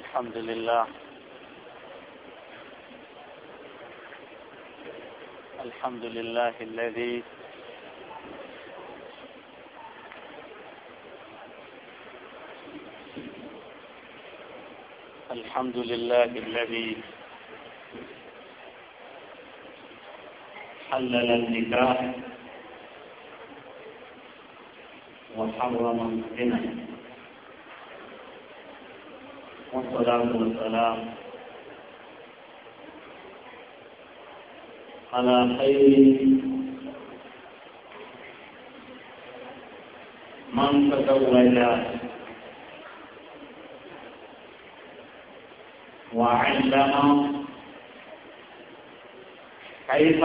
الحمد لله الحمد لله الذي الحمد لله الذي حلل النكاح وحرم الزنا والسلام والسلام على خير من تزوج وعلم كيف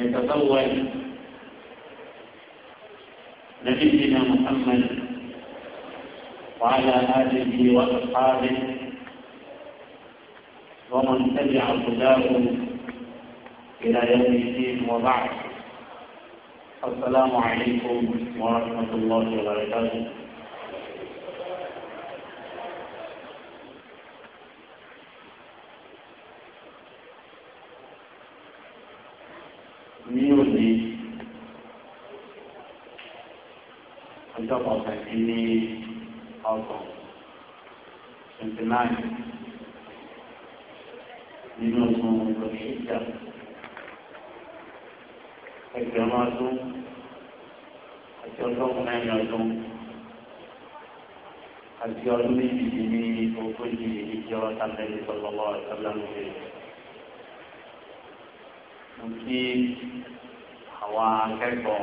يتزوج نبي وعلى آله وأصحابه ومن تبع هداه إلى يوم الدين وبعد السلام عليكم ورحمة الله وبركاته ní òní ọjọ́ kọkàndínlẹ́ thousand twenty nine nínú ọdún ìgbàlódé ẹgbẹ̀rún ọdún àti ọdún mẹ́rin ọdún àti ọdún méjì ní ogójì ìjọ tàbí ìsọlọ́wọ́ ìsọlọ́wọ́ mo kí àwọn akẹ́kọ̀ọ́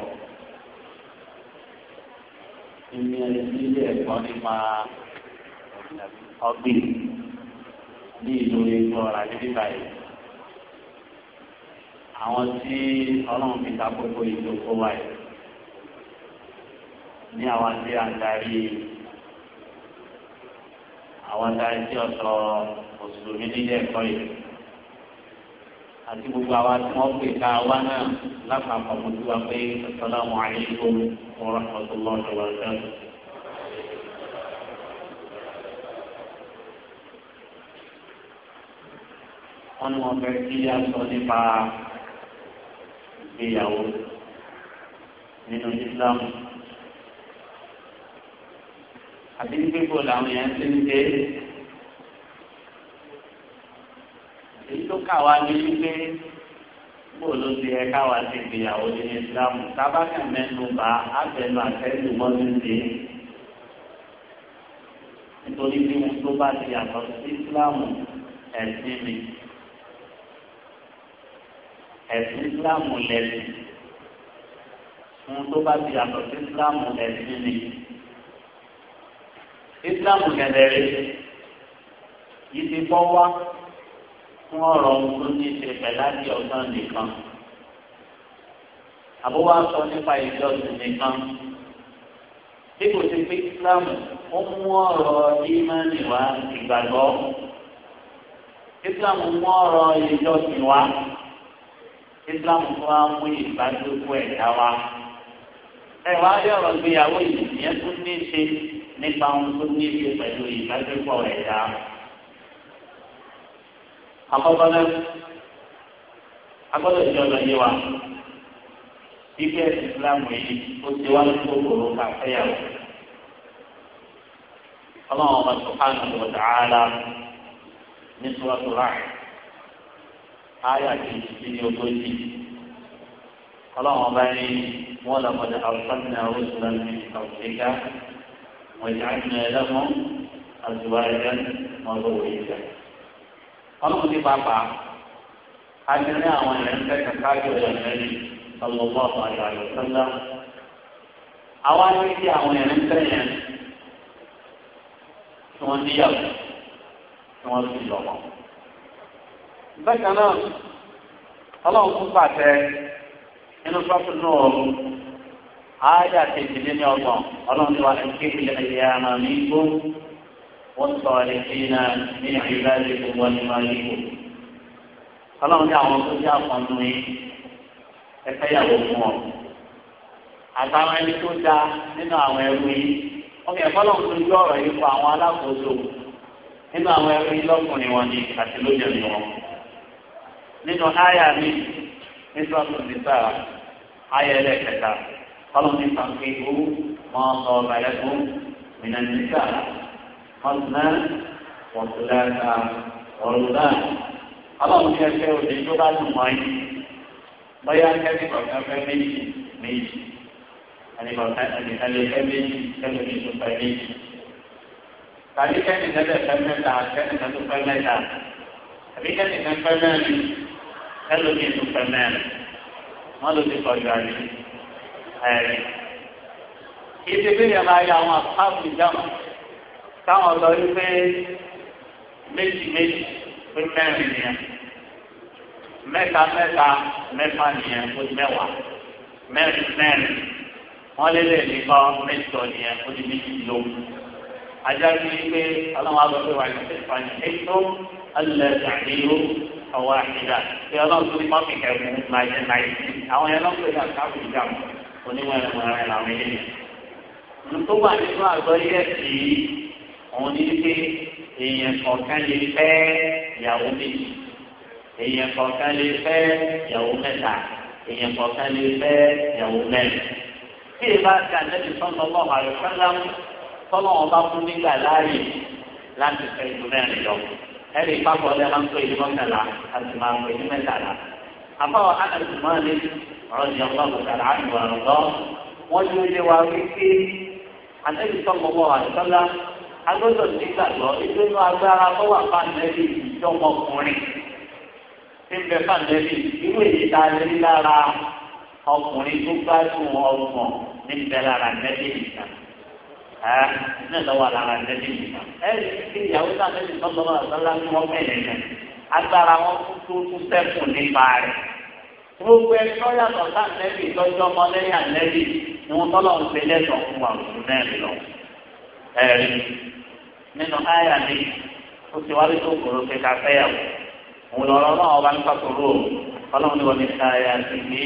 ìmì ilé ẹ̀kọ́ nípa ọ̀gbìn ní ìlú ẹ̀kọ́ ọ̀rà níbí Àwọn tí ọlọ́run fi takoko ìdókòwò wáyé ní àwọn tí a ń darí àwọn darí tí ọ̀sọ̀ mùsùlùmí nílé ẹ̀kọ́ yìí àti gbogbo àwa tí wọ́n pè ká wa náà lápapọ̀ mo ti wá pé asalaamu alaykum wa rahmatullahi wa barakatuh. wọ́n ní wọ́n fẹ́ kí a sọ nípa ìgbéyàwó nínú Islam àti gbígbó làwọn yẹn ti ń ṣe kà wá ní wípé bó ló ti yẹ káwa ti gbìyàwó ní ìsìlámù tábàkà mẹ́nu bá àfẹnu àtẹ́lù mọ́tò ṣe nítorí bí wọn tó bá ti yàtọ̀ sí ìsìlámù ẹ̀sìn mi ẹ̀sìn ìsìlámù lẹ́sìn wọn tó bá ti yàtọ̀ sí ìsìlámù ẹ̀sìn mi ìsìlámù gẹ̀dẹ̀rẹ̀ yìí ti bọ́ wá fún ọ̀rọ̀ ohun tó ní ṣe pẹ̀láti ọ̀sán nìkan. àbúwá sọ nípa ìjọsìn nìkan. bí kò ti pé Ìsìlámù ó mú ọ̀rọ̀ ìmánì wá ìgbàgbọ́. Ìsìlámù mú ọ̀rọ̀ ìjọsìn wá. Ìsìlámù tó wá mú ìbádókò ẹ̀dá wá. ẹ wá rí ọ̀rọ̀ ìgbéyàwó ìyẹn tó ní ṣe nípa ohun tó ní ṣe pẹ̀lú ìbádókò ẹ̀dá àkọ́kọ́ náà agbọ́dọ̀ ìjọ lọ yé wa ife ìsìlámù yìí ó ti wá lóko òru káfíyàwó ọlọ́run ọba subhanahu wa ta'ala ní sọ́wọ́sọ ráì áyà kejì sí ní ogójì ọlọ́run ọba ní wọ́n lọ́kọ̀dá àwùsánná oṣùlá ní àwùjẹ́ká wọ́n yà á ń lẹ́mọ́ àdúrà ẹ̀dá mọ́tò wọ̀nyí jẹ́. ọlọ́run ní bàbá adìrẹ́ àwọn èèyàn kẹ́kẹ́ káàkiri ọ̀rẹ́ rẹ̀ ọlọ́wọ́ ọ̀rẹ́ àyọ̀ àwọn akéèké àwọn èèyàn kẹ́yẹ tí wọ́n níyàwó tí wọ́n sì lọ́wọ́. bákan náà ọlọ́run tún pàṣẹ inú sọ́ọ̀tún náà ọ̀run ááyà kejìlélọ́gbọ̀n ọlọ́run ní wa ẹ̀kẹ́ ya ẹ̀yà àmàmí gbó. والصالحين من عبادكم ولمالكم ọlọ́run ní àwọn tó jẹ́ àpọ̀nù yín ẹ̀fẹ́ yàgò fún ọ àtàwọn ẹni tó da nínú àwọn ẹrú yín ọmọ ẹ̀fọ́ lọ́run tó jẹ́ ọ̀rọ̀ yìí fún àwọn alákòóso nínú àwọn ẹrú yín lọ́kùnrin wọn ni àti lójijì wọn nínú àyà mi ní sọ́ọ̀tún ti sára àyà ẹlẹ́kẹta ọlọ́run ní sàǹkì owó mọ́ ọ̀sọ̀ ọ̀bà ẹ̀kún mìíràn ní sára ọ̀nà wọ̀túlẹ́ta ọ̀rùnà. ọlọ́run ní ẹgbẹ́ òde tó bá dùn mọ́ yín bóyá kẹ́mí kọ̀ọ̀kan fẹ́ méjì méjì ẹnìkọ̀ọ̀kan ẹnìkan lè fẹ́ méjì kẹ́mí mi tó fẹ́ méjì. tàbí kẹ́mí tẹ́lẹ̀ fẹ́ mẹ́ta kẹ́mí tẹ́lẹ̀ tó fẹ́ mẹ́ta tàbí kẹ́mí tẹ́lẹ̀ fẹ́ mẹ́rin kẹ́lò mi tó fẹ́ mẹ́rin wọ́n ló ti kọjú àlè ẹ̀rí. ìdílé yẹn máa yọ àwọn àpá táwọn lọ yí pé méjì méjì pé mẹ́rin nìyẹn mẹ́ta mẹ́ta mẹ́fà nìyẹn ó di mẹ́wàá mẹ́rin mẹ́rin wọ́n lé lè nípa mẹ́tọ̀ nìyẹn ó di méjì lóhùn ajá sí pé ọlọ́run àgbà pé wà ní ìfà ní ètò alẹ́ ìdàgbéyó ọwọ́ àṣìdá pé ọlọ́run tó ní mọ́mì kẹ́kọ̀ọ́ náírà náírà àwọn yẹn lọ́pọ̀ ìgbà káàkiri jàm onímọ̀ ẹ̀rọ ẹ̀rọ làwọn ènìyàn. nítorí wà nínú àgbọ̀ yẹ̀ sí òun ní pé èèyàn kọ̀ọ̀kan lè fẹ́ ìyàwó méjì èèyàn kọ̀ọ̀kan lè fẹ́ ìyàwó mẹ́ta èèyàn kọ̀ọ̀kan lè fẹ́ ìyàwó mẹ́rin. bí e bá ga lẹ́bi sọ́nà ọlọ́run àlùfáàlà tọ́lọ́ wọn bá fún nígbà láàyè láti fẹ́ ìlú mẹ́rin lọ. ẹ̀rí pápọ̀ lẹ́ máa ń pè ní mọ́kànlá àti máa ń pè ní mẹ́tàlá. àbáwọ̀ alàtùmọ́lé rọ̀jì ọlọ́mọdàlá àdùn àrùn lọ. wọ́n yóò lé wa wípé àlẹ́bi sọ́nà ọlọ́run àlùfáàlà agbọ́dọ̀ nígbàgbọ́ ìgbé inú agbára tó wà fáńdẹ́lì ìjọmọkùnrin tí ń bẹ fáńdẹ́lì irú èyí tá a lè lára ọkùnrin tó gbádùn ọgbọ̀n ní ń bẹ lára nẹ́bí nìkan ẹ náà lọ́wọ́ lára nẹ́bí nìkan ẹ ti ìyàwó náà nẹ́bí tọ́lọ́ wà ní wọ́n mẹ́rin náà agbára wọn tó tó sẹ́kù nípa rẹ̀ gbogbo ẹ tọ́lọ́ ẹ̀rí nínú àyà ni ó ti wá bí tó kòrò pé ká fẹ́ yàwó òun lọ́rọ́ náà ọba nípa kòrò ọlọ́run ní wọ́n ní ká àyà sí ní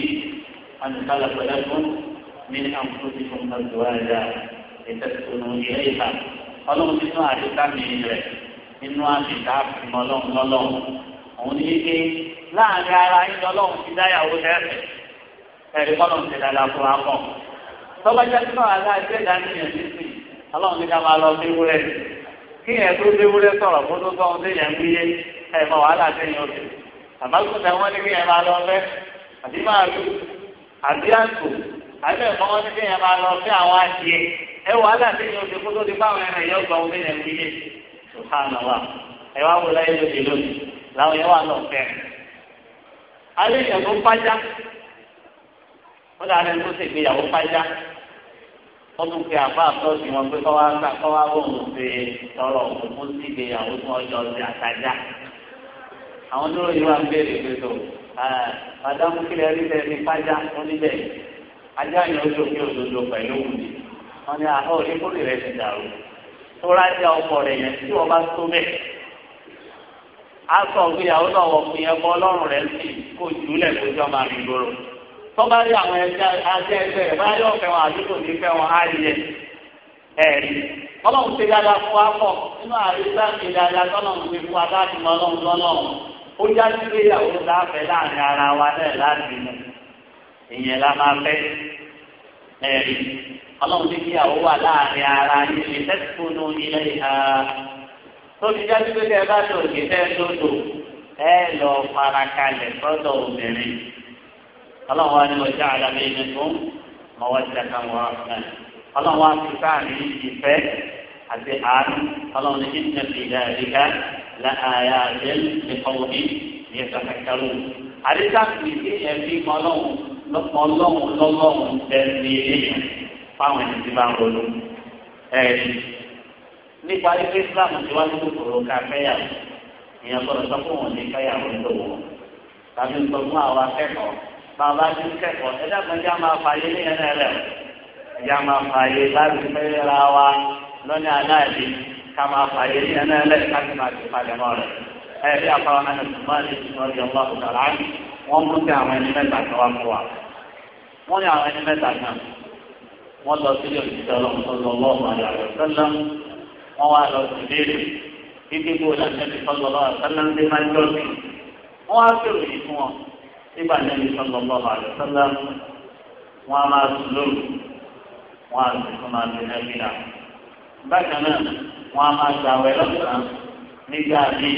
àdùnkálà pẹ̀lẹ́ fún mi ní àǹfóò ti fún ká tó àyà ìtẹ̀síwọ̀n ilé ìta ọlọ́run nínú àdìsá mi rẹ̀ nínú àdìsá fún ọlọ́run lọ́lọ́run òun ní ké láàrin ara yín ọlọ́run ti dáyàwó lẹ́sẹ̀ ẹ̀rí kọ́lọ́run ti dáadáa fún akọ tọ́bajá tí náà aláàjẹ́ dání yẹn ọlọ́run ní ká máa lọ sí ewúrẹ́ kí yẹn tó sí ewúrẹ́ sọ̀rọ̀ kó tó sọ ohun tí yẹn ń wíyé ẹ̀ mọ wàhálà sẹ́yìn oṣù àbákùnrin àwọn ní kí yẹn máa lọ fẹ́ àbí máa lu àbí àtò àbí ẹ̀fọ́ wọn ní kí yẹn máa lọ fẹ́ àwọn adìẹ ẹ̀ wàhálà sẹ́yìn oṣù kó tó di fáwọn ẹ̀rẹ̀ yọ gbọ́ ohun tí yẹn ń wíyé subhanallah ẹ̀ wá wò láyé lóde lónìí làwọn yẹn wà lọ fẹ́ wọ́n tún fi àbá àtọ́sí wọn pé kọ́wá gbà kọ́wá bòun ṣe tọrọ òun fún síbi àwọn tó ọjọ́ ọ̀sẹ̀ àtàjà. àwọn tó lóyún wa ń béèrè pé tó àdámú kílẹ̀ rí bẹ́ẹ̀ ní fájà oníbẹ̀ ajá yẹn ó lò kí òdodo pẹ̀lú òun ni wọ́n ní àhọ́ oníkórè rẹ̀ ti dàrú tó rájà ọkọ rẹ̀ yẹn tí wọ́n bá tó bẹ́ẹ̀ á sọ ìgbéyàwó náà wọ̀ fún yẹn bọ́ ọlọ́run rẹ̀ sí kó jùlẹ̀ kó jọ máa rìn gbòòrò. tọ́ba rí àwọn ẹja ajẹ́ ẹgbẹ́ rẹ̀ báyọ̀ fẹ́ wọn àdúgbò ní fẹ́ wọn ayẹ ẹ̀rí ọlọ́run ti fún nínú àríwá ti dáadáa tọ́lọ́run ti fún wa láti lọ́lọ́run ó já sí ìyàwó láàrin ara wa náà láti mú ìyẹn la máa fẹ́ ẹ̀rí ọlọ́run ti kíyàwó wà láàrin ara yìí ilé ìhà já sí ọlọ́run wa ni wọ́n já àdàbẹ̀ ẹni tó mọ̀ wá sí àkàn wọ́n rẹ̀ ọlọ́run wa fi sáàrin ìfẹ́ àti àánú ọlọ́run ní kíni náà fi dáadéka láàyà àjẹ́ ìfọwọ́ mi ní ẹ̀ka kẹkẹrù àdéhà fi sí ẹ̀fí ọlọ́run lọ́lọ́run lọ́lọ́run tẹ̀lé ẹ̀yẹ fáwọn ẹni tí bá ń ronú ẹ̀rí nípa ife Islam ti wá ní kòkòrò káfẹ́yàwó ìyẹn gbọ́dọ̀ sọ fún wọn ní káyàwó ńlọ wọn tàbí sọ fún àwọn akẹ́kọ̀ọ́ bàbá ti kẹ́kọ̀ọ́ ẹ̀dá kan já máa fààyè ní ẹ̀rẹ́ rẹ̀ já máa fààyè láti fẹ́ ra wa lọ́ní aláìlí ká máa fààyè ní ẹ̀rẹ́ rẹ̀ láti máa ti falẹ̀ mọ́ rẹ̀ ẹ̀ bí afárá náà tó máa ti sọ ọdí ọlọ́ àbùdàrà wọ́n mú sí àwọn ẹni mẹ́ta kan wá fún wa wọ́n ní àwọn ẹni mẹ́ta kan wọ́n lọ sí òṣìṣẹ́ ọlọ́run tó lọ wọ́n nígbà nẹ́bí sallallahu alaihi wasallam wọn a máa sùn lóru wọn a sì tún máa lè nẹ́bí rà bákan náà wọn a máa gbà wẹ̀ lọ́sàn-án nígbà bí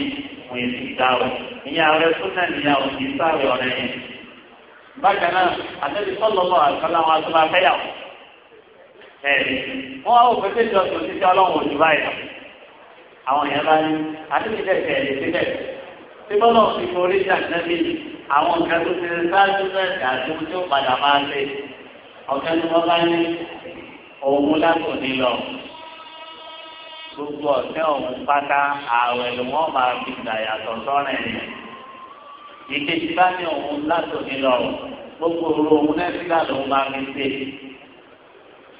wọn èsì gbà wẹ̀ ìyá rẹ̀ súnà níyà òkè sáré ọ̀rẹ́ yẹn bákan náà àtẹ́bí sallallahu alaihi wasallam wọn a tún máa fẹ́yàwó ẹ̀rí wọ́n á wò pé kéjọ tó ti tẹ́ òjò báyìí àwọn èèyàn bá ní adébíyẹ̀ àwọn nǹkan tó ti ṣáájú bẹ́ẹ̀ dàdú tó padà máa ṣe ọ̀kẹ́ ni wọ́n bá ní òun látòní lọ gbogbo ọ̀tẹ́ ọ̀hún pátá ààrẹ ló wọ́n máa fi gbàyàtọ̀ sọ́rẹ̀ yẹn. ìkejì bá ní òun látòní lọ gbogbo òru òun lẹ́sìlá lòun máa fi ṣe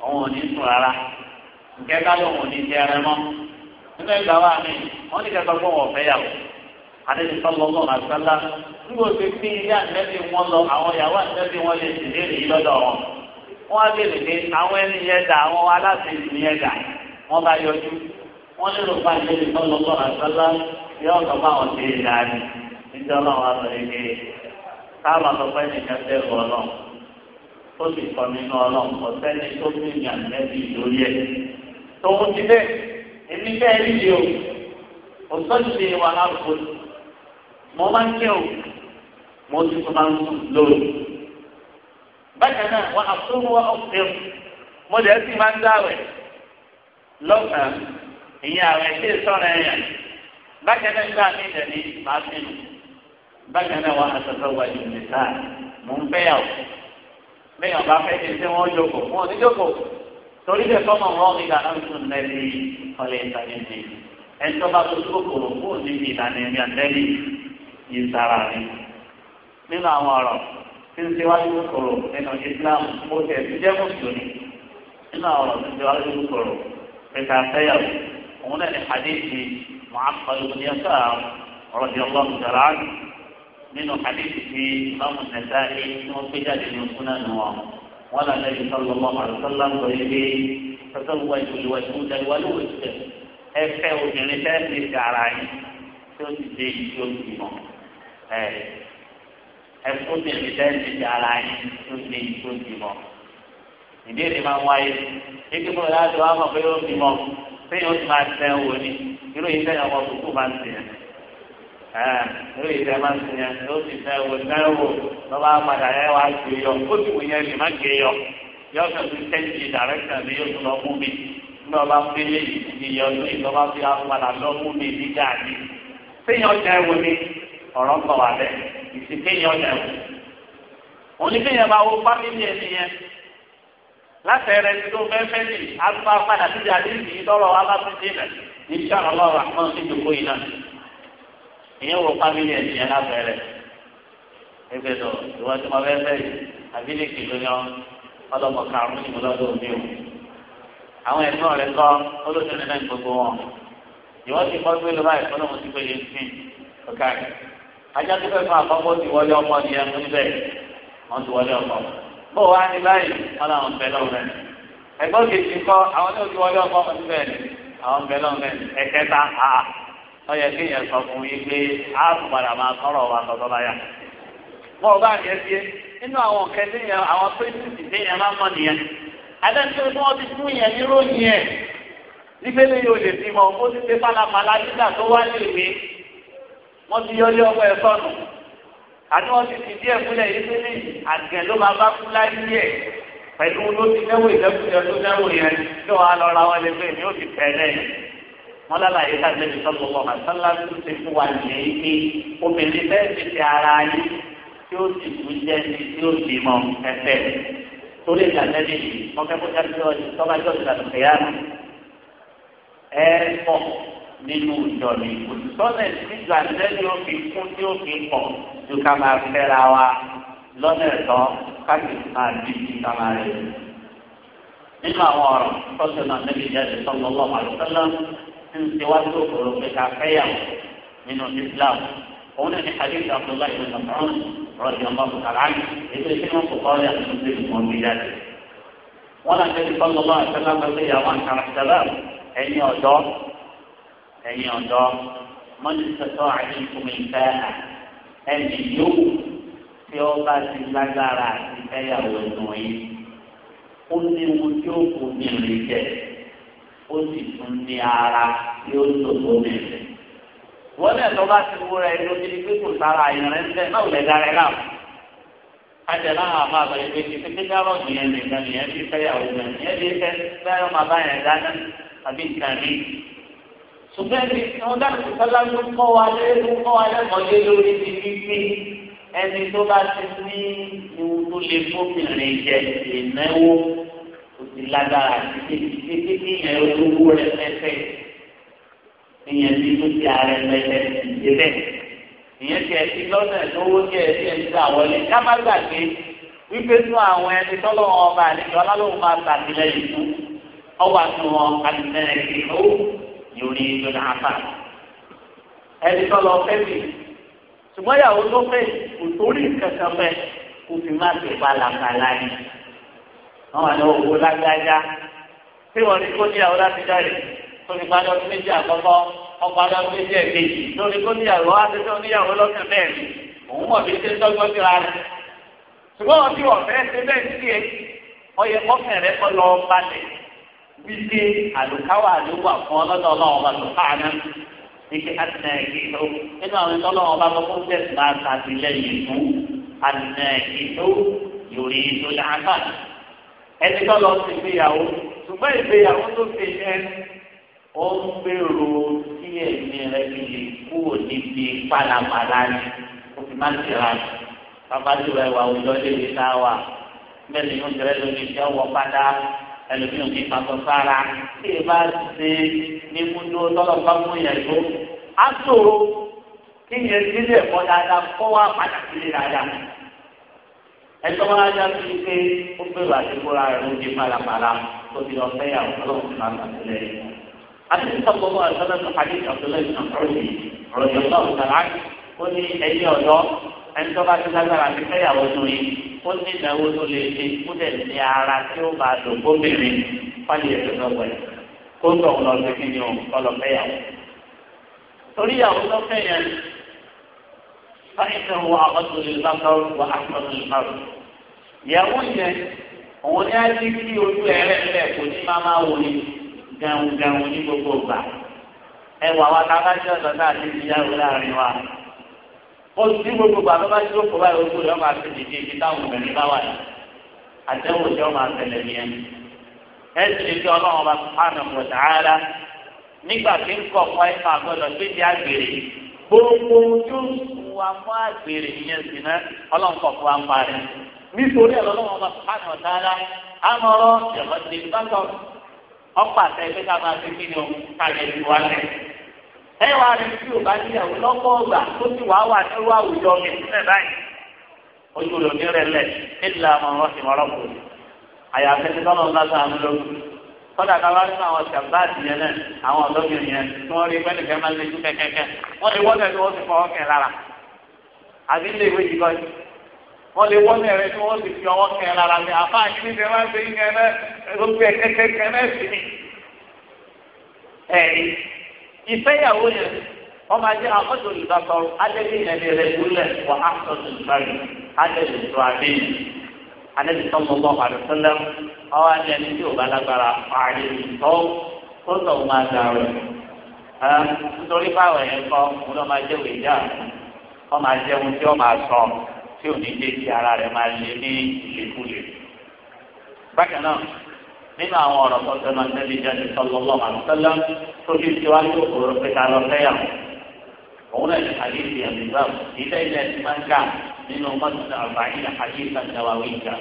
òun ò ní sùn rárá nkẹ́ká lòun ò ní jẹrẹ mọ́ nígbà ìgbà wa mi wọ́n ní kẹ́kọ̀ọ́ fún wọn fẹ́ yàwó àdéhùn sọlọ́lọ́ àgbàlá nígbà tó fi ilé àtẹ́bí wọn lọ àwọn ìyàwó àtẹ́bí wọn lè sì léèrè yìí lọ́dọ̀ wọn. wọ́n á béèrè pé àwọn ẹni yẹn dà àwọn aláṣẹ ìlú yẹn dà wọ́n bá yọjú. wọ́n lérò pa àdéhùn sọlọ́lọ́ àgbàlá yọ ọ̀dọ̀ bá wọn ṣe ìlà ni níjọba wọn sọ èké káàbà tó pẹ́ nìkan tẹ́ ẹ̀kọ́ náà ó sì kọ́ nínú ọlọ́run ọ̀sẹ́ni tó ní ìyànlẹ́bí lórí ẹ̀ tòun ti bẹ́ẹ̀ èmi bẹ́ẹ̀ rí i o òsọ́jú ti wà láàbùkù mo máa ń jẹ o mo ti tún máa ń sùn lóru bákan náà wọn àfúrú wọn ọ̀sẹ̀ mo lè ti máa ń dáwẹ̀ lọ́sàn-án ìyẹn àwẹ̀ tí ì sọ̀rọ̀ ẹ̀yà bákan náà gbà mí ìdẹ̀ni máa fi nù bákan náà wọn àtọ̀tọ̀ wà ní ìdíta mo ń fẹ́ yà o bẹ́ẹ̀ ọba fẹ́ kí n wọ́n jókòó wọn ò torí bẹ́ẹ̀ fọ́mọ̀ wọn mi kà ń sùn lẹ́bi ọ̀lẹ́ ìtàgé ìsara ni nínú àwọn ọ̀rọ̀ tí ń tẹ́wájú kòkòrò nínú Islam mo tẹ̀ sí jẹ́ mùsùlùmí nínú àwọn ọ̀rọ̀ tí ń tẹ́wájú kòkòrò pẹ̀ka fẹ́yàwó òun náà ní hadithi Mu'ammar ibn Yasar radiyallahu ta'ala anhu nínú hadithi tí Imam Nasa'i tí wọ́n gbé jáde ní ọkùnrin náà wọn wọn là Nabi sallallahu alaihi wasallam sọ ilé tazawwaju al-wadud ti ẹkún tèmi tẹ́ǹtì ti ara yín tó ti tó ti mọ̀ ìbéèrè máa ń wáyé ẹgbẹ́ mọ̀ láti wá mọ̀ pé ó ti mọ̀ sẹ́yìn ó ti máa tẹ̀ wò ni irú yìí sẹ́yìn ọmọ kúkú máa ń tẹ̀ irú yìí sẹ́yìn máa ń tẹ̀ ó ti tẹ̀ wò tẹ̀ wò lọ́ba padà ẹ̀ wá gbé yọ ó ti wò yẹn lè má gbé yọ yọ kàn tún tẹ́ǹtì dàrẹ́kítà mi yóò tún lọ mú mi ní ọba pélé ìyẹn ọ̀rọ̀ kọ̀ wà bẹ́ẹ̀ ìsìnkéyàn ọ̀yà wò. oníkéyàn máa wo fámìlì ẹni yẹn látẹ̀rẹ̀ ní tó fẹ́ fẹ́ ní agbá padà síbi àdéhùn yìí lọ́rọ̀ alábùdé rẹ̀ ní sàrọ̀ lọ́rọ̀ àpọ́n sí ìdókòó yìí náà. ìyẹn wo fámìlì ẹni yẹn látẹ̀rẹ̀ ẹgbẹ́ tó ìwọ tí mo fẹ́ fẹ́ yìí àbílẹ̀ kìlọ̀ ni ọlọ́mọ karùn-ún ni mo lọ́dọ̀ mi o. àwọn ẹ̀gbọ́n rẹ̀ kọ́ gbé lọ́wọ́ àìsàn náà mo ti gbé yẹn sí ọ̀kadì ajá tó fún àkọ́kọ́ ti wọlé ọmọ ni ẹnu níbẹ̀ wọ́n ti wọlé ọmọ. bó o wá báyìí wọ́n làwọn ń bẹ lọ́wọ́ rẹ̀. kejì kọ́ àwọn náà ti wọlé ọmọ ọmọdé bẹ́ẹ̀ àwọn ń bẹ lọ́wọ́ rẹ̀. ẹ̀kẹta a wọ́n yẹ kéèyàn fún yín pé a kò padà máa sọ̀rọ̀ wa tọ́tọ́ láyà. bó o bá yẹ fi inú àwọn kẹsíyàn àwọn pẹ́ẹ́sì tìyẹn máa mọ nìyẹn. adájọ́ tí wọ́n ti fún yẹn níròyìn yẹn ìgbélé wọ́n ti yọ ilé ọkọ ẹ̀ sọnù àti wọ́n ti ti díẹ̀ fúnlẹ̀ yìí pé ní àgẹ̀ ló máa bá kú láyé ẹ̀ pẹ̀lú ló ti náwó ìdẹ́kùnjẹ tó náwó yẹn tí wọ́n á lọ ra wọn lẹ́gbẹ̀ẹ́ ni ó ti tẹ̀ lẹ́yìn wọn lálàyé ká lẹ́bi sọ́kọ̀ wọn àtàlà tó ti fún wa nìyẹn pé obìnrin bẹ́ẹ̀ ti ti ara yín tí ó sì tún jẹ́ ní tí ó sì mọ ẹ̀fẹ́ torí ìgbà lẹ́bi yìí nínú ìjọ ni òtítọ́lẹ̀ nígbà tẹ́lẹ̀ yóò fi kún tí yóò fi pọ̀ ju ká máa fẹ́ra wa lọ́nà ẹ̀tọ́ káàkiri máa di ìta máa rẹ̀. nínú àwọn ọ̀rọ̀ tọ́sí náà níbi jáde sọ́nà ọlọ́mọ àlùfẹ́lá tí ń ṣe wá sí òkòrò pé ká fẹ́yàwó nínú Islam òun náà ní hadith Abdullahi bin Mas'ud rọ̀jì ọmọ bùkàlàní ètò ìṣẹ́nu kòkó ọ̀rẹ́ àti mùsùlùmí wọn bí ẹ̀yin ọ̀dọ́ mọ́nìsọ̀tọ̀ àdínkùnmí fẹ́ à ẹnì yóò tí ó bá ti lágbára àti fẹ́yàwó ẹ̀dùn yìí ó ní ohun tí ó kù ní ìrìnjẹ ó sì tún ní ara tí ó lò tó bẹ̀rẹ̀. wọ́n lẹ̀ tó bá ti wúra ẹ̀ lójú ní pípò sára ìrìn ẹ̀ náà lẹ̀ dára ẹ̀ náà. kájà náà àmọ́ àgbà yẹn pé kí pé dáhùn nìyẹn nìkan nìyẹn fi fẹ́yàwó ẹ̀dùn yẹn fi fẹ́ fẹ́ràn bàbá yẹn dáná àbí nǹkan mìíràn ṣùgbọ́n ẹni wọn dáhùn sọ́lá ló kọ́ wa lé ló kọ́ wa lẹ́kọ̀ọ́lé lórí ti fífi ẹni tó bá ti ní ewu tó lè fóbìnrin jẹ ìnáwó kò sì lágbára àti kékeré kéèyàn olówó rẹ pẹpẹ ìyẹn ti tó ti ààrẹ pẹpẹ ìdè bẹ́ẹ̀ ìyẹn ti ẹtí lọ́nà ìnáwó tí ẹtí ẹtí àwọlé ká má gbàgbé wípé tún àwọn ẹni tọ́lọ́ ọba àlejò alálòun máa tàbí lẹ́yìn fún ọwọ́ àtúnwọ̀n àtìlẹ́yìn ìnáwó yorí lọ́nà afa ẹni tó lọ fẹ́ mi ṣùgbọ́n ìyàwó tó fẹ́ kò torí kankan fẹ́ kò fi má ti balabala yìí wọ́n wà ní owó lágbájá tí wọ́n ní kó níyàwó láti jáde tó ní padà ọdún méjì àkọ́kọ́ ọkọ̀ adá ọdún méjì ẹ̀kejì tó ní kó níyàwó àti tó níyàwó lọ́sẹ̀ mẹ́rin òun mọ̀ bí ṣe ń dọ́gbọ́n síra rẹ̀ ṣùgbọ́n ọtí wọ̀ fẹ́ ṣe bẹ́ẹ̀ sí wípé àlùkáwà ló wà fún ọlọ́dọ̀ ọlọ́run ọba tó fáànà wípé àtìlẹyìn tó nínú àwọn ìtọ́ ọlọ́run ọba gbogbo tẹ̀sí máa ta àtìlẹyìn fún àtìlẹyìn tó yòrè tó dáadáa ẹni tó lọ sí ìgbéyàwó ṣùgbọ́n ìgbéyàwó tó fi ẹ ó ń gbèrò sí ẹ̀mí rẹ fi lè kú níbi pálapàla ni ó fi má ti ra ni bàbá tí wọ́n òjò lè fi náà wà mẹ́rin yóò tẹ̀lé lórí ìṣẹ́ ẹlòmíràn ní pàtó sára tí ì bá ṣe ní múndó lọ́lọ́pàá fún yẹn tó á ṣòro kí yẹn sílẹ̀ ẹ̀kọ́ dáadáa kọ́ wá padà sílẹ̀ dáadáa ẹjọ́ wọn á já sí pé ó bẹ̀rù àdébúra rẹ̀ ló di pàlàpàlà tó ti lọ fẹ́ yàwó ọlọ́run ti máa gbà àti sọ́kọ̀ bọ́ àtọ́lẹ́ tó kàdé ìjàpẹ́lẹ́ ìjàpẹ́lẹ́ ọ̀rọ̀ yọ̀ọ́ ọ̀tàlá ó ní ẹ̀yìn ọ̀dọ́ ẹni bá ti lágbára ti fẹ́ yàwó tó yìí ó ní ìnáwó tó lè ṣe kúdẹ̀ ní ara tí ó máa dùn gómìnrin fáyé ẹ̀sìn náà wẹ̀ kó tó ń lọ sí kí ni òun kọ́ lọ fẹ́yàwó. torí ìyàwó tó fẹ́ yẹn fáyẹ̀sẹ̀ wọ àkọ́tù ìlànàkọ́rù wọ àkọ́tù ìlànàkọ́rù. ìyàwó yẹn òun ní àti kí ojú ẹ̀rẹ́ ńlẹ̀ kò ní máa máa wò ní gàùngàùn ní gbogbo ìgbà. ẹ wà wá ká bá jẹ́ ọ̀dọ́ oṣù tí gbogbo àti bá tó kó báyìí oṣù yóò máa fi dìde ibi táwọn obìnrin bá wà yìí àtẹ̀wò tí ọ máa tẹ̀lé ní ẹni. ẹ sì ọlọ́run ọba nígbà tí ń kọ̀ fún gbogbo tó wà fún àgbèrè yẹn sì náà ọlọ́run kọ̀ fún rẹ̀. nítorí ọlọ́run ọba ẹ wá rí bí o bá ọgbà tó ti wàá wà nírú àwùjọ mi sílẹ̀ báyìí ojú ti kọ́dà ká wá àwọn yẹn àwọn yẹn tí wọ́n rí pẹ́ẹ́lí kẹ́mẹ́ lẹ́jú kẹ́kẹ́kẹ́ wọ́n lè wọ́n tẹ̀lé wọ́n ti fọwọ́ kẹ́ lára àbí ilé ìwé yìí lọ́yìn wọ́n lè wọ́n ìfẹ́yàwó yẹn wọ́n máa jẹ́ àkọ́jọ olùdásọ̀rọ̀ adébí ẹni rẹ̀ gúnlẹ̀ wà á sọ olùdarí adébí tó adé adébí tó ń bọ̀ àdùsọ́lẹ̀ ọwọ́ adé ẹni tí ò bá lágbára pààyè tó tó tó máa dà rẹ̀ ẹ̀ nítorí báwọ̀ yẹn kọ́ mo lọ́ máa jẹ́ wèjà wọ́n máa jẹ́ ohun tí wọ́n máa sọ tí ò ní ara rẹ̀ máa lé ní ìlékúlé bákan náà nínú àwọn ọ̀rọ̀ tó tẹnu ẹ̀mí jáde sọlọ́lọ́ àlùfẹ́lá tó fi tiwájú òkúrò pé ká lọ fẹ́yà òun náà ní àdéhùn ẹ̀mí báwò ilé ilẹ̀ ti máa ń kà nínú mọ́tòtò àbáyé àdéhùn àdáwáwé ìjà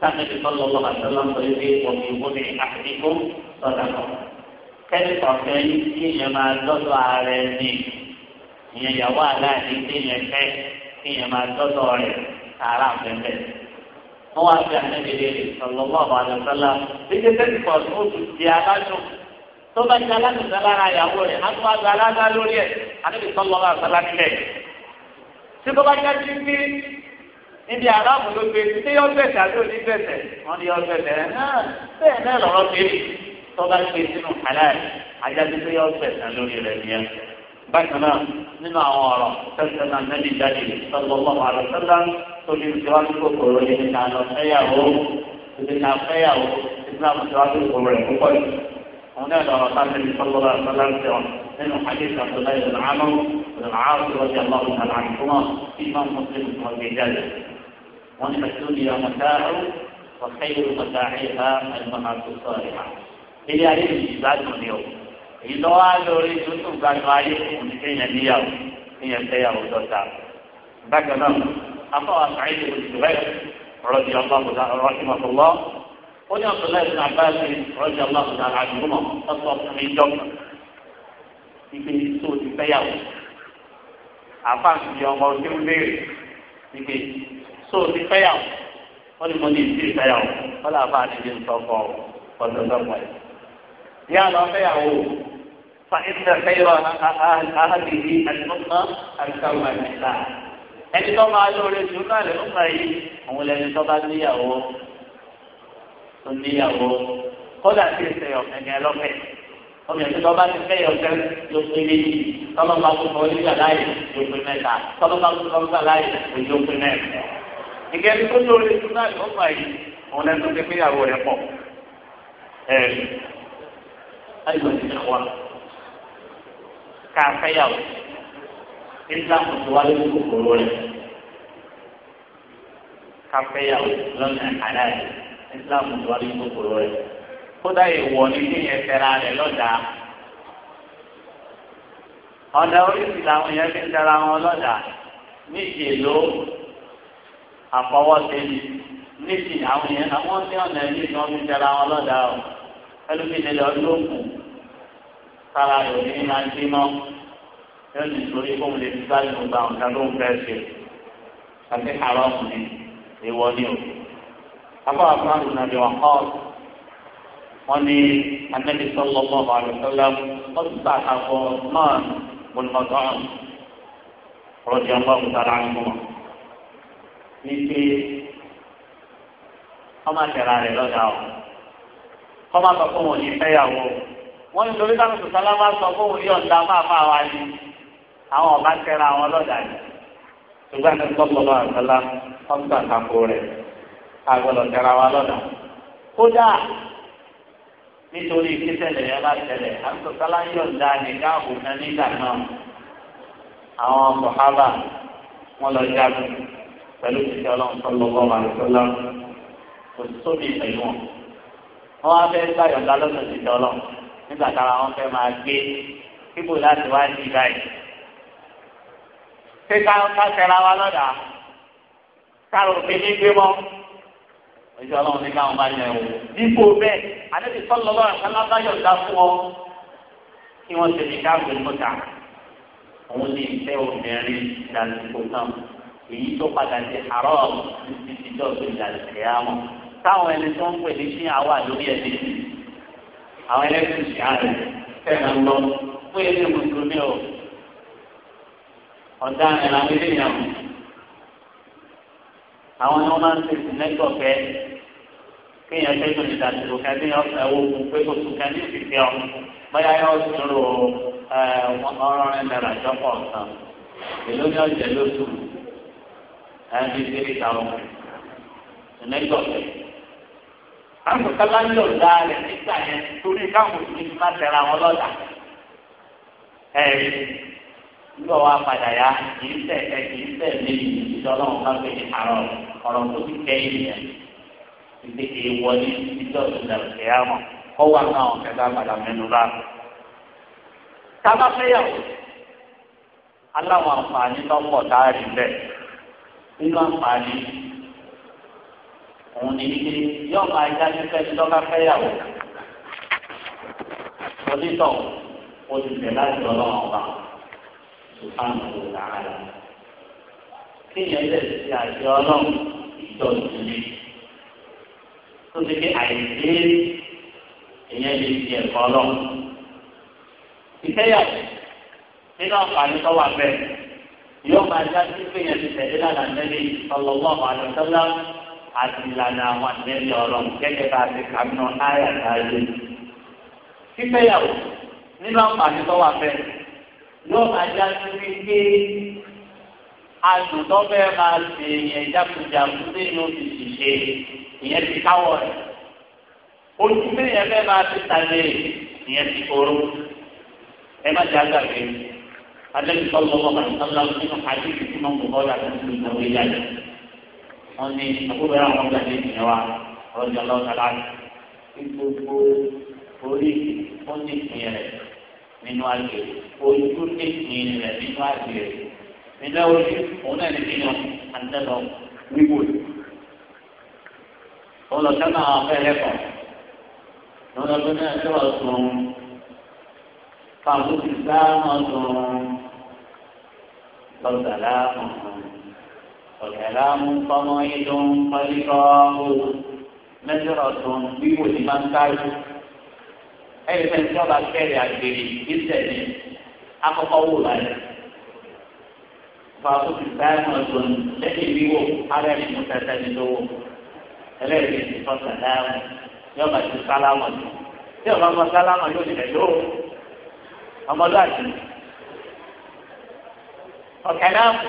sáfẹ́tì sọlọ́lọ́ àlùfẹ́lá tó yẹ kó omi ìwúni àdéhù sọ̀dà kan kẹ́lí kọ̀ọ̀kẹ́ yìí kí máa dọ́dọ̀ ààrẹ ni ìyẹn yàwó àdáàdé wọ́n wá sí ànábìlẹ̀ rẹ̀ sọ̀lọ́mọ́ àbàdàsálà lédè tẹ́tí pọ̀s ó tún di aláṣọ tó bá di aláṣọ lára ìyàwó rẹ̀ á tún wá gba aláṣọ lórí ẹ̀ ànábì sọ̀lọ́mọ́ àbàdàsálà nílẹ̀ tí tó bá jáde ní níbi aráàmù ló gbé tí yọ gbẹ̀sẹ̀ àti òní gbẹ̀sẹ̀ wọ́n ní yọ gbẹ̀sẹ̀ bẹ́ẹ̀ náà lọ́rọ́ nínú àwọn ọ̀rọ̀ tẹ́sán náà nẹ́bí jáde sọ́lọ́lọ́ àlọ́sọ́lá tó ní ìṣèwádìí kòkòrò ní ìta lọ fẹ́yàwó ìdènà fẹ́yàwó islam ìṣèwádìí kòkòrò rẹ̀ púpọ̀ yìí. àwọn náà lọ́rọ̀ sáfẹ́ni sọ́lọ́lọ́ àlọ́sọ́lá ń tẹ̀wọ̀n nínú hadith abdullahi ibn amr ibn aas rọ́jà allahu ta'ala anhuma imam muslim rọ́jà jáde. wọ́n ní mẹ́tìlúni ọmọ táàrù wọ́n kẹ́yìn ìlọ́wọ́ lórí tuntun gbàgbọ́ ayé òní kéèyàn níyàwó kéèyàn tẹ́yàwó dọ́ta. bákan náà afọwọ́ àtàrí ìlú ìdúrẹ́ rọ́jì ọlọ́mọdé rọ́jì mọ̀tòlọ́ ó ní ọ̀tún láì sàn bá ṣe rọ́jì ọlọ́mọdé àdúgbò ọ̀tọ̀ ọkùnrin dọ́gba ibi tó ti tẹ́yàwó. àfáàfin ọmọ tí ń béèrè ibi tó ti tẹ́yàwó wọ́n ní mo ní ìdí ìtẹ́yàwó wọ́n làbá فإن خير أهله الأمة الكون النساء ẹni tó máa lóore jù náà lè lọ́mọ yìí òun lẹni tó bá níyàwó tó níyàwó kódà sí ẹsẹ̀ ọ̀gẹ̀gẹ̀ lọ́fẹ̀ ọmọ ìṣẹ́ tó bá ti fẹ́ ọ̀gẹ̀ ló pé méjì tọ́lọ́ máa kó fún onígbà láàyè ló pé mẹ́ta tọ́lọ́ máa kó fún onígbà láàyè ló pé mẹ́ta. ìgẹ̀ni tó lóore jù náà lè lọ́mọ yìí òun lẹni tó ti fẹ́yàwó rẹ̀ pọ̀ ẹ̀ẹ́dì ká fẹ́yàwó islam tó wá lórí kòkòrò rẹ̀ ká fẹ́yàwó lọ́nà àdá rẹ̀ islam tó wá lórí kòkòrò rẹ̀ kódà ìwọ ni kéèyàn fẹ́ra rẹ̀ lọ́dà ọ̀dà oríṣi làwọn yẹn fi ń tẹ́ra wọn lọ́dà níṣì ló àfọwọ́sẹ́ni níṣì àwọn yẹn àwọn tí ọ̀nà ẹ̀mí ni wọ́n fi ń tẹ́ra wọn lọ́dà o ẹlòmíì nílẹ̀ ọdún sára rẹ̀ òní ní máa ń dín mọ́ yóò ní sórí fóun lè fi báyìí gbogbo àwọn kan ló ń fẹ́ ṣe àti haram ni ìwọ ni o. Abọ́ àbúrò nàbí wọn kọ́ wọn ní anábì sọ́lọ́ bọ́ àlùfẹ́lẹ́ wọ́n ti ta àbọ̀ náà bọ́lùmọ́tọ́ rọ̀jì ọlọ́run tara ń mọ́. Ní pé ọmọ àtẹ̀rà rẹ̀ lọ́dà ọ̀ kọ́ máa sọ fún wọn ní fẹ́yàwó wọ́n ní torí káàtó sálámà sọ fún òun yóò da fáfá wa ni àwọn ọba kẹra àwọn lọ́dà ni ṣùgbọ́n ní sọ́kọ̀lọ́ àgbàlá ọgbà kàkó rẹ̀ àgbọ̀lọ̀ kẹra wa lọ́dà kódà nítorí kíṣẹ̀lẹ̀ yẹn bá ṣẹlẹ̀ àtúntò sálámà yóò da nìka òun nígbà náà àwọn sọ̀hábà wọn lọ jáde pẹ̀lú ìṣẹ́ ọlọ́run sọ́lọ́gbọ́n àlùfọ́lá kò sóbì pẹ̀lú wọn wọ́n á fẹ́ gbàyọ̀dá lọ́sọ̀ ìṣẹ́ ọlọ́run nígbà tára wọn fẹ́ máa gbé síbò láti wá sí báyìí. ṣé ká ká tẹra wa lọ́dà káàrò fi ní gbé mọ́ ojú ọlọ́run ní káwọn bá yẹ wò. dípò bẹ́ẹ̀ àdébí sọ́lọ́lọ́ àtàlábáyọ̀ dá fún ọ kí wọ́n ṣe ní káàbù mọ́ta òun ní ìfẹ́ obìnrin ìdánilẹ́kọ̀ọ́ kan èyí tó padà di àárọ̀ títí tó ìdánilẹ́kọ̀ọ́ táwọn ẹni tó ń pè ní sí àwa lórí ẹ̀dínlẹ́yìn àwọn ẹlẹ́sìn ṣì àrẹ tẹ̀lé ń lọ fún ẹni mùsùlùmí o ọ̀dà ẹ̀rọ amílẹ̀yàn àwọn ni wọ́n máa ń tẹ̀sí lẹ́gbọ̀fẹ́ kéèyàn tẹ́tọ̀ ní ìdásílò kan ní ọ̀sẹ̀ owó pé kò tún kan ní ìfìfẹ́ ọ báyà yóò sọ̀rọ̀ ọ̀rọ̀ rẹ̀ náírà jọ́pọ̀ ọ̀sán èló ní ọ̀jẹ̀ lóṣù ẹ̀ ń fi ṣe ìta ọ̀hún ìlẹ́gbọ̀fẹ́ káwọn sábà ń lò dáa rẹ̀ nígbà yẹn torí káwọn òbí má tẹ̀ra wọn lọ́dà. ẹ̀rí nígbà wa padà yá kìí tẹ̀ ẹ̀ kìí tẹ̀ lé ìjọba wọn bá gbé àrọ̀ ọ̀rọ̀ tó ti kẹ́ ìyẹn ìdí ìwọlé ìjọba ìdàgbẹ́ àmọ́ ọwọ́ àwọn àwọn kẹta padà mẹ́nu bá. sábà aláwọ̀ àǹfààní lọ́pọ̀ dáa rí bẹ́ẹ̀ nínú àǹfààní òun ní wípé yóò máa dájú pé lọ́ba fẹ́yàwó onítọ̀ ó ti tẹ̀ láti ọlọ́run ọba sùpáàmù tó dára kéèyàn lè ṣe àṣẹ ọlọ́run ìjọba ìdílé tó ti fi àìsí èèyàn lè fi ẹ̀kọ́ ọlọ́run ìfẹ́yàwó nínú àǹfààní tó wà bẹ́ẹ̀ yóò máa dájú pé yẹn ti tẹ̀lé lánàá lẹ́yìn ọlọ́wọ́ àwọn àdàtọ́lá àti ìlànà àwọn àtẹ̀lẹ́ ọlọ́run gẹ́gẹ́ bá a ti kà nínú ayé àtàlẹ́. Fífẹ́yàwó nínú àǹfààní tó wà fẹ́ yóò máa já sí wípé àdùntọ́ fẹ́ máa ṣe ìyẹn jákujàku nínú ìṣìṣe ìyẹn ti káwọ̀ rẹ̀. Ojú tí ìyẹn fẹ́ máa ti tàlẹ́ ìyẹn ti kóró. Ẹ má jẹ́ àgbàgbé. Adébísọ́ lọ́wọ́ àti sọ́lá nínú àdébísọ́ mọ́ bọ́ọ̀lù àti ìṣòwò ìyá yẹn wọn ní àbúrò àwọn ọmọdé àti ìyẹn wa ọlọ́dún ọlọ́dún aláàbò kí gbogbo orí ó ní ìpín rẹ̀ nínú àgbẹ̀ ojú ní ìpín rẹ̀ nínú àgbẹ̀ nínú ojú òun náà ní nínú àtẹnudọ́ wíwò ọlọ́sẹ́nà ọ̀fẹ́lẹ́ kan lọ́dọọdún náà tó wà sùn fàbùkù sáà náà sùn lọ́sàlá ọ̀hún. والكلام صميل طريقه نجرة بيو لمن كاجو أي فنجرة كاري عجبي إذن أقوى لك فأقول سلامة لكن بيو على المتسلسل ẹlẹ́yìn ti sọ sàlámù yóò máa ti sálámù ni tí o bá mọ sálámù yóò ti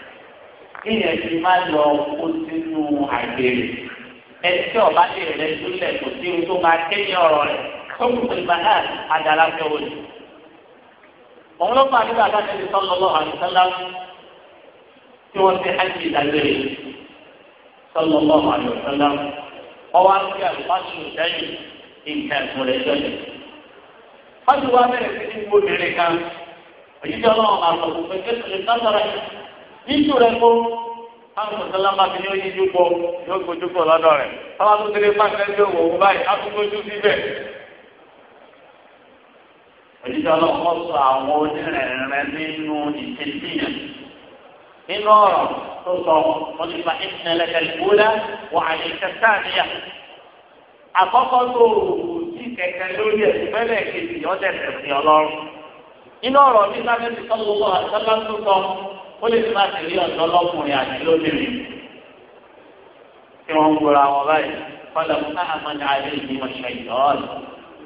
kéèyàn ti má lọ kó sínú àgbèrè ẹni tí ọba lè rẹ sílẹ̀ kò sí ohun tó máa kéèyàn ọ̀rọ̀ rẹ̀ tó kù pé bàtà àdàlà fẹ́ wò ni. òun ló máa nígbà láti ṣe sallallahu alaihi wasallam tí wọ́n ti hajj ìdágbére sallallahu alaihi wasallam ọwọ́ àti àlùfáàṣù sẹ́yìn nǹkan ẹ̀sùn rẹ̀ jọ̀lẹ̀. wọ́n ti wá sí ní gbòmìnir yíjú rẹ kó àwọn sọ̀tẹ́lá máa fi yóò yíjú bọ yóò gbójú bọ̀ lọ́dọ̀ rẹ̀ táwa tó kéré pàṣẹ ń lòwò òun báyìí á tún gbójú síbẹ̀. òjijì ọlọ́run sọ àwọn onírẹ̀rẹ̀ nínú ìṣèjìyàn nínú ọ̀rọ̀ tó sọ wọn ti ìṣẹ̀lẹ̀ ìgbóná wà á yẹ àkọ́kọ́ tó ti kẹ̀kẹ́ lórí ẹ̀ kejì ọ̀dẹ̀ tẹ̀sí ọlọ́run nínú ọ̀rọ̀ nígbà mẹ́sì sọ́lọ́wọ́ àtàlà tó sọ ó lè má sì rí ọ̀dọ́ lọ́kùnrin àti lóbìnrin tí wọ́n ń gbọ́ra wọn báyìí kọ́lọ̀ fún àmọ́ni alẹ́ yìí wọ́n ṣe ìdọ́ọ̀lù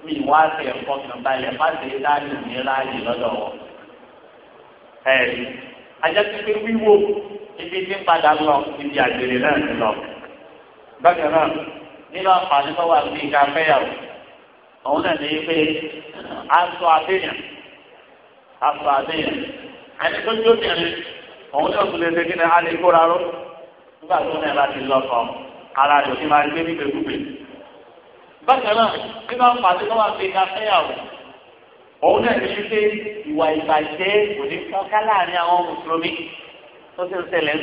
mi wá sí ẹ̀kọ́ kan balẹ̀ má sì rí láàyè ní láàyè lọ́dọ̀ wọn. ẹ̀rí ajásípé wíwò ibi tí ń padà lọ ibi àgbèrè náà ti lọ. bákan náà nínú àǹfààní tó wà ní ìka fẹ́yàwó òun náà ní pé aṣọ àbẹ̀yàn aṣọ àbẹ̀yàn àti tó tó òun yóò tún lè ṣe kí ni a lè kóra ró nígbà tó náà láti lọ́kọ̀ ara rẹ̀ òní máa gbé nígbèkúgbè. bákan náà nígbà pàṣẹ tó wà pé ká fẹ́yàwó òun náà ní ṣe ìwà ìbàjẹ́ òní fọ́nká láàrin àwọn mùsùlùmí tó ti ń ṣẹlẹ̀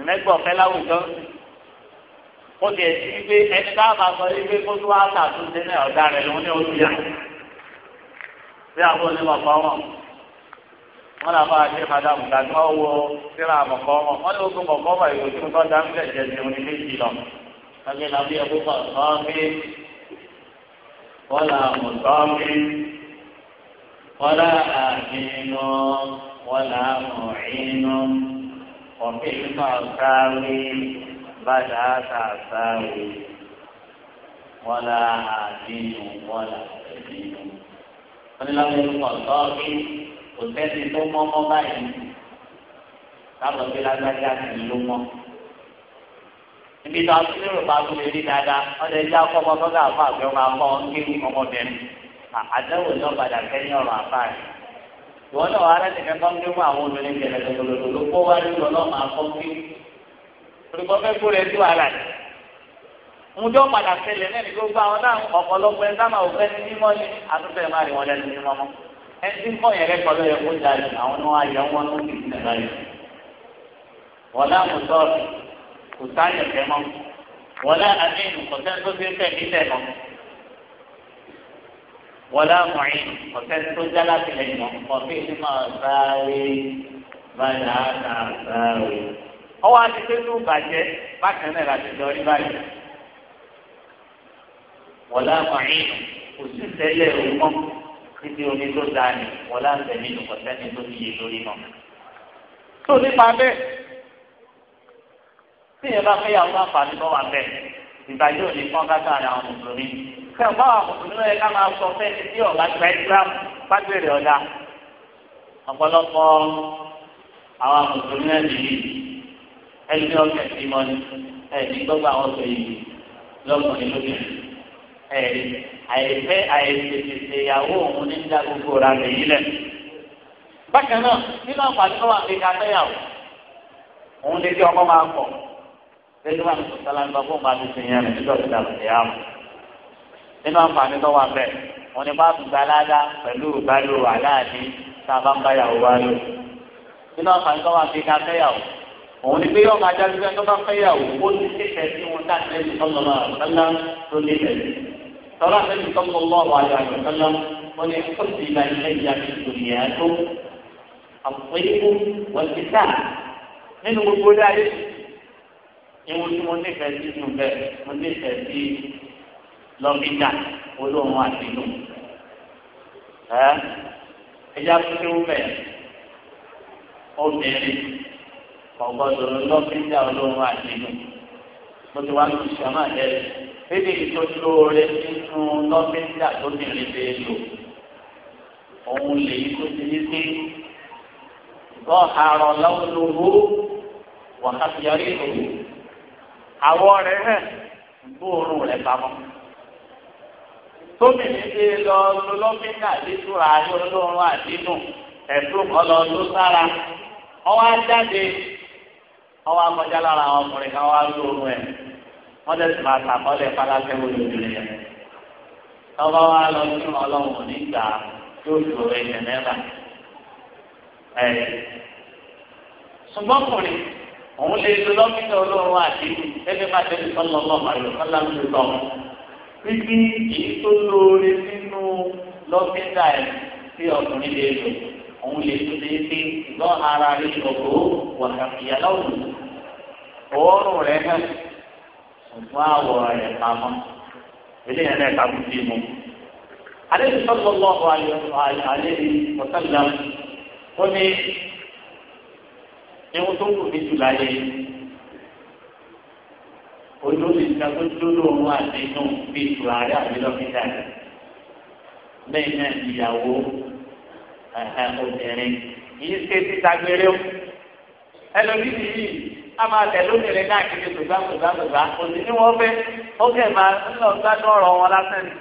ń mẹ́gbọ̀n fẹ́ láwùjọ ó lè ti wípé ẹni bá máa sọ wípé kó tó wá tàtúnṣe náà ọ̀dà rẹ̀ lòun ní oṣù yà bí àwọn onímọ̀ fọ́ọ̀mọ̀ wọn là máa ṣe madam gbàgbé wọn wo síra àmọ̀kọ́ wọn wọn ní oṣù kọ̀ọ̀kọ́ wọn yóò tún tọ́ da ńlẹ̀ jẹ ní oní méjì lọ. lọ́gbẹ́ náà bí ẹkú kan sọ mí là mọ̀ sọ mí là àmínú wọ́n là mọ̀ ìnú ọ̀bí kan sáré bàdà sàsáré wọ́n là àmínú wọ́n là àmínú wọ́n là mọ̀ sọ mí kò sẹ́ni tó mọ́mọ́ báyìí káàbọ̀ bí lágbájá sì ló mọ́. ibi tó a ti lérò pa tó lè rí dáadáa ọ̀dẹ̀ ẹja kọ́ ọmọ sọ́dọ̀ àfọ àgbẹ̀ ọmọ akọ́ kéwì ọmọbìnrin àdáwò ní ọ̀padà kẹ́yìn ọ̀rọ̀ àfáàrí. ìwọ náà wà á rẹ́ nìkan tó ń gbé fún àwọn obìnrin gẹ̀lẹ́gẹ̀lẹ́ ló kó wá nínú ọlọ́mọ akọ́ kéwì. olùkọ́ fẹ́ kúrẹ́ sí wàhálà rẹ̀ ǹjọ́ padà ṣẹlẹ̀ náà ní gbogbo àwọn náà ọ̀pọ̀lọpọ̀ ẹ̀ ẹtí kọ́ yẹn lẹ́kọ̀ọ́ ló yẹ kó darí àwọn náà ayọ̀ wọn ló ti sílẹ̀ báyìí. wọ́lá kò sọ́ọ̀rọ̀ kò sáyẹ̀ fẹ́ mọ́ wọ́lá àdéhùn kò sẹ́ni tó ti ń tẹ̀ nílẹ̀ mọ́ wọ́lá mọ̀ọ́yìn kò sẹ́ni tó já láti lẹ̀ mọ́ kọ̀ọ̀fẹ́ ti máa sáré báyà á sáré. ọwọ́ àti sẹ́nu bàjẹ́ bákan náà láti jọ rí báyìí. wọ́lá mọ̀ọ́yìn kò sí tẹ́lẹ̀ òun mọ́ títí oní tó dáa ni wọn láti tẹ̀lé nù kọ́sẹ́ni tó ti yé lórí náà. tó nípa bẹ́ẹ̀ tí yẹn bá fẹ́ yàwó àǹfààní bọ́ wà bẹ́ẹ̀ ìgbà yóò ní kán ká sáré àwọn mùsùlùmí. fẹ́ bá àwọn mùsùlùmí rẹ̀ ká máa sọ fẹ́ẹ́ tí ọ̀gá gba islam bá gbèrè ọ̀dà. ọ̀pọ̀lọpọ̀ àwọn mùsùlùmí rẹ̀ nìyí ẹni ọ̀kẹ́ sí mọ́ni ẹni gbọ́gbọ́ àwọn yìí lọ́kùnrin lóbìnrin ẹ̀rí àìfẹ́ àìfèsèsè ìyàwó òun ní dá gbogbo ra lèyí lẹ̀. bákan náà nínú àǹfààní tó wà pé ká fẹ́yàwó òun lè fi ọmọ máa pọ̀ lẹ́yìn wà ní sọ́sálà ń bá fún bá ti sìn yẹn rẹ̀ nígbà tó dàgbà ìyá wọn. nínú àǹfààní tó wà bẹ́ẹ̀ wọn ni bá tún gbalága pẹ̀lú ìbálò aláàdí tá a bá ń báyàwó wá lò. nínú àǹfààní tó wà pé ká fẹ́yàwó òun ni pé yóò máa jáde pé tó bá fẹ́yàwó ó ti ṣèṣẹ́ sí wọn táà tọ́lá lẹ́yìn tó kọ́ lọ́wọ́ àyọ̀ àyọ̀ sọ́lá wọn ni kó sì máa ilé ìyá mi ìdòmíyà tó àpéyíkú wọ́n ti tà nínú gbogbo dáyé ewu tí mo nífẹ̀ẹ́ sí nù bẹ́ẹ̀ mo nífẹ̀ẹ́ sí lọ́bìjà olóhùn àtinú ẹ ẹjá pínpín wúmẹ̀ obìnrin ọ̀gbọ́dọ̀ lọ́bìjà olóhùn àtinú tó ti wá ní ìṣàmà ẹ̀ lédè tó lóore nínú lọ́fíńdà tó ti rìn lè lò òun lèyí tó ti ní sí lọ́hàrọ̀ lọ́wọ́lọ́wọ́ wàhásíyárí òwò àwọ̀ rẹ̀ hẹ̀ gbóòórùn rẹ̀ pamọ́ tómi ní ṣe lọ lọ́fíńdà lẹ́tùrà ayọ́lọ́run àdínú ẹ̀dùn ọlọ́ọ̀lọ́ sára ọwọ́ ajáde ọwọ́ akọjá lára àwọn ọkùnrin kan wá ló orun ẹ̀ wọ́n tẹ̀sí máa tàkọ́lẹ̀ falákẹ́ wọlé ìdílé yẹn. ọba wa lọ sí ọlọ́run nígbà yóò lò ẹ̀jẹ̀ mẹ́ta. ṣùgbọ́n kùnrin òun lè lo lọ́mídà olóorun àti ẹgbẹ́ bá tẹ̀lé sọ́lọ́ lọ́mọ àlọ́ sọ́lá ń lò lọ́mọ. pínpín èyí tó lóore nínú lọ́mídà ẹ̀ tí ọkùnrin lè lò òun lè tún lè fi ìgbọ́n ara rẹ̀ lọ́gbọ́ wàhálà lọ́wọ́ òórùn rẹ̀ hàn ṣùgbọ́n àwọ̀ rẹ̀ pamọ́ eléyìí náà ká kú sí mu. àdéhùn sọ́kọ̀ lọ́wọ́ àlejò ọ̀sánlá ó ní ewu tó kù ní jùlá yẹ olórí ìdájọ́ tó lóun àti inú bíi tùràrí àbílọ́fíńdà lẹ́yìn náà ìyàwó obìnrin yìí ṣe títa gbére o ẹlòmíì yìí a máa tẹ̀ lóbìnrin náà kiri tòbá tòbá tòbá òsì ni wọ́n fẹ́ ó kẹ́ máa ń lọ gbádùn ọ̀rọ̀ wọn lásán ni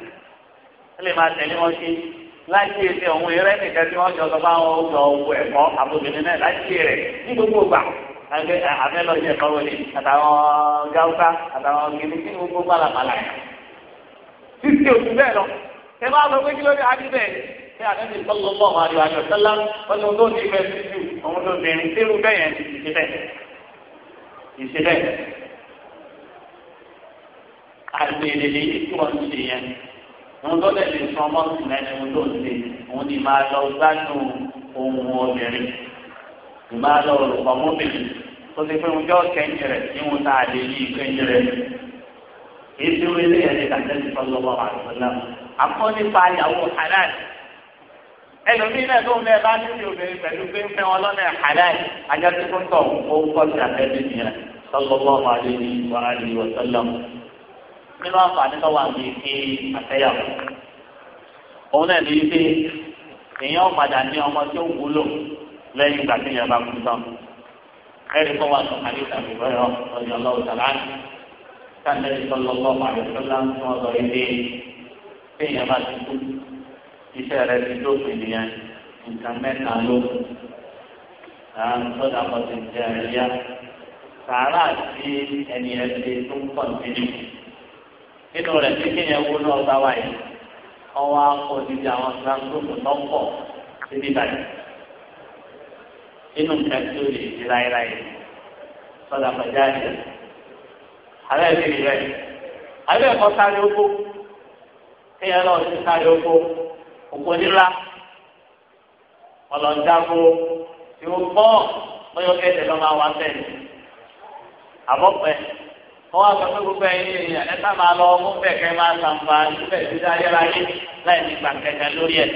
ó lè máa tẹ̀lé wọn ṣe láti ẹsẹ̀ òun ìrẹ́ nìkan tí wọ́n jọ sọ fáwọn ọgbà owó ẹ̀kọ́ àbòbìnrin náà láti rẹ̀ ní gbogbo gbà àfẹ́lọ́jì ẹ̀kọ́ wọlé àtàwọn gáúsá àtàwọn gidi kí gbogbo gbàlàpàlà yẹn. títí òkú bẹ́ẹ̀ lọ ẹ bá lọ pé kí ló dé adé bẹ́ẹ̀ pé àdébí sọ́lọ́ mọ́ àwọn àríwá àjọ sọ́lá wọn ni olóòtú ìfẹ́ sí jù òun ló bẹ̀rẹ̀ sírú bẹ́ẹ̀ yẹn ti ṣe bẹ́ẹ̀ ìṣe bẹ́ẹ̀ àgbèrè lèyí tí wọ́n ti ṣe yẹn òun tó lẹ́sìn fún ọmọ sùn náà ni òun tó ṣe òun ni máa lọ gbádùn ohun obìnrin ìmáa lọ rò pọ̀ mọ́bìnrin tó ti pé oúnjẹ ọ̀kẹ́yìn rẹ̀ níwọ̀n náà lè yí ìkẹ́yìn rẹ̀ èyí tí wọ́n kàtẹ́sì fọlọ́wọ́ àlùfọ́lá àkọ́ nípa ìyàwó halal ẹlòmíín náà lóun náà bá ní ti obìnrin pẹ̀lú pé ń fẹ́ wọn lọ́nà àdáyé ajásíkúntọ̀ òun kọ́ sí àtẹ́bí nìyẹn sallallahu alaihi wa alihi wa sallam nínú àǹfààní lọ́wọ́ àmì ìké àtẹ́yàwó òun náà lèyí pé èèyàn padà ní ọmọ tí ó wúlò lẹ́yìn ìgbà tí èèyàn bá kú tán ẹ̀rí kọ́ wa sọ àdé tàbí bẹ́ẹ̀ ọ̀yọ́ lọ́wọ́ sàlánì iṣẹ́ rẹ ti dópin nìyẹn nǹkan mẹ́ta ló kù àwọn sọ́dà kan ti jẹ ẹ̀yà sàárà tí ẹni ẹ̀sìn tó ń pọ̀ nínú nínú rẹ̀ tí kéèyàn wó náà bá wáyé ọwọ́ akọ níbi àwọn sàǹgóòfù tó ń pọ̀ síbí báyìí nínú nǹkan tí ó lè di láéláé sọ́dà kan jáde alẹ́ ìdílé rẹ̀ alẹ́ ẹ̀kọ́ sáré oko kéèyàn náà ti sáré oko òkò nílá ọlọ́njàgbó tí ó gbọ́ bóyá kẹ́tẹ̀ lọ́ máa wá bẹ́ẹ̀ àbọ̀pẹ́ wọ́n wá sọ pé gbogbo ẹ̀yin èèyàn ẹ bá máa lọ mú bẹ́ẹ̀ kẹ́ máa sàǹfà níbẹ̀ tí dáyẹ́ra yé láì ní gbàǹkẹ́kẹ́ lórí ẹ̀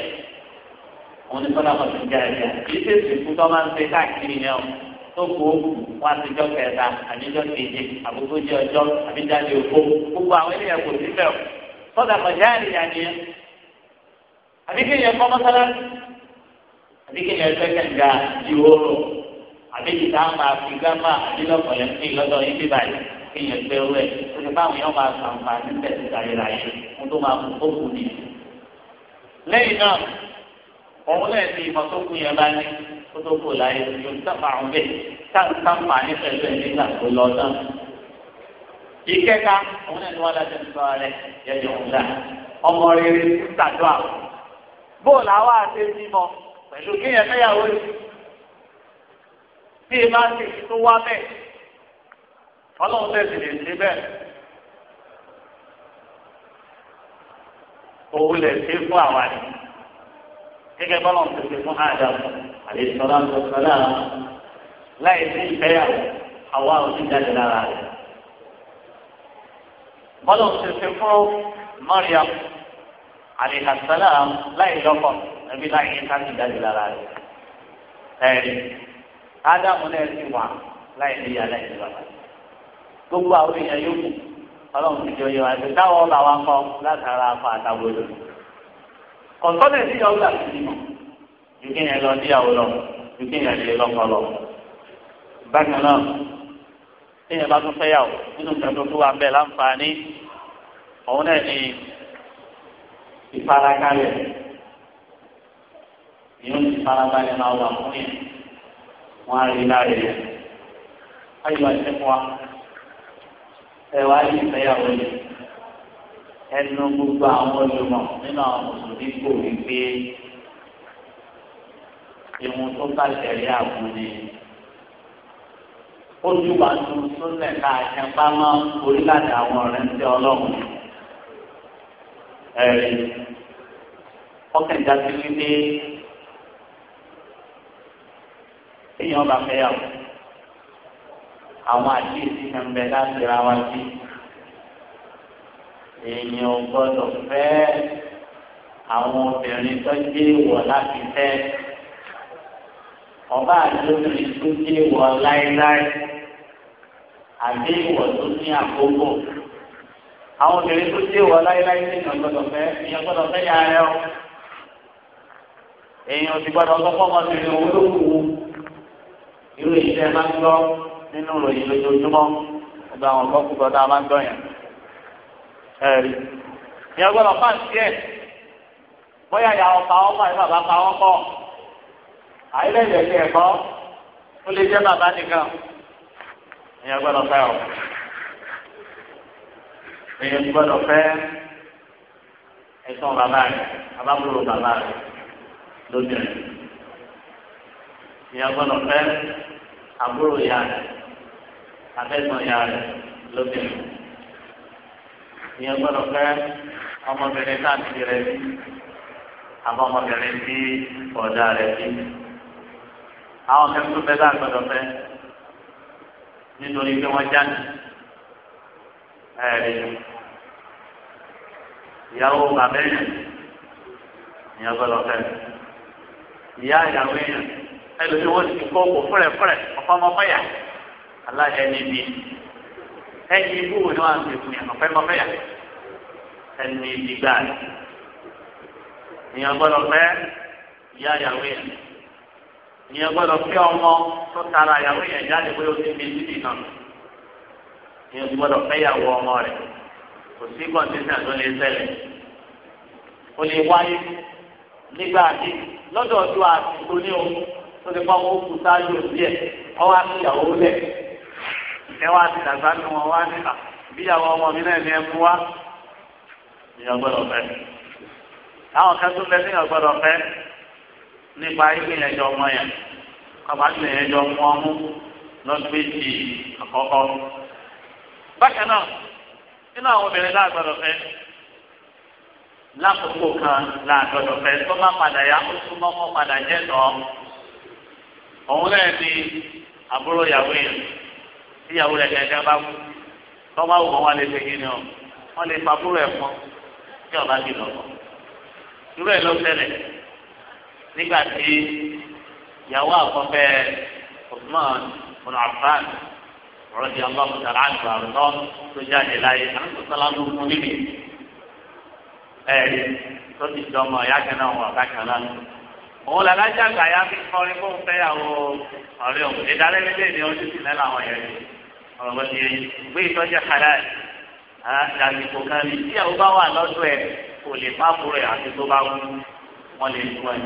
òun ní sọ́dọ̀ ọ̀sìn jẹ́ ẹ̀jẹ̀ kì í ṣèṣì fún tó máa ń ṣe káàkiri yẹn o tó kó wá sí ọjọ́ kẹta àbíjọ́ keje àbúgbójì ọjọ́ àbíjáde òfo gbogbo àwọn ènìyàn kò sí bẹ́ẹ̀ sọ́dọ̀ ọ̀sìn jẹ́ ẹ̀jẹ̀ àbí kéèyàn kọ́ mọ́sálásí àbí kéèyàn ẹgbẹ́ kẹ̀ǹga ìwòrò àbí ìta máa fi gámà àdínlọ́pọ̀ yẹn sí lọ́dọ̀ yín bí báyìí kéèyàn gbé owó ẹ̀ tó ti báwọn yẹn máa sàǹfààní bẹ̀ sí ìdàrẹ́ra yẹn kó tó máa kú kókù ni. lẹ́yìn náà òun náà ti ìmọ̀ tó kù yẹn bá ní kó tó kù láyé yóò sáfà àwọn bẹ́ẹ̀ sàǹfààní pẹ̀lú ẹ̀ nígbà tó lọ bóòlù àwa àti mímọ pẹ̀lú kíyàn fẹ́yàwó yìí bí e máa tó wá bẹ́ẹ̀ ọlọ́run tẹ̀sí lè ṣe bẹ́ẹ̀. owó lè ṣe fún àwa ni gẹ́gẹ́ bọ́lá ń tẹ̀sí fún ádámù àdéṣọ́lá ń tọ́sọ́ náà láì sí ìfẹ́yàwó àwa ò ní jáde lára rẹ̀. bọ́lá ń tẹ̀sí fún mọ́ríàmù àlìhàsálàm láì lọ́kọ̀ ẹbí láì ní káàkiri jáde lára rẹ̀ ẹ̀rí ádámù náà ti wà láì ní ìyá láì ní bàbá gbogbo àwọn èèyàn yóò kù ọlọ́run ti jọ yọ àti táwọn ọ̀la wa kọ́ látara afa àtàwọlò kọ̀ǹtọ́nẹ̀ sí ìyàwó làti ní mọ̀ ju kí yẹn lọ díyàwó lọ ju kí yẹn lè lọ́kọ̀ lọ. bákan náà ìfarakalẹ̀ yóò ti farabalẹ̀ máa wà fún yẹn wọn á rí lára yẹn ayọ̀ àti fún wa ẹ wá yí ìfẹ́yàwó yẹn ẹnu gbogbo àwọn olùmọ̀ nínú àwọn mùsùlùmí kò rí pé ìwọ̀n tó bá tẹ̀lé àbú ni ó ju wà tó sólẹ̀ ká àjẹpá máa ń orí láti àwọn ọ̀rẹ́ ń tẹ ọlọ́run ẹ̀rí ọkàn ìdásí wípé èèyàn bá fẹ́ yàwó àwọn àkíyèsí kan bẹ láti ra wá sí èèyàn gbọ́dọ̀ fẹ́ àwọn obìnrin tó dé wọ̀ láti fẹ́ ọba àdóbìnrin tó dé wọ̀ láéláé àdéhùwọ̀ tó ní àkókò àwọn obìnrin tó dé wọ láéláé ní èèyàn gbọ́dọ̀ fẹ́ èèyàn gbọ́dọ̀ fẹ́ yà rẹ o èèyàn ti gbọ́dọ̀ lọpọ ọmọbìnrin òun ló wù ú irú ìṣe máa ń gbọ́ nínú ìròyìn lójoojúmọ́ ọgbà àwọn ọgbọ́n kúkọ tá a máa ń gbọ́ yẹn ẹ̀rí èèyàn gbọ́dọ̀ fáǹtì ẹ bóyá ìyá ọkà ọmọ ẹ bàbá pa wọn kọ àyẹlẹ ìyẹn ẹ̀kọ́ ó lè jẹ bàbá nìkan èèyàn gbọ́dọ̀ fẹ́ ọ èèyàn ti gbọ́dọ̀ fẹ́ ẹ̀sán bàbá rẹ̀ abábúrò bàbá rẹ̀ lóbìnrin èèyàn gbọ́dọ̀ fẹ́ àbúrò ìyá rẹ̀ abẹ́sàn ìyá rẹ̀ lóbìnrin èèyàn gbọ́dọ̀ fẹ́ ọmọbìnrin káàkiri rẹ̀ bí àbọ̀ ọmọbìnrin bí ọ̀dà rẹ̀ bí àwọn kẹ́kọ̀ọ́ bẹ́ẹ̀ bá gbọ́dọ̀ fẹ́ nítorí pé wọ́n jáde ẹ̀rí ìyàwó bàbá yẹn ni gbọ́dọ̀ fẹ́ ìyá ìyàwó yẹn ẹlòmí wọ́n ti kó kó fúrẹ̀fúrẹ̀ ọ̀pọ̀ ọmọfẹ́yà aláìyẹ níbi ẹ̀yìn ibú wo ni wọ́n á ti fún yẹn ọ̀pẹ́ ọmọfẹ́yà ẹni ibi gbà ní ìyàwó gbọ́dọ̀ fẹ́ ìyá ìyàwó yẹn ìyàwó gbọ́dọ̀ fẹ́ ọmọ tó tara ìyàwó yẹn jáde bóyá ó ti fi síbi ìyẹn ti ya fẹ́yàwó ọmọ rẹ̀ kò sí kọ́ńtínà tó lè ṣẹlẹ̀ ó lè wáyé nígbà tí lọ́dọ̀ ọdún àtìkò ní o tó ti pọ́n òkú sáájú òbí ẹ̀ ọwọ́ àtìyàwó lẹ̀ ẹ wá dàgbà nù wọn wá níta ìbíyàwó ọmọ mi náà ní àwọn nípa yẹn ọmú bákan náà nínú àwọn obìnrin láàgbọ́dọ̀ fẹ́ lákòókò kan láàgbọ́dọ̀ fẹ́ tó bá padà yá ó túmọ̀ kó padà jẹ́ tọ́ òun náà ni àbúrò ìyàwó yẹn ìyàwó rẹ̀ gẹ́gẹ́ bá kú tọ́wọ́ àwọn ọmọ wa lè fẹ́ yín ni ọ wọ́n lè fa àbúrò ẹ̀ fún tí ọba bí lọ́kọ̀ irú ẹ̀ ló ṣẹlẹ̀ nígbà tí ìyàwó àkọ́fẹ́ Osman ọ̀nà àbúrò rọ́bì ọlọ́run tàrà àgbà ọ̀tọ́ tó jáde láyé àtúntò sálámù fún níbi ẹ̀ẹ́dì tó ti jọ ọmọ ìyá kan náà wọn ọ̀gá kan náà òun làlá jàgbà ya fi kọrin fún fẹ́yàwó ọ̀rẹ́ òun ìdálẹ́ méjèèjì ojú sì lẹ́ làwọn yẹn ọ̀rọ̀ bó ti yẹ gbé ìtọ́jú halal àdàbí kò kan rí tíyàwó bá wà lọ́dọ̀ ẹ̀ kò lè má kúrò ẹ̀ àti tó bá wú wọn lè fún ẹ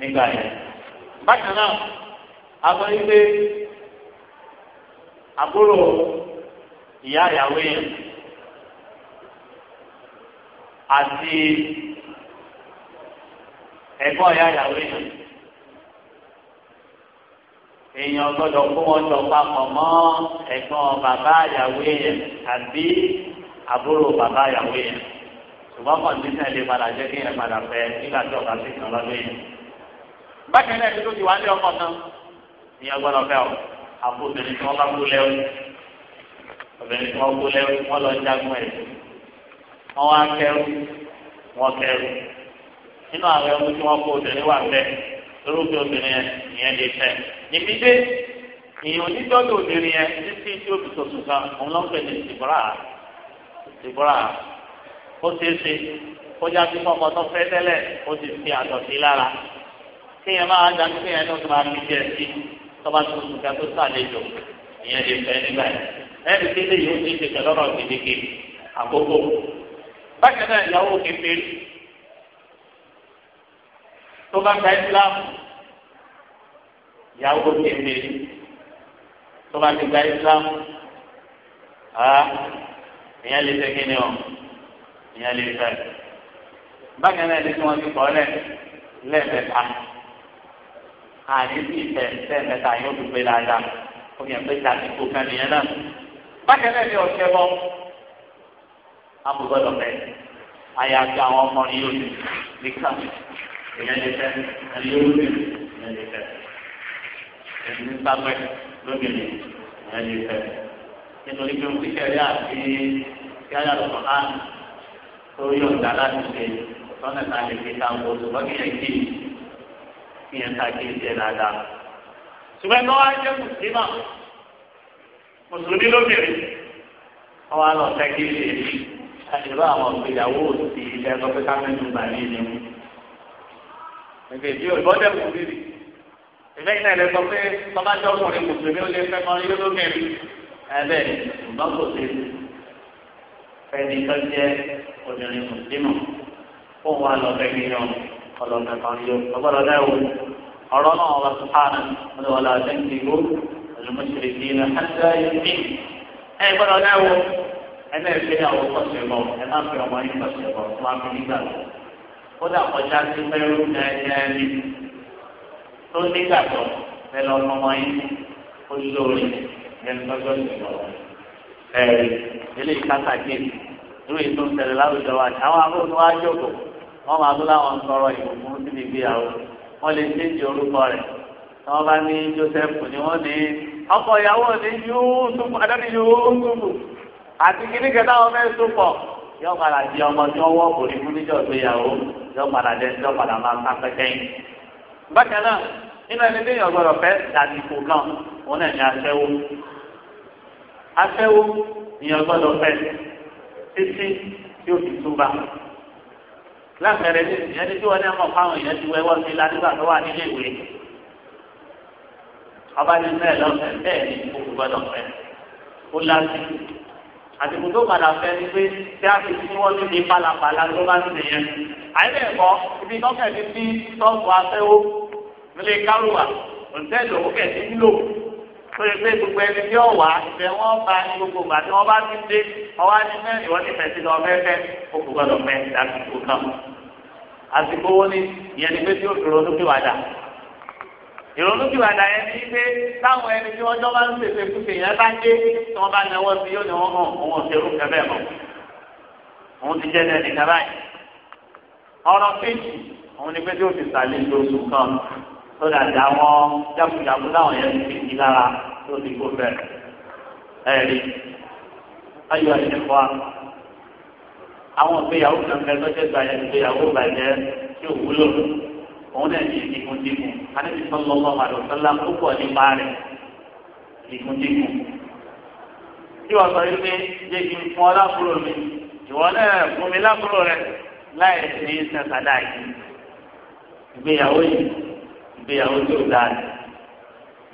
nígbà yẹn. bákan náà a sọ wípé àbúrò ìyá ìyàwó yẹn àti ẹ̀gbọ́n ìyá ìyàwó yẹn èèyàn gbọ́dọ̀ kó wọn jọ papọ̀ mọ́ ẹ̀gbọ́n bàbá ìyàwó yẹn àbí àbúrò bàbá ìyàwó yẹn ṣùgbọ́n kọ̀ǹdíṣẹ̀ lè padà jẹ́ kí yẹn padà fẹ́ nígbà tí ọ̀gá sì kàn lọ́dún yẹn. bákan náà ẹni tó ti wá ní ọkọ̀ náà ìyẹn gbọ́dọ̀ fẹ́ o àpò obìnrin tí wọ́n bá kú lẹ́wọ́ obìnrin tí wọ́n kú lẹ́wọ́ wọ́n lọ jagun ẹ̀ wọ́n wá kẹ́rù wọ́n kẹ́rù nínú àwọn ẹrú tí wọ́n kó obìnrin wà bẹ́ẹ̀ lórúkọ obìnrin yẹn ìyẹn lè fẹ́ níbi dé ìyẹn onídọ́dọ̀ obìnrin yẹn títí tí obì tuntun kan òun ló ń pè ní tìbúrà tìbúrà ó ṣeé ṣe kó já sí fọmọ tó fẹ́ tẹ́lẹ̀ ó ti fi àtọ̀ sí lára kéèyàn máa dá sí kéèyàn ní oṣù máa fi jẹ́ sí i tọ́ba tó tún ká tó sàlejò ìyẹn lè fẹ́ nígbà yẹn ẹni tí lè yóò ti tètè lọ́rọ̀ gbèdéke àkókò bákan náà ìyàwó kékeré tó bá gba ìsìlámù ìyàwó kékeré tó bá ti gba ìsìlámù ìyẹn lè fẹ́ kí ni ọ ìyẹn lè fẹ́ bákan náà ẹni tí wọ́n ti kọ́ lẹ̀ lẹ́ẹ̀mẹ́ta àdébí ìfẹ̀ǹfẹ̀ mẹ́ta yóò dùn pé dáadáa ó yẹ pé ìdàgbàsókè kan nìyẹn náà. bákan náà ni ọ̀sẹ̀ bọ́ abùgbọ́dọ̀ bẹ́ẹ̀ àyàfi àwọn ọmọrin yóò dùn nìkan èèyàn lè fẹ́ ẹni yóò dùn èèyàn lè fẹ́ ẹni ní sábẹ́ lóbìnrin èèyàn lè fẹ́ nítorí pé wọ́n ti kẹ́rì àti yáyà lọ́kọ̀ náà tó yọ̀ǹda láti ṣe lọ́nà tá a lè fi ta àwọn lọ́kì kí yẹn ká kí n jẹ dáadáa. ṣùgbọ́n ẹgbẹ́ wa jẹ́ mùsùlùmá mùsùlùmí lóbìnrin wọ́n wá lọ sẹ́ kí n lè rí àdìrò àwọn ìgbéyàwó òsì ilẹ̀ ẹ̀kọ́ pé ká mẹ́nu gbà ní ilé mu. ẹgbẹ́ ìdí òyìnbó dẹ̀ mùsùlùmí ìfẹ́ yìí náà lè sọ pé tọ́bájọ́ ọkùnrin mùsùlùmí ó lè fẹ́ mọ́ yóò lómìnir ẹ̀bẹ̀ ṣùgbọ́n kò sí fẹ́ni tó jẹ́ obìnrin mùsùlùmí ó wà lọ fẹ́ mi yàn ọlọ́ọ̀fẹ́ kan yóò ọgbọ́dọ̀ dáwọ́ ọ̀rọ̀ náà wà sùpáànà ọ̀dọ̀ wàlá àtẹ́ǹtì ìgbó ọ̀dọ̀mọ̀ṣẹ̀lẹ̀ kì í nà ẹ̀ṣẹ̀ ẹ̀mí ẹ̀ gbọ́dọ̀ dáwọ́ ẹ̀nà ìfẹ́ àwọn kọ̀ṣẹ̀ bọ̀ ẹ̀ má fi ọmọ yín kọ̀ṣẹ̀ bọ̀ fún abínígbà ó dà kọjá sí pẹ́rú ẹ̀ẹ́dẹ́ẹ̀mí tó nígbàgbọ́ ẹ lọ fọmọ yín ó lóore ẹni lọ́jọ́ wọn máa tó láwọn sọ̀rọ̀ ìbùkún síbi ìgbéyàwó wọn lè ṣéǹjì orúkọ rẹ̀ tí wọn bá ní Joseph ni wọn ní ọkọ ìyàwó ní Yúsùfù adáni Yúsùfù àti kìnnìkan táwọn fẹ́ẹ́ tó pọ̀ yóò padà di ọmọ tí wọn wọ òní fún níjọ ìgbéyàwó yóò padà dé yóò padà máa ká pẹkẹ yìí. bákan náà nínú ẹni tí èèyàn gbọ́dọ̀ fẹ́ dàdìkù kan òun náà ní aṣẹ́wó aṣẹ́wó èèyàn gbọ́dọ̀ fẹ́ títí tí ó fi túbà lápẹẹrẹ ní ẹni tí wọn ní ọmọ fáwọn èèyàn ti wẹwọ sí ládùúgbà tó wà nílé ìwé ọba ní bẹ́ẹ̀ lọfẹẹ bẹ́ẹ̀ ní gbogbo gbọ́dọ̀ fẹ́ ó láti àtìkù tó padà fẹ́ ni pé tí a fi fún wọn níbi pálapàla tó bá ti yẹn àyẹ̀bẹ̀ ẹ̀kọ́ ibi tọ́kẹ̀ ti fi tọ́ọ̀bù afẹ́wó nílé kárùwà òǹtẹ́ẹ̀lì òun kẹ̀ ti ń lò lórí pé gbogbo ẹni tí ó wà wọn bá gbogbo gbà tí wọ́n bá ti dé ọwọ́ á mẹ́rin wọ́n ti fẹ̀ sí lọ fẹ́fẹ́ ó kò gbọ́dọ̀ fẹ́ dàbí gbogbo kan àsìkò wo ni ìyẹn ni pé tí ó ìrònú kí wàdà ìrònú kí wàdà yẹn ni pé táwọn ẹni tí wọ́n jọ bá ń pèsè kúṣe yẹn bá dé tí wọ́n bá náwó sí yóò ní wọ́n hàn òun ò ṣerú kẹfẹ́ mọ́ òun ti jẹ́ ẹni kẹfẹ́ yìí ọ̀rọ̀ kejì òun ni pé tí ó ti sàlẹ̀ lóṣù kan tó dàda wọn jákujàku táwọn yẹn ti fi lára tó ti kó bẹ̀rẹ̀ ẹ̀rí ayọ̀ ẹ̀ṣẹ̀ fọ́ àwọn ìgbéyàwó kankan lọ́jọ́ gba ìgbéyàwó bàjẹ́ tí ò wúlò òun náà ní ìdíkùndínkù anábì sọlọ́lọ́ àdùnsọ́lá púpọ̀ nípa rẹ̀ ìdíkùndínkù. tí wọ́n sọ wípé jẹ́ kí n fún ọ lákúrò mi ìwọ náà fún mi lákúrò rẹ̀ láì ní sẹ́sàdá yìí ìgbéyàwó yìí ìgbéyàwó tí ò dáa ni.